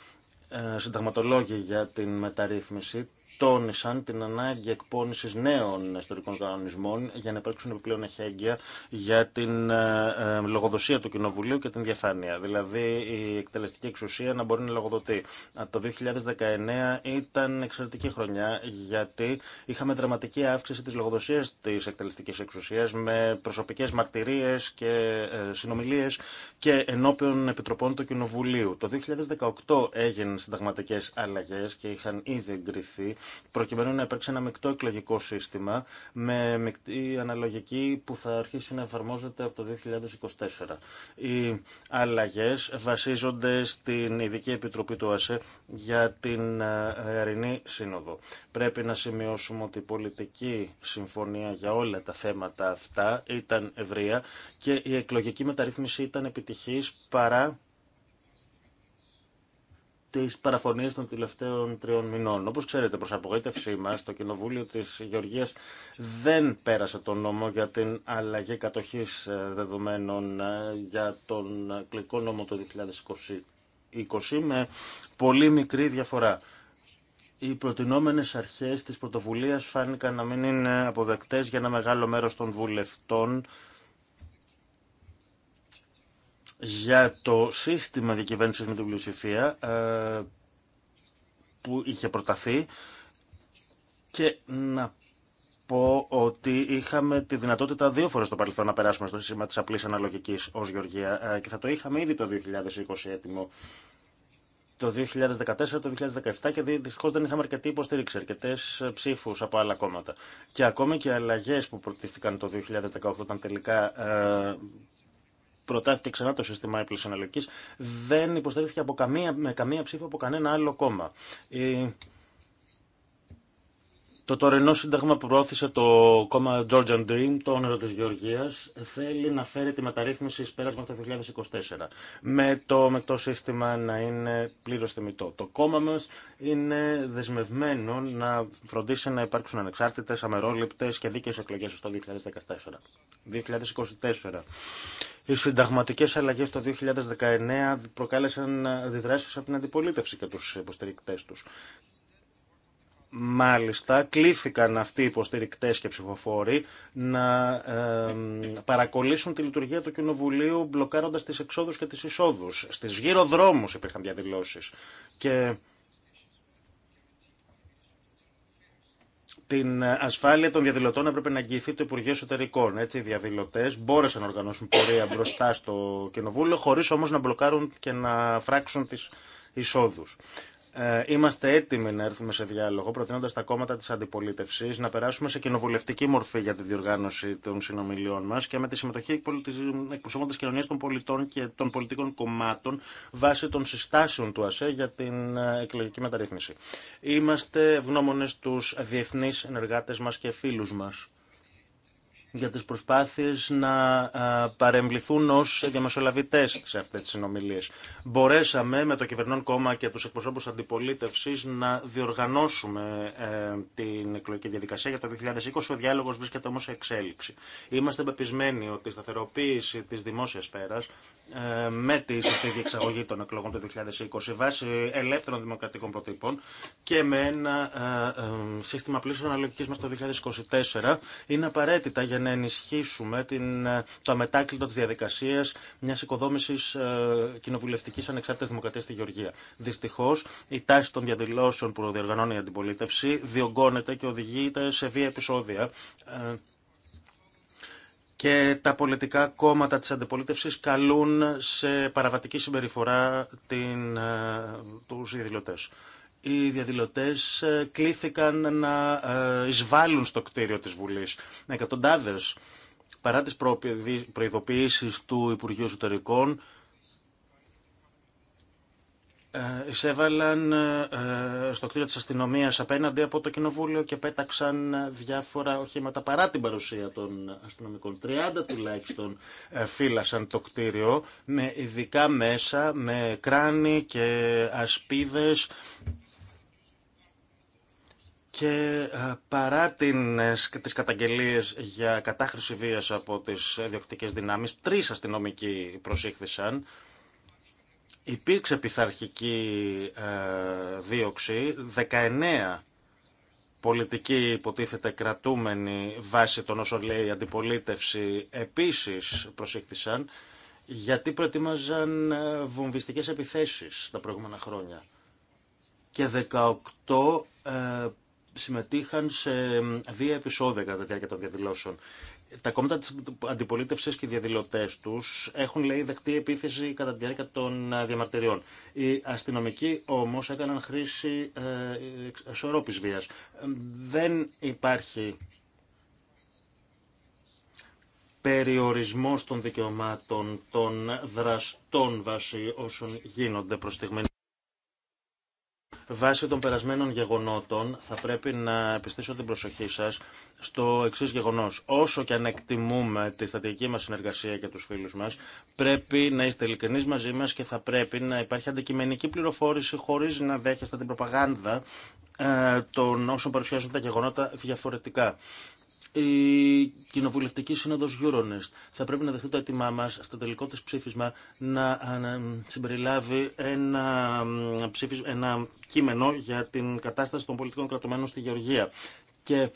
ε, συνταγματολόγοι για την μεταρρύθμιση τόνισαν την ανάγκη εκπόνησης νέων ιστορικών κανονισμών για να υπάρξουν επιπλέον εχέγγυα για την ε, ε, λογοδοσία του Κοινοβουλίου και την διαφάνεια. Δηλαδή η εκτελεστική εξουσία να μπορεί να λογοδοτεί. το 2019 ήταν εξαιρετική χρονιά γιατί είχαμε δραματική αύξηση τη λογοδοσία τη εκτελεστική εξουσία με προσωπικέ μαρτυρίε και ε, συνομιλίε και ενώπιον επιτροπών του Κοινοβουλίου. Το 2018 έγιναν συνταγματικέ αλλαγέ και είχαν ήδη εγκριθεί προκειμένου να υπάρξει ένα μεικτό εκλογικό σύστημα με μεικτή αναλογική που θα αρχίσει να εφαρμόζεται από το 2024. Οι αλλαγέ βασίζονται στην Ειδική Επιτροπή του ΑΣΕ για την ε, Ερηνή Σύνοδο. Πρέπει να σημειώσουμε ότι η πολιτική συμφωνία για όλα τα θέματα αυτά ήταν ευρεία και η εκλογική μεταρρύθμιση ήταν επιτυχής παρά τι παραφωνίε των τελευταίων τριών μηνών. Όπως ξέρετε, προς απογοήτευσή μα, το Κοινοβούλιο της Γεωργίας δεν πέρασε τον νόμο για την αλλαγή κατοχής ε, δεδομένων ε, για τον κλικό νόμο το 2020 με πολύ μικρή διαφορά. Οι προτινόμενε αρχές της πρωτοβουλία φάνηκαν να μην είναι αποδεκτές για ένα μεγάλο μέρο των βουλευτών για το σύστημα διακυβέρνηση με την πλειοψηφία ε, που είχε προταθεί και να πω ότι είχαμε τη δυνατότητα δύο φορές στο παρελθόν να περάσουμε στο σύστημα της απλής αναλογικής ως Γεωργία ε, και θα το είχαμε ήδη το 2020 έτοιμο το 2014, το 2017 και δυστυχώ δεν είχαμε αρκετή υποστήριξη, αρκετέ ε, ψήφου από άλλα κόμματα. Και ακόμη και αλλαγέ που προτίθηκαν το 2018 όταν τελικά προτάθηκε ξανά το σύστημα έπλης αναλογική, δεν υποστηρίχθηκε από καμία, με καμία ψήφο από κανένα άλλο κόμμα. Το τωρινό σύνταγμα που προώθησε το κόμμα Georgian Dream, το όνειρο τη Γεωργίας, θέλει να φέρει τη μεταρρύθμιση ει πέρασμα το 2024, με το σύστημα να είναι πλήρως θεμητό. Το κόμμα μας είναι δεσμευμένο να φροντίσει να υπάρξουν ανεξάρτητε, αμερόληπτε και δίκαιες εκλογές στο 2014. 2024. Οι συνταγματικέ αλλαγέ το 2019 προκάλεσαν αντιδράσει από την αντιπολίτευση και του υποστηρικτέ του. Μάλιστα, κλήθηκαν αυτοί οι υποστηρικτέ και ψηφοφόροι να ε, παρακολύσουν τη λειτουργία του Κοινοβουλίου μπλοκάροντας τι εξόδου και τι εισόδου. Στι γύρω δρόμου υπήρχαν διαδηλώσει. Και την ασφάλεια των διαδηλωτών έπρεπε να αγγιηθεί το Υπουργείο Εσωτερικών. Έτσι, οι διαδηλωτέ μπόρεσαν να οργανώσουν πορεία μπροστά στο Κοινοβούλιο, χωρί όμω να μπλοκάρουν και να φράξουν τι εισόδου. Ε, είμαστε έτοιμοι να έρθουμε σε διάλογο, προτείνοντα τα κόμματα τη αντιπολίτευση να περάσουμε σε κοινοβουλευτική μορφή για τη διοργάνωση των συνομιλιών μα και με τη συμμετοχή ε, εκπροσώπων τη κοινωνία των πολιτών και των πολιτικών κομμάτων βάσει των συστάσεων του ΑΣΕ για την ε, εκλογική μεταρρύθμιση. Είμαστε ευγνώμονε στου διεθνεί συνεργάτε μα και φίλου μα για τις προσπάθειες να παρεμβληθούν ως διαμεσολαβητές σε αυτές τις συνομιλίες. Μπορέσαμε με το κυβερνών κόμμα και τους εκπροσώπους αντιπολίτευσης να διοργανώσουμε ε, την εκλογική διαδικασία για το 2020. Ο διάλογος βρίσκεται όμως σε εξέλιξη. Είμαστε πεπισμένοι ότι η σταθεροποίηση της δημόσιας σφαίρας ε, με τη σωστή διεξαγωγή των εκλογών του 2020 βάσει ελεύθερων δημοκρατικών προτύπων και με ένα ε, σύστημα πλήρους αναλογικής μέχρι το 2024 είναι απαραίτητα να ενισχύσουμε ε, το αμετάκλητο τη διαδικασία μια οικοδόμηση ε, κοινοβουλευτική ανεξάρτητη δημοκρατία στη Γεωργία. Δυστυχώ, η τάση των διαδηλώσεων που διοργανώνει η αντιπολίτευση διωγγώνεται και οδηγείται σε βία επεισόδια. Ε, και τα πολιτικά κόμματα της αντιπολίτευσης καλούν σε παραβατική συμπεριφορά την, ε, τους οι διαδηλωτέ ε, κλήθηκαν να ε, εισβάλλουν στο κτίριο της Βουλής. Εκατοντάδε. παρά τις προειδοποιήσεις του Υπουργείου Εσωτερικών, ε, εισέβαλαν στο κτίριο της αστυνομίας απέναντι από το κοινοβούλιο και πέταξαν διάφορα οχήματα παρά την παρουσία των αστυνομικών. 30 τουλάχιστον φύλασαν το κτίριο με ειδικά μέσα, με κράνη και ασπίδες και ε, παρά τι ε, τις καταγγελίες για κατάχρηση βίας από τις διοκτικές δυνάμεις, τρεις αστυνομικοί προσήχθησαν. Υπήρξε πειθαρχική ε, δίωξη, 19 πολιτικοί υποτίθεται κρατούμενοι βάσει των όσων λέει αντιπολίτευση επίσης προσήχθησαν, γιατί προετοίμαζαν βομβιστικές επιθέσεις τα προηγούμενα χρόνια. Και 18 συμμετείχαν σε δύο επεισόδια κατά τη διάρκεια των διαδηλώσεων. Τα κόμματα τη αντιπολίτευση και οι διαδηλωτέ του έχουν, λέει, δεχτεί επίθεση κατά τη διάρκεια των διαμαρτυριών. Οι αστυνομικοί όμω έκαναν χρήση εσωρόπη βία. Δεν υπάρχει περιορισμός των δικαιωμάτων των δραστών βάσει όσων γίνονται προς στιγμή. Βάσει των περασμένων γεγονότων, θα πρέπει να επιστήσω την προσοχή σα στο εξή γεγονό. Όσο και αν εκτιμούμε τη στατική μα συνεργασία και τους φίλου μα, πρέπει να είστε ειλικρινεί μαζί μα και θα πρέπει να υπάρχει αντικειμενική πληροφόρηση χωρί να δέχεστε την προπαγάνδα ε, των όσων παρουσιάζουν τα γεγονότα διαφορετικά η κοινοβουλευτική σύνοδο Euronest θα πρέπει να δεχτεί το έτοιμά μα στο τελικό τη ψήφισμα να συμπεριλάβει ένα, ψήφισμα, ένα κείμενο για την κατάσταση των πολιτικών κρατουμένων στη Γεωργία. Και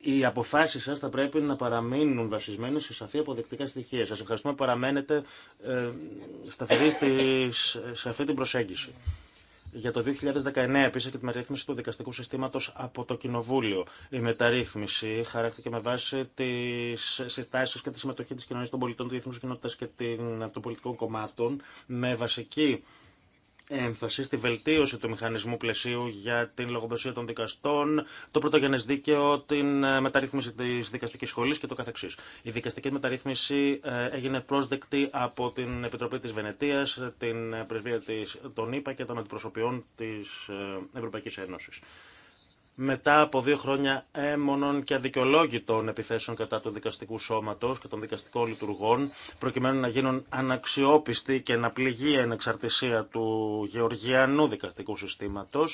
οι αποφάσει σας θα πρέπει να παραμείνουν βασισμένε σε σαφή αποδεκτικά στοιχεία. Σας ευχαριστούμε που παραμένετε ε, σταθεροί σε αυτή την προσέγγιση για το 2019 επίσης και τη μεταρρύθμιση του δικαστικού συστήματος από το Κοινοβούλιο. Η μεταρρύθμιση χαρακτήκε με βάση τις συστάσεις και τη συμμετοχή της κοινωνίας των πολιτών, της διεθνούς κοινότητας και των πολιτικών κομμάτων με βασική έμφαση στη βελτίωση του μηχανισμού πλαισίου για την λογοδοσία των δικαστών, το πρωτογενέ δίκαιο, την ε, μεταρρύθμιση τη δικαστική σχολή και το καθεξής. Η δικαστική μεταρρύθμιση ε, έγινε πρόσδεκτη από την Επιτροπή της Βενετίας, ε, την Πρεσβεία της, των ΗΠΑ και των αντιπροσωπιών τη Ευρωπαϊκής Ένωση μετά από δύο χρόνια έμονων και αδικαιολόγητων επιθέσεων κατά του δικαστικού σώματο και των δικαστικών λειτουργών, προκειμένου να γίνουν αναξιόπιστοι και να πληγεί η ανεξαρτησία του γεωργιανού δικαστικού συστήματο.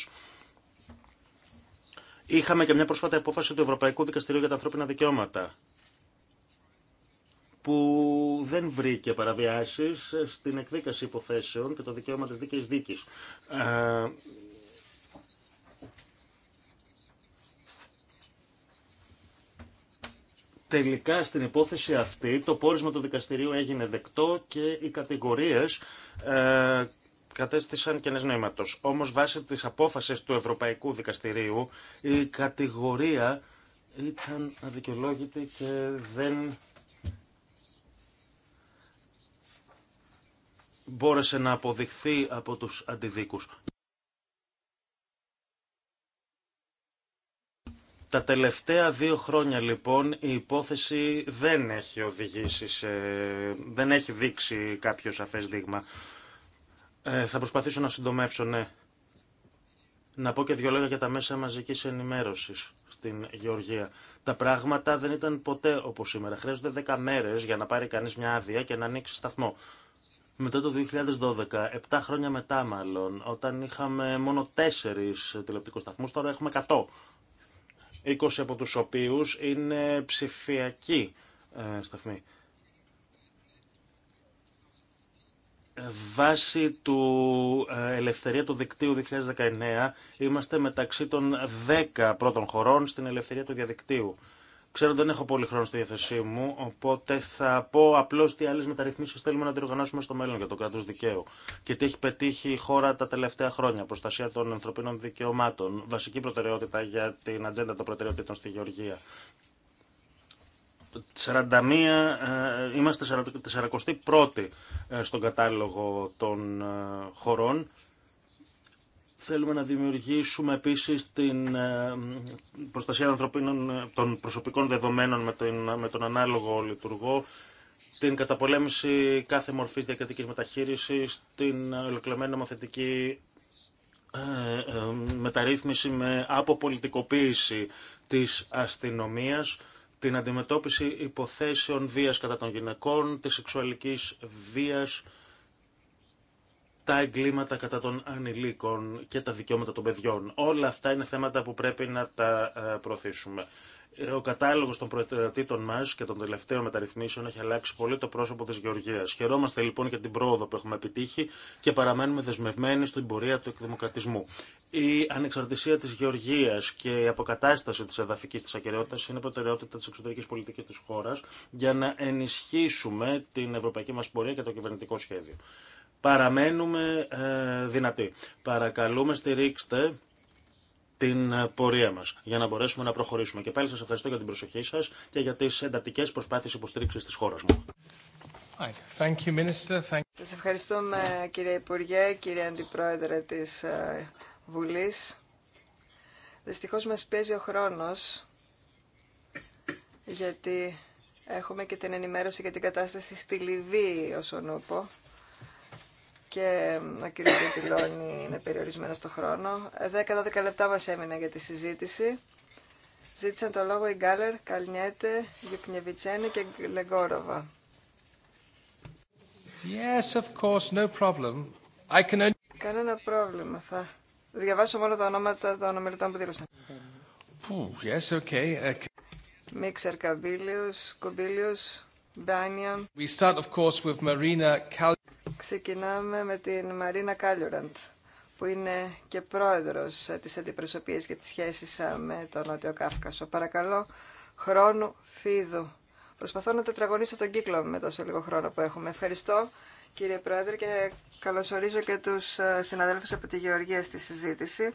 Είχαμε και μια πρόσφατη απόφαση του Ευρωπαϊκού Δικαστηρίου για τα Ανθρώπινα Δικαιώματα, που δεν βρήκε παραβιάσεις στην εκδίκαση υποθέσεων και το δικαίωμα της δίκαιης δίκης. Ε, τελικά στην υπόθεση αυτή το πόρισμα του δικαστηρίου έγινε δεκτό και οι κατηγορίες ε, κατέστησαν κενές νοήματος. Όμως βάσει της απόφασης του Ευρωπαϊκού Δικαστηρίου η κατηγορία ήταν αδικαιολόγητη και δεν μπόρεσε να αποδειχθεί από τους αντιδίκους. Τα τελευταία δύο χρόνια λοιπόν η υπόθεση δεν έχει οδηγήσει σε... δεν έχει δείξει κάποιο σαφές δείγμα. Ε, θα προσπαθήσω να συντομεύσω, ναι. Να πω και δύο λόγια για τα μέσα μαζικής ενημέρωσης στην Γεωργία. Τα πράγματα δεν ήταν ποτέ όπως σήμερα. Χρειάζονται δέκα μέρες για να πάρει κανείς μια άδεια και να ανοίξει σταθμό. Μετά το 2012, 7 χρόνια μετά μάλλον, όταν είχαμε μόνο τέσσερις τηλεοπτικούς σταθμούς, τώρα έχουμε 100. 20 από τους οποίους είναι ψηφιακοί ε, σταθμοί. Βάσει του ε, Ελευθερία του Δικτύου 2019 είμαστε μεταξύ των 10 πρώτων χωρών στην Ελευθερία του Διαδικτύου. Ξέρω ότι δεν έχω πολύ χρόνο στη διαθεσή μου, οπότε θα πω απλώ τι άλλε μεταρρυθμίσει θέλουμε να διοργανώσουμε στο μέλλον για το κράτο δικαίου και τι έχει πετύχει η χώρα τα τελευταία χρόνια. Προστασία των ανθρωπίνων δικαιωμάτων, βασική προτεραιότητα για την ατζέντα των προτεραιοτήτων στη Γεωργία. 41, ε, είμαστε ε, στον κατάλογο των ε, χωρών Θέλουμε να δημιουργήσουμε επίσης την ε, προστασία ανθρωπίνων, των προσωπικών δεδομένων με τον, ανάλογο λειτουργό, την καταπολέμηση κάθε μορφής διακριτικής μεταχείρισης, την ολοκληρωμένη νομοθετική ε, ε, μεταρρύθμιση με αποπολιτικοποίηση της αστυνομίας, την αντιμετώπιση υποθέσεων βίας κατά των γυναικών, της σεξουαλικής βίας, τα εγκλήματα κατά των ανηλίκων και τα δικαιώματα των παιδιών. Όλα αυτά είναι θέματα που πρέπει να τα ε, προωθήσουμε. Ο κατάλογο των προτεραιοτήτων μα και των τελευταίων μεταρρυθμίσεων έχει αλλάξει πολύ το πρόσωπο τη Γεωργία. Χαιρόμαστε λοιπόν για την πρόοδο που έχουμε επιτύχει και παραμένουμε δεσμευμένοι στην πορεία του εκδημοκρατισμού. Η ανεξαρτησία τη Γεωργία και η αποκατάσταση τη εδαφική τη ακαιρεότητα είναι προτεραιότητα τη εξωτερική πολιτική τη χώρα για να ενισχύσουμε την ευρωπαϊκή μα πορεία και το κυβερνητικό σχέδιο παραμένουμε ε, δυνατοί. Παρακαλούμε στηρίξτε την πορεία μας για να μπορέσουμε να προχωρήσουμε. Και πάλι σας ευχαριστώ για την προσοχή σας και για τις εντατικές προσπάθειες υποστήριξης της χώρας μου.
Thank you, Thank... Σας
ευχαριστούμε κύριε Υπουργέ, κύριε Αντιπρόεδρε της ε, Βουλής. Δυστυχώς μας πιέζει ο χρόνος γιατί έχουμε και την ενημέρωση για την κατάσταση στη Λιβύη ως ονούπο και ο κ. Πιλώνη είναι περιορισμένο στο χρόνο. 10-12 λεπτά μας έμειναν για τη συζήτηση. Ζήτησαν το λόγο οι Γκάλερ, Καλνιέτε, Γιουκνιεβιτσένη και Λεγκόροβα.
Yes, of course, no problem. I can...
Κανένα πρόβλημα. Θα διαβάσω μόνο τα ονόματα των ομιλητών που δήλωσαν.
Ooh, yes, okay. okay. Uh,
Μίξερ Καμπίλιος, Κομπίλιο, Μπάνιον.
We start, of course, with Marina Kal
Ξεκινάμε με την Μαρίνα Κάλιουραντ, που είναι και πρόεδρος ε, της Αντιπροσωπείας για τις σχέσεις ε, με τον Νότιο Κάφκασο. Παρακαλώ, χρόνου φίδου. Προσπαθώ να τετραγωνίσω τον κύκλο με τόσο λίγο χρόνο που έχουμε. Ευχαριστώ κύριε Πρόεδρε και καλωσορίζω και τους ε, συναδέλφους από τη Γεωργία στη συζήτηση.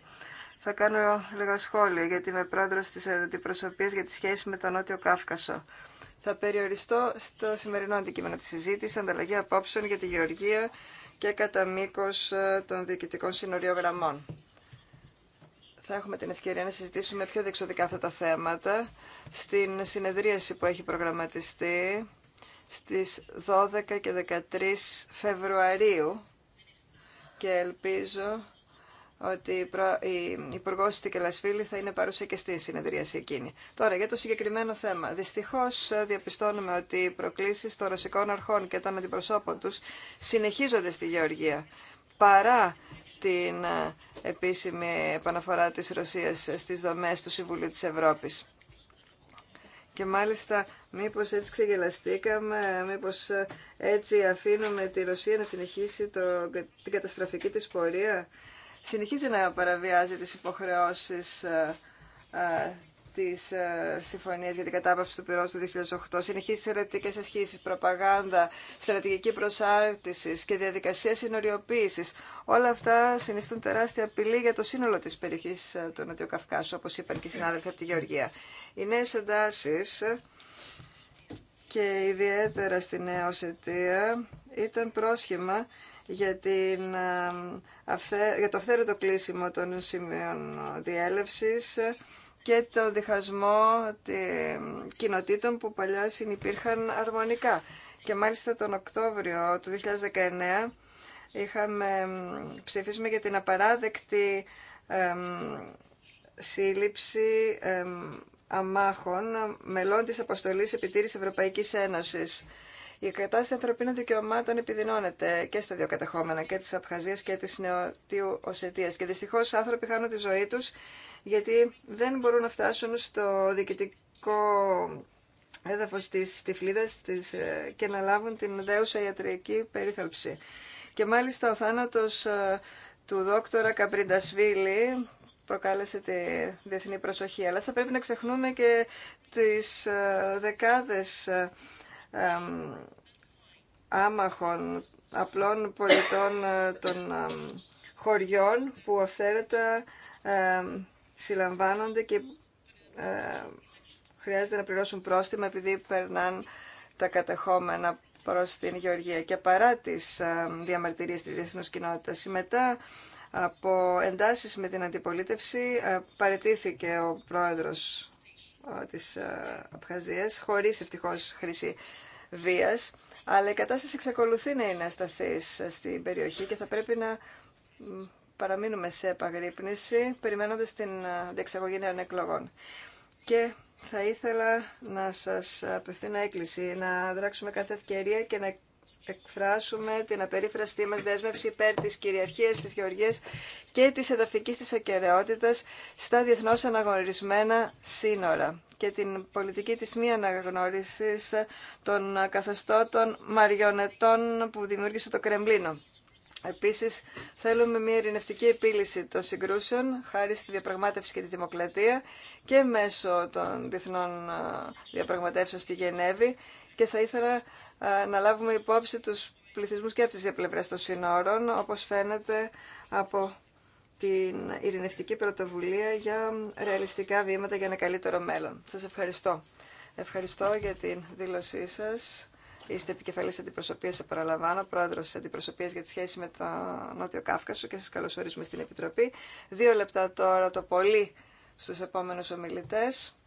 Θα κάνω λίγα σχόλια γιατί είμαι πρόεδρος της Αντιπροσωπείας για τις Σχέσεις με τον Νότιο Κάφκασο. Θα περιοριστώ στο σημερινό αντικείμενο της συζήτησης, ανταλλαγή απόψεων για τη γεωργία και κατά μήκο ε, των διοικητικών συνοριογραμμών. Θα έχουμε την ευκαιρία να συζητήσουμε πιο διεξοδικά αυτά τα θέματα στην συνεδρίαση που έχει προγραμματιστεί στις 12 και 13 Φεβρουαρίου και ελπίζω ότι η Υπουργό Τικελασφίλη θα είναι παρούσα και στη συνεδρίαση εκείνη. Τώρα, για το συγκεκριμένο θέμα. Δυστυχώ, ε, διαπιστώνουμε ότι οι προκλήσει των ρωσικών αρχών και των αντιπροσώπων του συνεχίζονται στη Γεωργία. Παρά την ε, επίσημη επαναφορά της Ρωσίας στις δομέ του Συμβουλίου τη Ευρώπης. Και μάλιστα μήπω έτσι ξεγελαστήκαμε, μήπω ε, έτσι αφήνουμε τη Ρωσία να συνεχίσει το, την καταστροφική τη πορεία συνεχίζει να παραβιάζει τις υποχρεώσεις ε, ε, της ε, συμφωνίας για την κατάπαυση του πυρός του 2008, συνεχίζει στρατηγικές ασχήσεις, προπαγάνδα, στρατηγική προσάρτηση και διαδικασία συνοριοποίησης. Όλα αυτά συνιστούν τεράστια απειλή για το σύνολο της περιοχής του Νοτιοκαυκάσου, όπως είπαν και οι συνάδελφοι από τη Γεωργία. Οι νέε εντάσει και ιδιαίτερα στη Νέα ήταν πρόσχημα για, την, ε, για το αυθαίρετο κλείσιμο των σημείων διέλευσης και το διχασμό κοινοτήτων που παλιά συνυπήρχαν αρμονικά. Και μάλιστα τον Οκτώβριο του 2019 είχαμε ψηφίσουμε για την απαράδεκτη εμ, σύλληψη ε, αμάχων μελών της Αποστολής Επιτήρησης Ευρωπαϊκής Ένωσης η κατάσταση ανθρωπίνων δικαιωμάτων επιδεινώνεται και στα δύο κατεχόμενα, και τη Απχαζία και τη Νεοτίου Οσετία. Και δυστυχώ άνθρωποι χάνουν τη ζωή του γιατί δεν μπορούν να φτάσουν στο διοικητικό έδαφο τη τυφλίδα ε, και να λάβουν την δέουσα ιατρική περίθαλψη. Και μάλιστα ο θάνατο ε, του δόκτωρα Καπριντασβίλη προκάλεσε τη διεθνή προσοχή. Αλλά θα πρέπει να ξεχνούμε και τις ε, δεκάδες άμαχων απλών πολιτών ε, των χωριών που αυθαίρετα συλλαμβάνονται και χρειάζεται να πληρώσουν πρόστιμα επειδή περνάν τα κατεχόμενα προς την Γεωργία. Και παρά τις διαμαρτυρίες της διεθνούς κοινότητας, μετά από εντάσεις με την αντιπολίτευση ε, παρετήθηκε ο πρόεδρος ε, της ε, Απχαζίας, χωρίς ευτυχώς χρήση βίας. Αλλά η κατάσταση εξακολουθεί να είναι ασταθής ε, στην περιοχή και θα πρέπει να παραμείνουμε σε επαγρύπνηση, περιμένοντας την διεξαγωγή νέων εκλογών. Και θα ήθελα να σας απευθύνω έκκληση, να δράξουμε κάθε ευκαιρία και να εκφράσουμε την απερίφραστή μας δέσμευση υπέρ της κυριαρχίας της Γεωργίας και της εδαφικής της ακεραιότητας στα διεθνώς αναγνωρισμένα σύνορα και την πολιτική της μη αναγνώρισης των καθεστώτων μαριονετών που δημιούργησε το Κρεμλίνο. Επίσης, θέλουμε μια ειρηνευτική επίλυση των συγκρούσεων, χάρη στη διαπραγμάτευση και τη δημοκρατία και μέσω των διεθνών ε, διαπραγματεύσεων στη Γενέβη και θα ήθελα να λάβουμε υπόψη τους πληθυσμούς και από τις δύο πλευρές των σύνορων, όπως φαίνεται από την ειρηνευτική πρωτοβουλία για ρεαλιστικά βήματα για ένα καλύτερο μέλλον. Σας ευχαριστώ. Ευχαριστώ για την δήλωσή σας. Είστε επικεφαλής αντιπροσωπείας, σε παραλαμβάνω, πρόεδρος της αντιπροσωπείας για τη σχέση με το Νότιο Κάφκασο και σας καλωσορίζουμε στην Επιτροπή. Δύο λεπτά τώρα το πολύ στους επόμενους ομιλητές.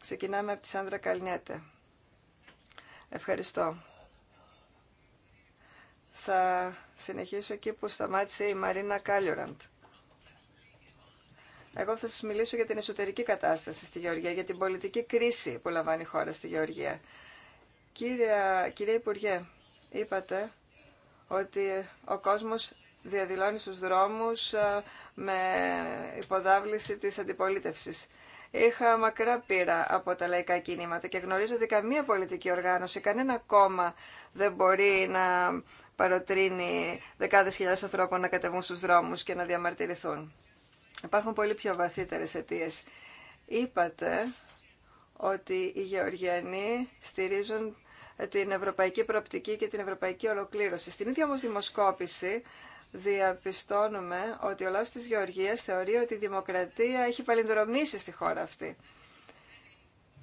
Ξεκινάμε από τη Σάντρα Καλνιέτε. Ευχαριστώ. Θα συνεχίσω εκεί που σταμάτησε η Μαρίνα Κάλιοραντ. Εγώ θα σας μιλήσω για την εσωτερική κατάσταση στη Γεωργία, για την πολιτική κρίση που λαμβάνει η χώρα στη Γεωργία. Κύρια κύριε Υπουργέ, είπατε ότι ο κόσμος διαδηλώνει στους δρόμους ε, με υποδάβληση της αντιπολίτευσης. Είχα μακρά πείρα από τα λαϊκά κινήματα και γνωρίζω ότι καμία πολιτική οργάνωση, κανένα κόμμα δεν μπορεί να παροτρύνει δεκάδες χιλιάδες ανθρώπων να κατεβούν στους δρόμους και να διαμαρτυρηθούν. Υπάρχουν πολύ πιο βαθύτερες αιτίε. Είπατε ότι οι Γεωργιανοί στηρίζουν την ευρωπαϊκή προοπτική και την ευρωπαϊκή ολοκλήρωση. Στην ίδια όμως δημοσκόπηση διαπιστώνουμε ότι ο λαός της Γεωργίας θεωρεί ότι η δημοκρατία έχει παλινδρομήσει στη χώρα αυτή.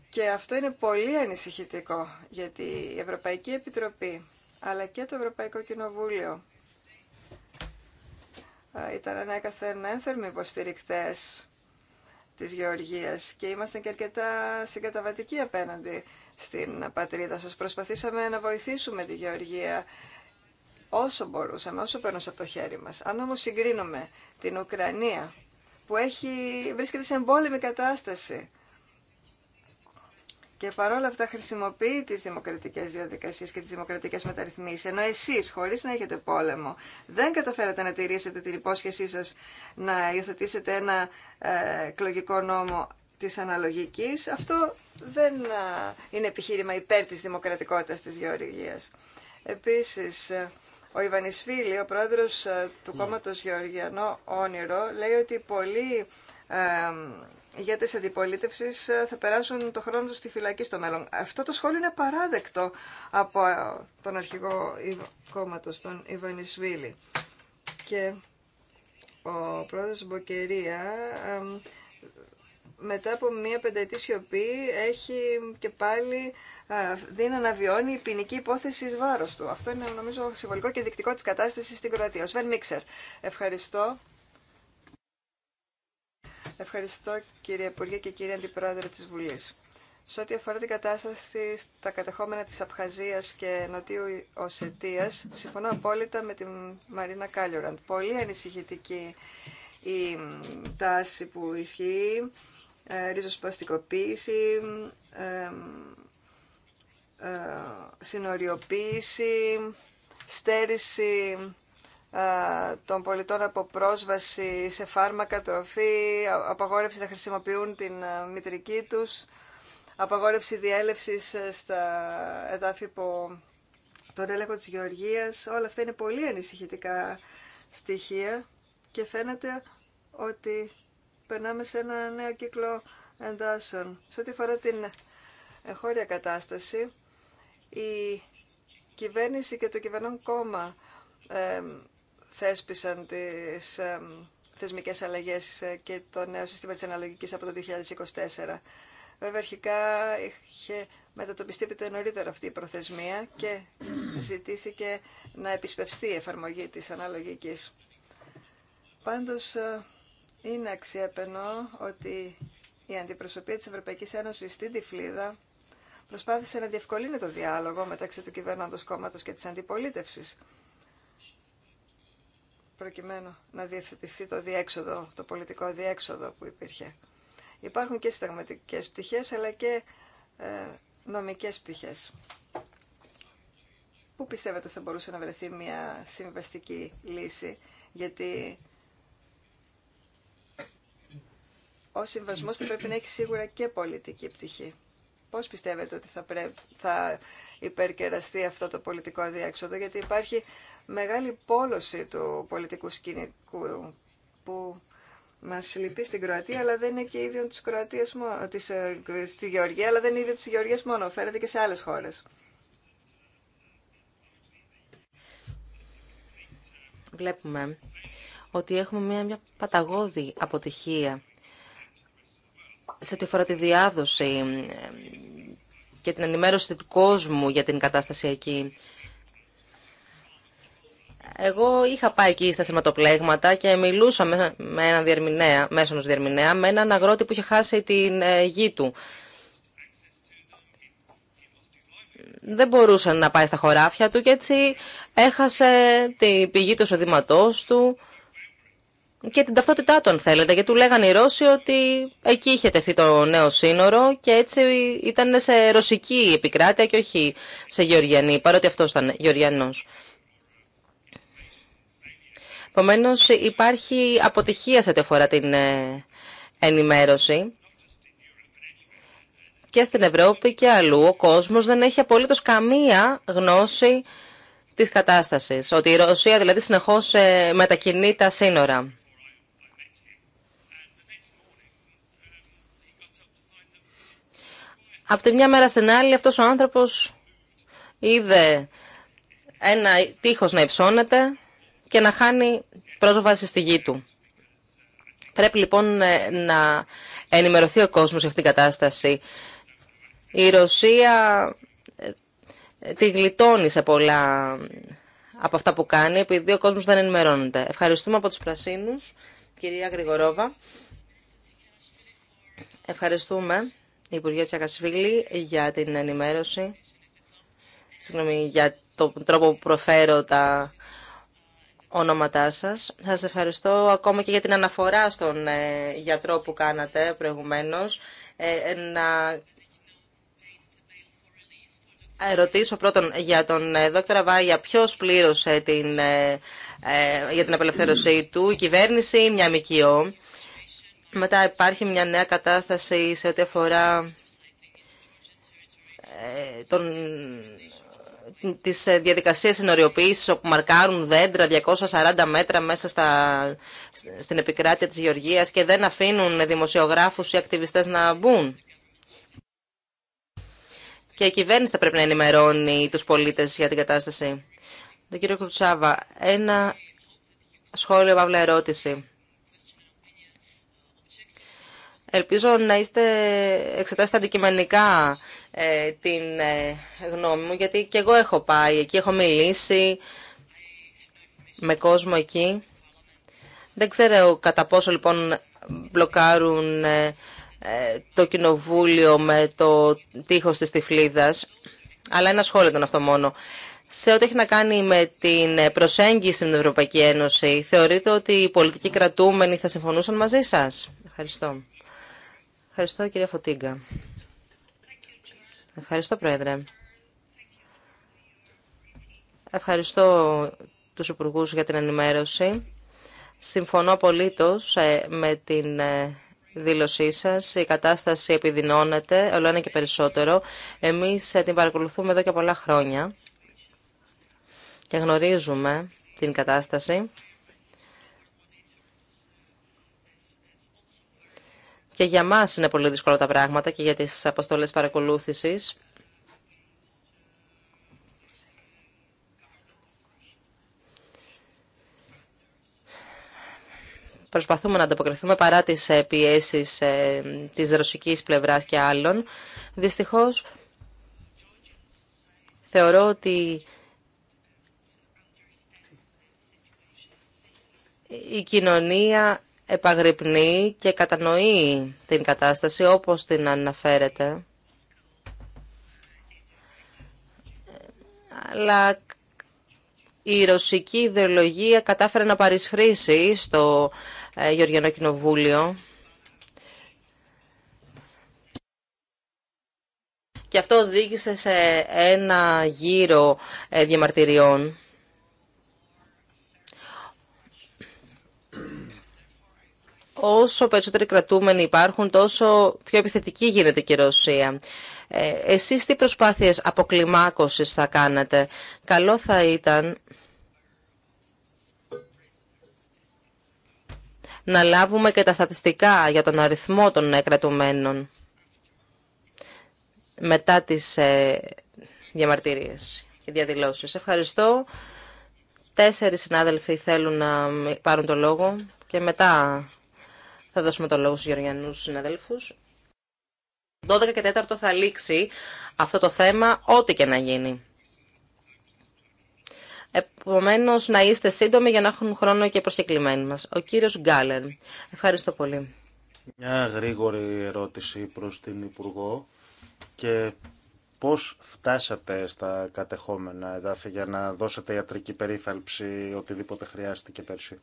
Και αυτό είναι πολύ ανησυχητικό, γιατί η Ευρωπαϊκή Επιτροπή αλλά και το Ευρωπαϊκό Κοινοβούλιο ήταν ανέκαθεν ένθερμοι υποστηρικτές της Γεωργίας και είμαστε και αρκετά συγκαταβατικοί απέναντι στην πατρίδα σας. Προσπαθήσαμε να βοηθήσουμε τη Γεωργία όσο μπορούσαμε, όσο παίρνω από το χέρι μας. Αν όμως συγκρίνουμε την Ουκρανία που έχει, βρίσκεται σε εμπόλεμη κατάσταση και παρόλα αυτά χρησιμοποιεί τις δημοκρατικές διαδικασίες και τις δημοκρατικές μεταρρυθμίσεις, ενώ εσείς χωρίς να έχετε πόλεμο δεν καταφέρατε να τηρήσετε την υπόσχεσή σας να υιοθετήσετε ένα ε, εκλογικό νόμο της αναλογικής, αυτό δεν ε, είναι επιχείρημα υπέρ της δημοκρατικότητας της γεωργίας. Επίσης, ε, ο Ιβανισφίλη, ο πρόεδρος ε, του ναι. κόμματος Γεωργιανό Όνειρο, λέει ότι πολλοί ε, ηγέτες αντιπολίτευσης ε, θα περάσουν το χρόνο τους στη φυλακή στο μέλλον. Αυτό το σχόλιο είναι παράδεκτο από ε, τον αρχηγό κόμματος, τον Ιβανισβίλη. Και ο πρόεδρος Μποκερία μετά από μία πενταετή σιωπή έχει και πάλι δίνει να βιώνει η ποινική υπόθεση εις βάρος του. Αυτό είναι νομίζω συμβολικό και δεικτικό της κατάστασης στην Κροατία. Ο Σβέν Μίξερ, ευχαριστώ. Ευχαριστώ κύριε Υπουργέ και κύριε Αντιπρόεδρε της Βουλής. Σε ό,τι αφορά την κατάσταση στα κατεχόμενα της Απχαζίας και Νοτιού Οσετίας, συμφωνώ απόλυτα με την Μαρίνα Κάλιοραντ. Πολύ ανησυχητική η τάση που ισχύει ε, ριζοσπαστικοποίηση, ε, ε, συνοριοποίηση, στέρηση των πολιτών από πρόσβαση σε φάρμακα, τροφή, απαγόρευση να χρησιμοποιούν την μητρική τους, απαγόρευση διέλευσης στα εδάφη που τον έλεγχο της γεωργίας. Όλα αυτά είναι πολύ ανησυχητικά στοιχεία και φαίνεται ότι περνάμε σε ένα νέο κύκλο εντάσσεων. Σε ό,τι αφορά την εγχώρια κατάσταση, η κυβέρνηση και το κυβερνόν κόμμα ε, θέσπισαν τις ε, θεσμικές αλλαγές ε, και το νέο σύστημα της αναλογικής από το 2024. Βέβαια, αρχικά είχε μετατοπιστεί επί το νωρίτερο αυτή η προθεσμία και ζητήθηκε να επισπευστεί η εφαρμογή της αναλογικής. Πάντως, ε, είναι αξιέπαινο ότι η αντιπροσωπεία της Ευρωπαϊκής Ένωσης στην Τυφλίδα προσπάθησε να διευκολύνει το διάλογο μεταξύ του κυβέρναντος κόμματος και της αντιπολίτευσης προκειμένου να διευθετηθεί το διέξοδο, το πολιτικό διέξοδο που υπήρχε. Υπάρχουν και συνταγματικές πτυχές αλλά και ε, νομικές πτυχές. Πού πιστεύετε θα μπορούσε να βρεθεί μια συμβαστική λύση γιατί ο συμβασμός θα πρέπει να έχει σίγουρα και πολιτική πτυχή. Πώς πιστεύετε ότι θα, θα υπερκεραστεί αυτό το πολιτικό αδιέξοδο, γιατί υπάρχει μεγάλη πόλωση του πολιτικού σκηνικού που μας λυπεί στην Κροατία, αλλά δεν είναι και ίδιο της Κροατίας μόνο, της, ε, στη Γεωργία, αλλά δεν είναι ίδιο της Γεωργίας μόνο, φέρεται και σε άλλες χώρες.
Βλέπουμε ότι έχουμε μια, μια παταγώδη αποτυχία σε τη αφορά τη διάδοση ε, και την ενημέρωση του κόσμου για την κατάσταση εκεί. Εγώ είχα πάει εκεί στα σηματοπλέγματα και μιλούσα με έναν διερμηνέα, μέσονος διερμηνέα, με έναν αγρότη που είχε χάσει την ε, γη του. Δεν μπορούσε να πάει στα χωράφια του και έτσι έχασε την πηγή του εισοδήματός του και την ταυτότητά του αν θέλετε, γιατί του λέγανε οι Ρώσοι ότι εκεί είχε τεθεί το νέο σύνορο και έτσι ήταν σε ρωσική επικράτεια και όχι σε γεωργιανή, παρότι αυτό ήταν γεωργιανός. Επομένω, υπάρχει αποτυχία σε ό,τι αφορά την ε, ενημέρωση και στην Ευρώπη και αλλού. Ο κόσμος δεν έχει απολύτως καμία γνώση της κατάστασης, ότι η Ρωσία δηλαδή συνεχώς ε, μετακινεί τα σύνορα. Από τη μια μέρα στην άλλη αυτός ο άνθρωπος είδε ένα τείχος να υψώνεται και να χάνει πρόσβαση στη γη του. Πρέπει λοιπόν ε, να ενημερωθεί ο κόσμος για αυτήν την κατάσταση. Η Ρωσία ε, ε, τη γλιτώνει σε πολλά από αυτά που κάνει, επειδή ο κόσμος δεν ενημερώνεται. Ευχαριστούμε από τους Πρασίνους, κυρία Γρηγορόβα. Ευχαριστούμε η Υπουργέ Τσακασφίλη για την ενημέρωση. Συγγνώμη για τον τρόπο που προφέρω τα ονόματά σας. Σας ευχαριστώ ακόμα και για την αναφορά στον ε, γιατρό που κάνατε προηγουμένως. Ε, ε, να ρωτήσω πρώτον για τον δόκτωρα Βάγια ποιος πλήρωσε την, για την απελευθέρωσή του, η κυβέρνηση ή μια ΜΚΟ. Μετά υπάρχει μια νέα κατάσταση σε ό,τι αφορά ε, τον, τις ε, διαδικασίες συνοριοποίησης όπου μαρκάρουν δέντρα 240 μέτρα μέσα στα, στην επικράτεια της Γεωργίας και δεν αφήνουν δημοσιογράφους ή ακτιβιστές να μπουν. Και η κυβέρνηση θα πρέπει να ενημερώνει τους πολίτες για την κατάσταση. Το κύριο Κουτσάβα, ένα σχόλιο, παύλα ερώτηση. Ελπίζω να είστε εξετάσετε αντικειμενικά ε, την ε, γνώμη μου, γιατί και εγώ έχω πάει εκεί, έχω μιλήσει με κόσμο εκεί. Δεν ξέρω κατά πόσο λοιπόν μπλοκάρουν ε, το κοινοβούλιο με το τείχος της τυφλίδας, αλλά ένα σχόλιο ήταν αυτό μόνο. Σε ό,τι έχει να κάνει με την προσέγγιση στην Ευρωπαϊκή Ένωση, θεωρείτε ότι οι πολιτικοί κρατούμενοι θα συμφωνούσαν μαζί σας. Ευχαριστώ. Ευχαριστώ κυρία Φωτίγκα. Ευχαριστώ Πρόεδρε. Ευχαριστώ τους υπουργού για την ενημέρωση. Συμφωνώ απολύτως ε, με την ε, δήλωσή σας. Η κατάσταση επιδεινώνεται, όλο ένα και περισσότερο. Εμείς ε, την παρακολουθούμε εδώ και πολλά χρόνια και γνωρίζουμε την κατάσταση. Και για μα είναι πολύ δύσκολα τα πράγματα και για τις αποστολέ παρακολούθησης. Προσπαθούμε να ανταποκριθούμε παρά τις ε, πιέσεις ε, της ρωσικής πλευράς και άλλων. Δυστυχώς, θεωρώ ότι η κοινωνία επαγρυπνεί και κατανοεί την κατάσταση όπως την αναφέρεται. Αλλά η ρωσική ιδεολογία κατάφερε να παρισφρήσει στο ε, Γεωργιανό Κοινοβούλιο. Και αυτό οδήγησε σε ένα γύρο ε, διαμαρτυριών. όσο περισσότεροι κρατούμενοι υπάρχουν, τόσο πιο επιθετική γίνεται και η Ρωσία. Ε, εσείς τι προσπάθειες αποκλιμάκωσης θα κάνετε. Καλό θα ήταν να λάβουμε και τα στατιστικά για τον αριθμό των ε, κρατουμένων μετά τις ε, διαμαρτυρίες και διαδηλώσεις. Ευχαριστώ. Τέσσερις συνάδελφοι θέλουν να πάρουν το λόγο και μετά θα δώσουμε το λόγο στους γεωργιανούς συναδέλφους. 12 και 4 θα λήξει αυτό το θέμα, ό,τι και να γίνει. Επομένω, να είστε σύντομοι για να έχουν χρόνο και οι προσκεκλημένοι μα. Ο κύριο Γκάλερ. Ευχαριστώ πολύ.
Μια γρήγορη ερώτηση προ την Υπουργό και πώ φτάσατε στα κατεχόμενα εδάφη για να δώσετε ιατρική περίθαλψη οτιδήποτε χρειάστηκε πέρσι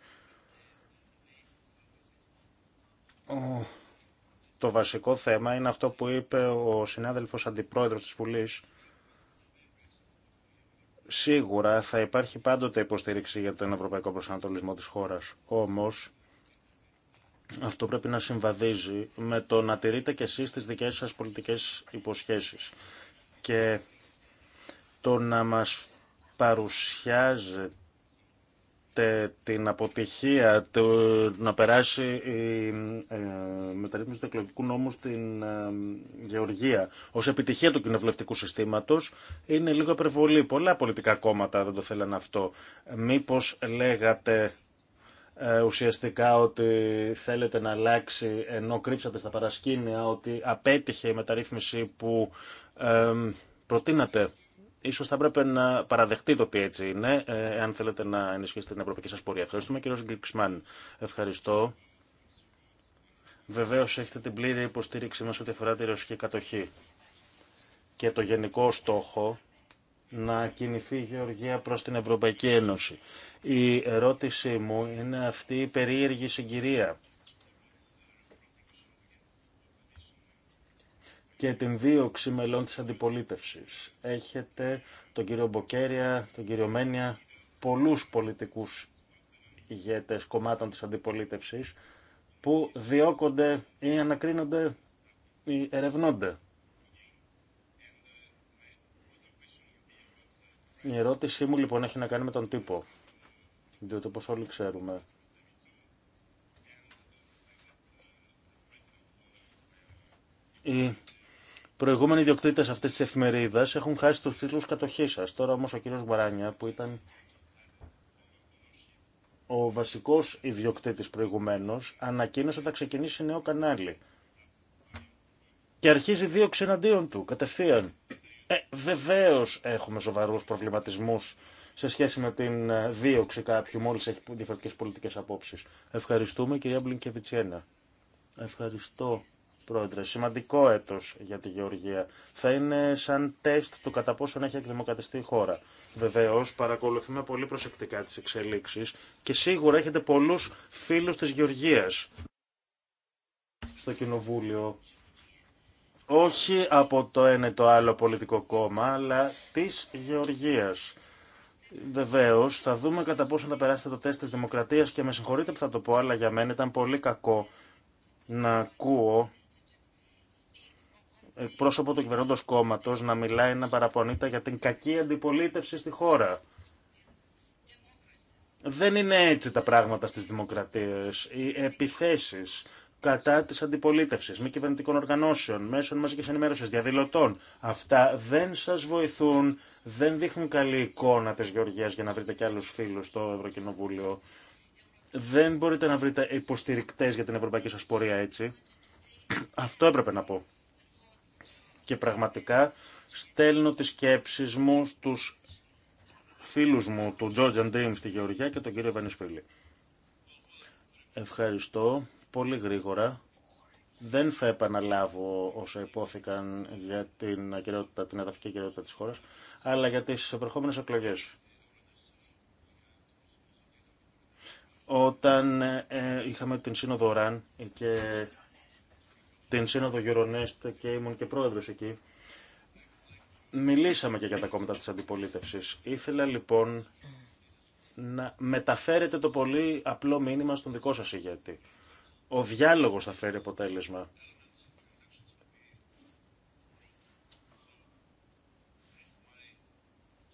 το βασικό θέμα είναι αυτό που είπε ο συνάδελφος αντιπρόεδρος της Βουλής. Σίγουρα θα υπάρχει πάντοτε υποστήριξη για τον ευρωπαϊκό προσανατολισμό της χώρας. Όμως, αυτό πρέπει να συμβαδίζει με το να τηρείτε κι εσείς τις δικές σας πολιτικές υποσχέσεις. Και το να μας παρουσιάζετε την αποτυχία να περάσει η ε, μεταρρύθμιση του εκλογικού νόμου στην ε, Γεωργία ως επιτυχία του κοινοβουλευτικού συστήματος είναι λίγο υπερβολή. Πολλά πολιτικά κόμματα δεν το θέλαν αυτό. Μήπως λέγατε ε, ουσιαστικά ότι θέλετε να αλλάξει ενώ κρύψατε στα παρασκήνια ότι απέτυχε η μεταρρύθμιση που προτείνατε. Ίσως θα έπρεπε να παραδεχτεί το τι έτσι είναι, αν ε, θέλετε να ενισχύσετε την ευρωπαϊκή σας πορεία. Ευχαριστούμε κύριο Γκριξμάν. Ευχαριστώ. Βεβαίω έχετε την πλήρη υποστήριξη μας ό,τι αφορά τη ρωσική κατοχή και το γενικό στόχο να κινηθεί η Γεωργία προς την Ευρωπαϊκή Ένωση. Η ερώτησή μου είναι αυτή η περίεργη συγκυρία και την δίωξη μελών της αντιπολίτευσης. Έχετε τον κύριο Μποκέρια, τον κύριο Μένια, πολλούς πολιτικούς ηγέτες κομμάτων της αντιπολίτευσης που διώκονται ή ανακρίνονται ή ερευνώνται. Η ερώτησή μου λοιπόν έχει να κάνει με τον τύπο, διότι όπως όλοι ξέρουμε η προηγούμενοι ιδιοκτήτε αυτή τη εφημερίδα έχουν χάσει του τίτλου κατοχή σα. Τώρα όμω ο κύριο Γουαράνια, που ήταν ο βασικό ιδιοκτήτη προηγουμένω, ανακοίνωσε ότι θα ξεκινήσει νέο κανάλι. Και αρχίζει δίωξη εναντίον του, κατευθείαν. Ε, Βεβαίω έχουμε σοβαρού προβληματισμού σε σχέση με την ε, δίωξη κάποιου, μόλι έχει διαφορετικέ πολιτικέ απόψει. Ευχαριστούμε, κυρία Μπλινκεβιτσιένα. Ευχαριστώ, Πρόεδρε. Σημαντικό έτο για τη Γεωργία. Θα είναι σαν τεστ του κατά πόσον έχει εκδημοκρατιστεί η χώρα. Βεβαίω, παρακολουθούμε πολύ προσεκτικά τι εξελίξει και σίγουρα έχετε πολλού φίλου τη Γεωργία στο Κοινοβούλιο. Όχι από το ένα το άλλο πολιτικό κόμμα, αλλά τη γεωργία. Βεβαίω, θα δούμε κατά πόσο θα περάσετε το τεστ τη δημοκρατία και με συγχωρείτε που θα το πω, αλλά για μένα ήταν πολύ κακό να ακούω πρόσωπο του κυβερνώντο κόμματο να μιλάει να παραπονείται για την κακή αντιπολίτευση στη χώρα. Δεν είναι έτσι τα πράγματα στις δημοκρατίες. Οι επιθέσεις κατά της αντιπολίτευσης, μη κυβερνητικών οργανώσεων, μέσων μαζικής ενημέρωσης, διαδηλωτών, αυτά δεν σας βοηθούν, δεν δείχνουν καλή εικόνα της Γεωργίας για να βρείτε και άλλους φίλους στο Ευρωκοινοβούλιο. Δεν μπορείτε να βρείτε υποστηρικτές για την ευρωπαϊκή σας πορεία έτσι. Αυτό έπρεπε να πω. Και πραγματικά στέλνω τις σκέψεις μου στους φίλους μου, του and Dream στη Γεωργία και τον κύριο Βανισφίλη. Ευχαριστώ. Πολύ γρήγορα. Δεν θα επαναλάβω όσα υπόθηκαν για την, την εδαφική κυριότητα της χώρας, αλλά για τις επερχόμενες εκλογές. Όταν ε, είχαμε την Σύνοδο Ραν και την Σύνοδο Γιουρονέστ και ήμουν και πρόεδρος εκεί, μιλήσαμε και για τα κόμματα της αντιπολίτευσης. Ήθελα λοιπόν να μεταφέρετε το πολύ απλό μήνυμα στον δικό σας ηγέτη. Ο διάλογος θα φέρει αποτέλεσμα.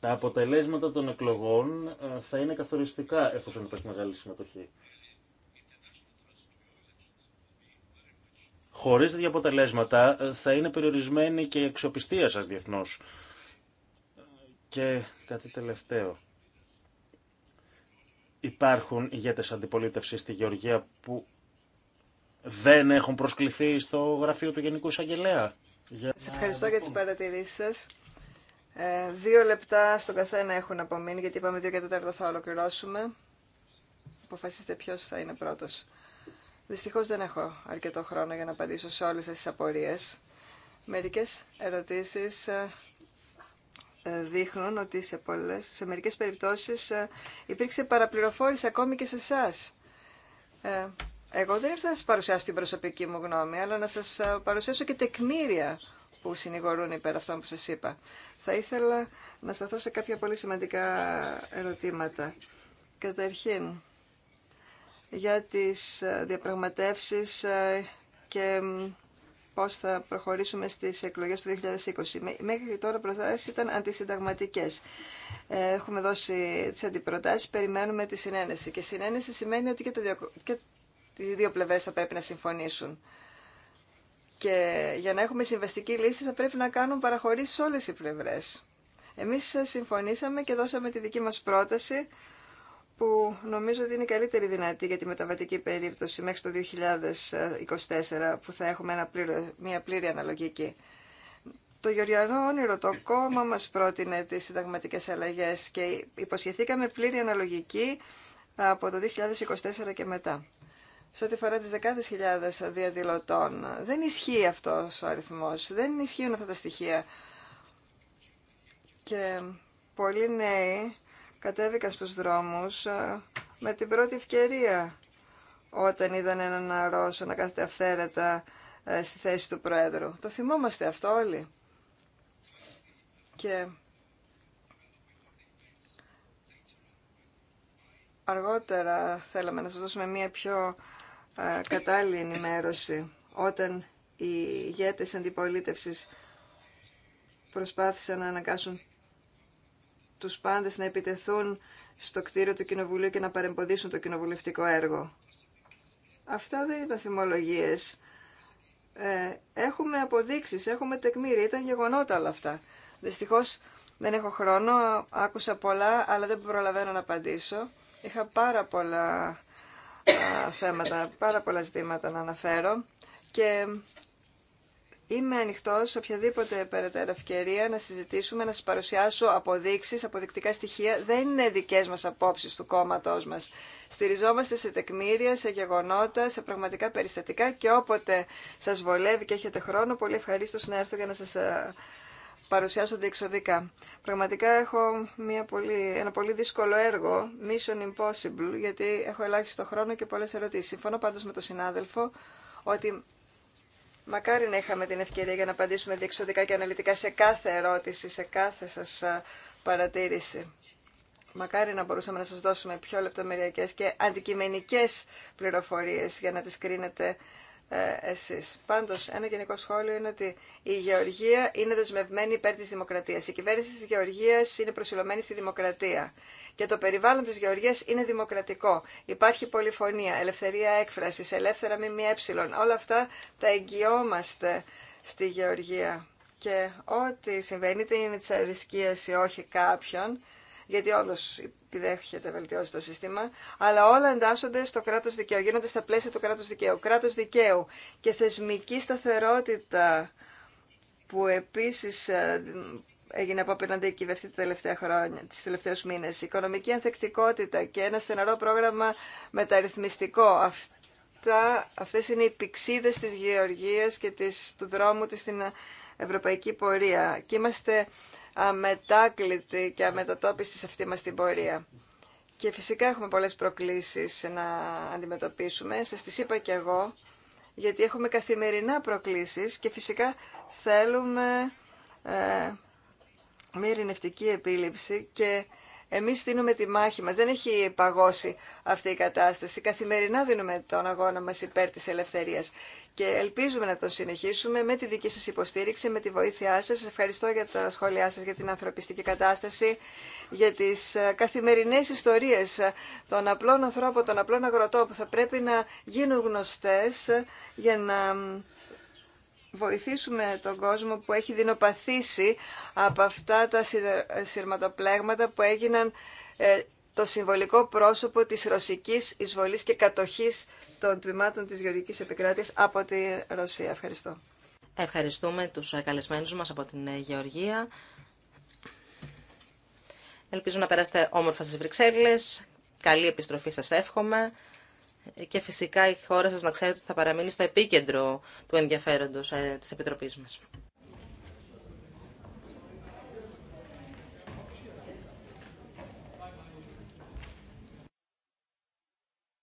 Τα αποτελέσματα των εκλογών ε, θα είναι καθοριστικά εφόσον υπάρχει μεγάλη συμμετοχή. Χωρίς διαποτελέσματα, αποτελέσματα ε, θα είναι περιορισμένη και η εξοπιστία σας διεθνώς. Και κάτι τελευταίο. Υπάρχουν ηγέτες αντιπολίτευση στη Γεωργία που δεν έχουν προσκληθεί στο γραφείο του Γενικού Εισαγγελέα. Για... Σε
ευχαριστώ για τις παρατηρήσεις σας. Ε, δύο λεπτά στον καθένα έχουν απομείνει, γιατί είπαμε δύο και τέταρτο θα ολοκληρώσουμε. Αποφασίστε ποιος θα είναι πρώτος. Δυστυχώ δεν έχω αρκετό χρόνο για να απαντήσω σε όλες τις απορίες. Μερικές ερωτήσεις ε, ε, δείχνουν ότι σε, πολλές, σε μερικές περιπτώσεις ε, υπήρξε παραπληροφόρηση ακόμη και σε εσά. Εγώ δεν ήρθα να σας παρουσιάσω την προσωπική μου γνώμη, αλλά να σας παρουσιάσω και τεκμήρια που συνηγορούν υπέρ αυτών που σα είπα. Θα ήθελα να σταθώ σε κάποια πολύ σημαντικά ερωτήματα. Καταρχήν, για τις ε, διαπραγματεύσεις ε, και πώς θα προχωρήσουμε στις εκλογές του 2020. Μέχρι τώρα οι προτάσεις ήταν αντισυνταγματικές. Ε, έχουμε δώσει τις αντιπροτάσεις, περιμένουμε τη συνένεση. Και συνένεση σημαίνει ότι και, τα δύο, και δύο πλευρές θα πρέπει να συμφωνήσουν. Και για να έχουμε συμβαστική λύση θα πρέπει να κάνουν παραχωρήσεις όλες οι πλευρές. Εμείς συμφωνήσαμε και δώσαμε τη δική μας πρόταση που νομίζω ότι είναι καλύτερη δυνατή για τη μεταβατική περίπτωση μέχρι το 2024 που θα έχουμε μια πλήρη αναλογική. Το Γεωργιανό Όνειρο, το κόμμα μας πρότεινε τις συνταγματικές αλλαγές και υποσχεθήκαμε πλήρη αναλογική από το 2024 και μετά. Σε ό,τι αφορά τις δεκάδες χιλιάδες διαδηλωτών, δεν ισχύει αυτός ο αριθμός, δεν ισχύουν αυτά τα στοιχεία. Και πολλοί νέοι κατέβηκαν στους δρόμους ε, με την πρώτη ευκαιρία όταν είδαν έναν Ρώσο να κάθεται αυθαίρετα ε, στη θέση του Πρόεδρου. Το θυμόμαστε αυτό όλοι. Και αργότερα θέλαμε να σας δώσουμε μια πιο ε, κατάλληλη ενημέρωση όταν οι ηγέτες αντιπολίτευσης προσπάθησαν να αναγκάσουν τους πάντες να επιτεθούν στο κτίριο του Κοινοβουλίου και να παρεμποδίσουν το κοινοβουλευτικό έργο. Αυτά δεν ήταν φημολογίες. Ε, έχουμε αποδείξεις, έχουμε τεκμήρια, ήταν γεγονότα όλα αυτά. Δυστυχώς δεν έχω χρόνο, άκουσα πολλά, αλλά δεν προλαβαίνω να απαντήσω. Είχα πάρα πολλά θέματα, πάρα πολλά ζητήματα να αναφέρω και Είμαι ανοιχτό σε οποιαδήποτε περαιτέρω ευκαιρία να συζητήσουμε, να σα παρουσιάσω αποδείξει, αποδεικτικά στοιχεία. Δεν είναι δικέ μα απόψει του κόμματό μα. Στηριζόμαστε σε τεκμήρια, σε γεγονότα, σε πραγματικά περιστατικά και όποτε σα βολεύει και έχετε χρόνο, πολύ ευχαρίστω να έρθω για να σα ε, παρουσιάσω διεξοδικά. Πραγματικά έχω μια πολύ, ένα πολύ δύσκολο έργο, Mission Impossible, γιατί έχω ελάχιστο χρόνο και πολλέ ερωτήσει. Συμφωνώ πάντω με τον συνάδελφο ότι Μακάρι να είχαμε την ευκαιρία για να απαντήσουμε διεξοδικά και αναλυτικά σε κάθε ερώτηση, σε κάθε σας παρατήρηση. Μακάρι να μπορούσαμε να σας δώσουμε πιο λεπτομεριακές και αντικειμενικές πληροφορίες για να τις κρίνετε ε, εσείς. Πάντως, ένα γενικό σχόλιο είναι ότι η Γεωργία είναι δεσμευμένη υπέρ της δημοκρατίας. Η κυβέρνηση της Γεωργίας είναι προσιλωμένη στη δημοκρατία. Και το περιβάλλον της Γεωργίας είναι δημοκρατικό. Υπάρχει πολυφωνία, ελευθερία έκφρασης, ελεύθερα ΜΜΕ. Όλα αυτά τα εγγυόμαστε στη Γεωργία. Και ό,τι συμβαίνει, είτε είναι της αρισκίας ή όχι κάποιον, γιατί όντω επιδέχεται βελτιώσει το σύστημα, αλλά όλα εντάσσονται στο κράτο δικαίου, γίνονται στα πλαίσια του κράτου δικαίου. Κράτο δικαίου και θεσμική σταθερότητα που επίση ε, έγινε από απέναντι η τα τελευταία χρόνια, τις τελευταίους μήνες. Οικονομική ανθεκτικότητα και ένα στεναρό πρόγραμμα μεταρρυθμιστικό. Αυτά, αυτές είναι οι πηξίδες της γεωργίας και της, του δρόμου της στην ευρωπαϊκή πορεία. Και είμαστε αμετάκλητη και αμετατόπιστη σε αυτή μας την πορεία. Και φυσικά έχουμε πολλές προκλήσεις να αντιμετωπίσουμε. Σας τις είπα και εγώ, γιατί έχουμε καθημερινά προκλήσεις και φυσικά θέλουμε ε, μια ειρηνευτική επίληψη και εμείς δίνουμε τη μάχη μας. Δεν έχει παγώσει αυτή η κατάσταση. Καθημερινά δίνουμε τον αγώνα μας υπέρ της ελευθερίας. Και ελπίζουμε να τον συνεχίσουμε με τη δική σας υποστήριξη, με τη βοήθειά σας. Σας ευχαριστώ για τα σχόλιά σας, για την ανθρωπιστική κατάσταση, για τις ε, καθημερινές ιστορίες των απλών ανθρώπων, των απλών αγροτών που θα πρέπει να γίνουν γνωστές για να βοηθήσουμε τον κόσμο που έχει δεινοπαθήσει από αυτά τα σειρματοπλέγματα που έγιναν ε, το συμβολικό πρόσωπο της ρωσικής εισβολής και κατοχής των τμήματων της γεωργικής επικράτειας από τη
Ρωσία. Ευχαριστώ. Ευχαριστούμε τους καλεσμένους μας από την ε, Γεωργία. Ελπίζω να περάσετε όμορφα στις Βρυξέλλες. Καλή επιστροφή σας εύχομαι και φυσικά η χώρα σας να ξέρετε ότι θα παραμείνει στο επίκεντρο του ενδιαφέροντος ε, της Επιτροπής μας.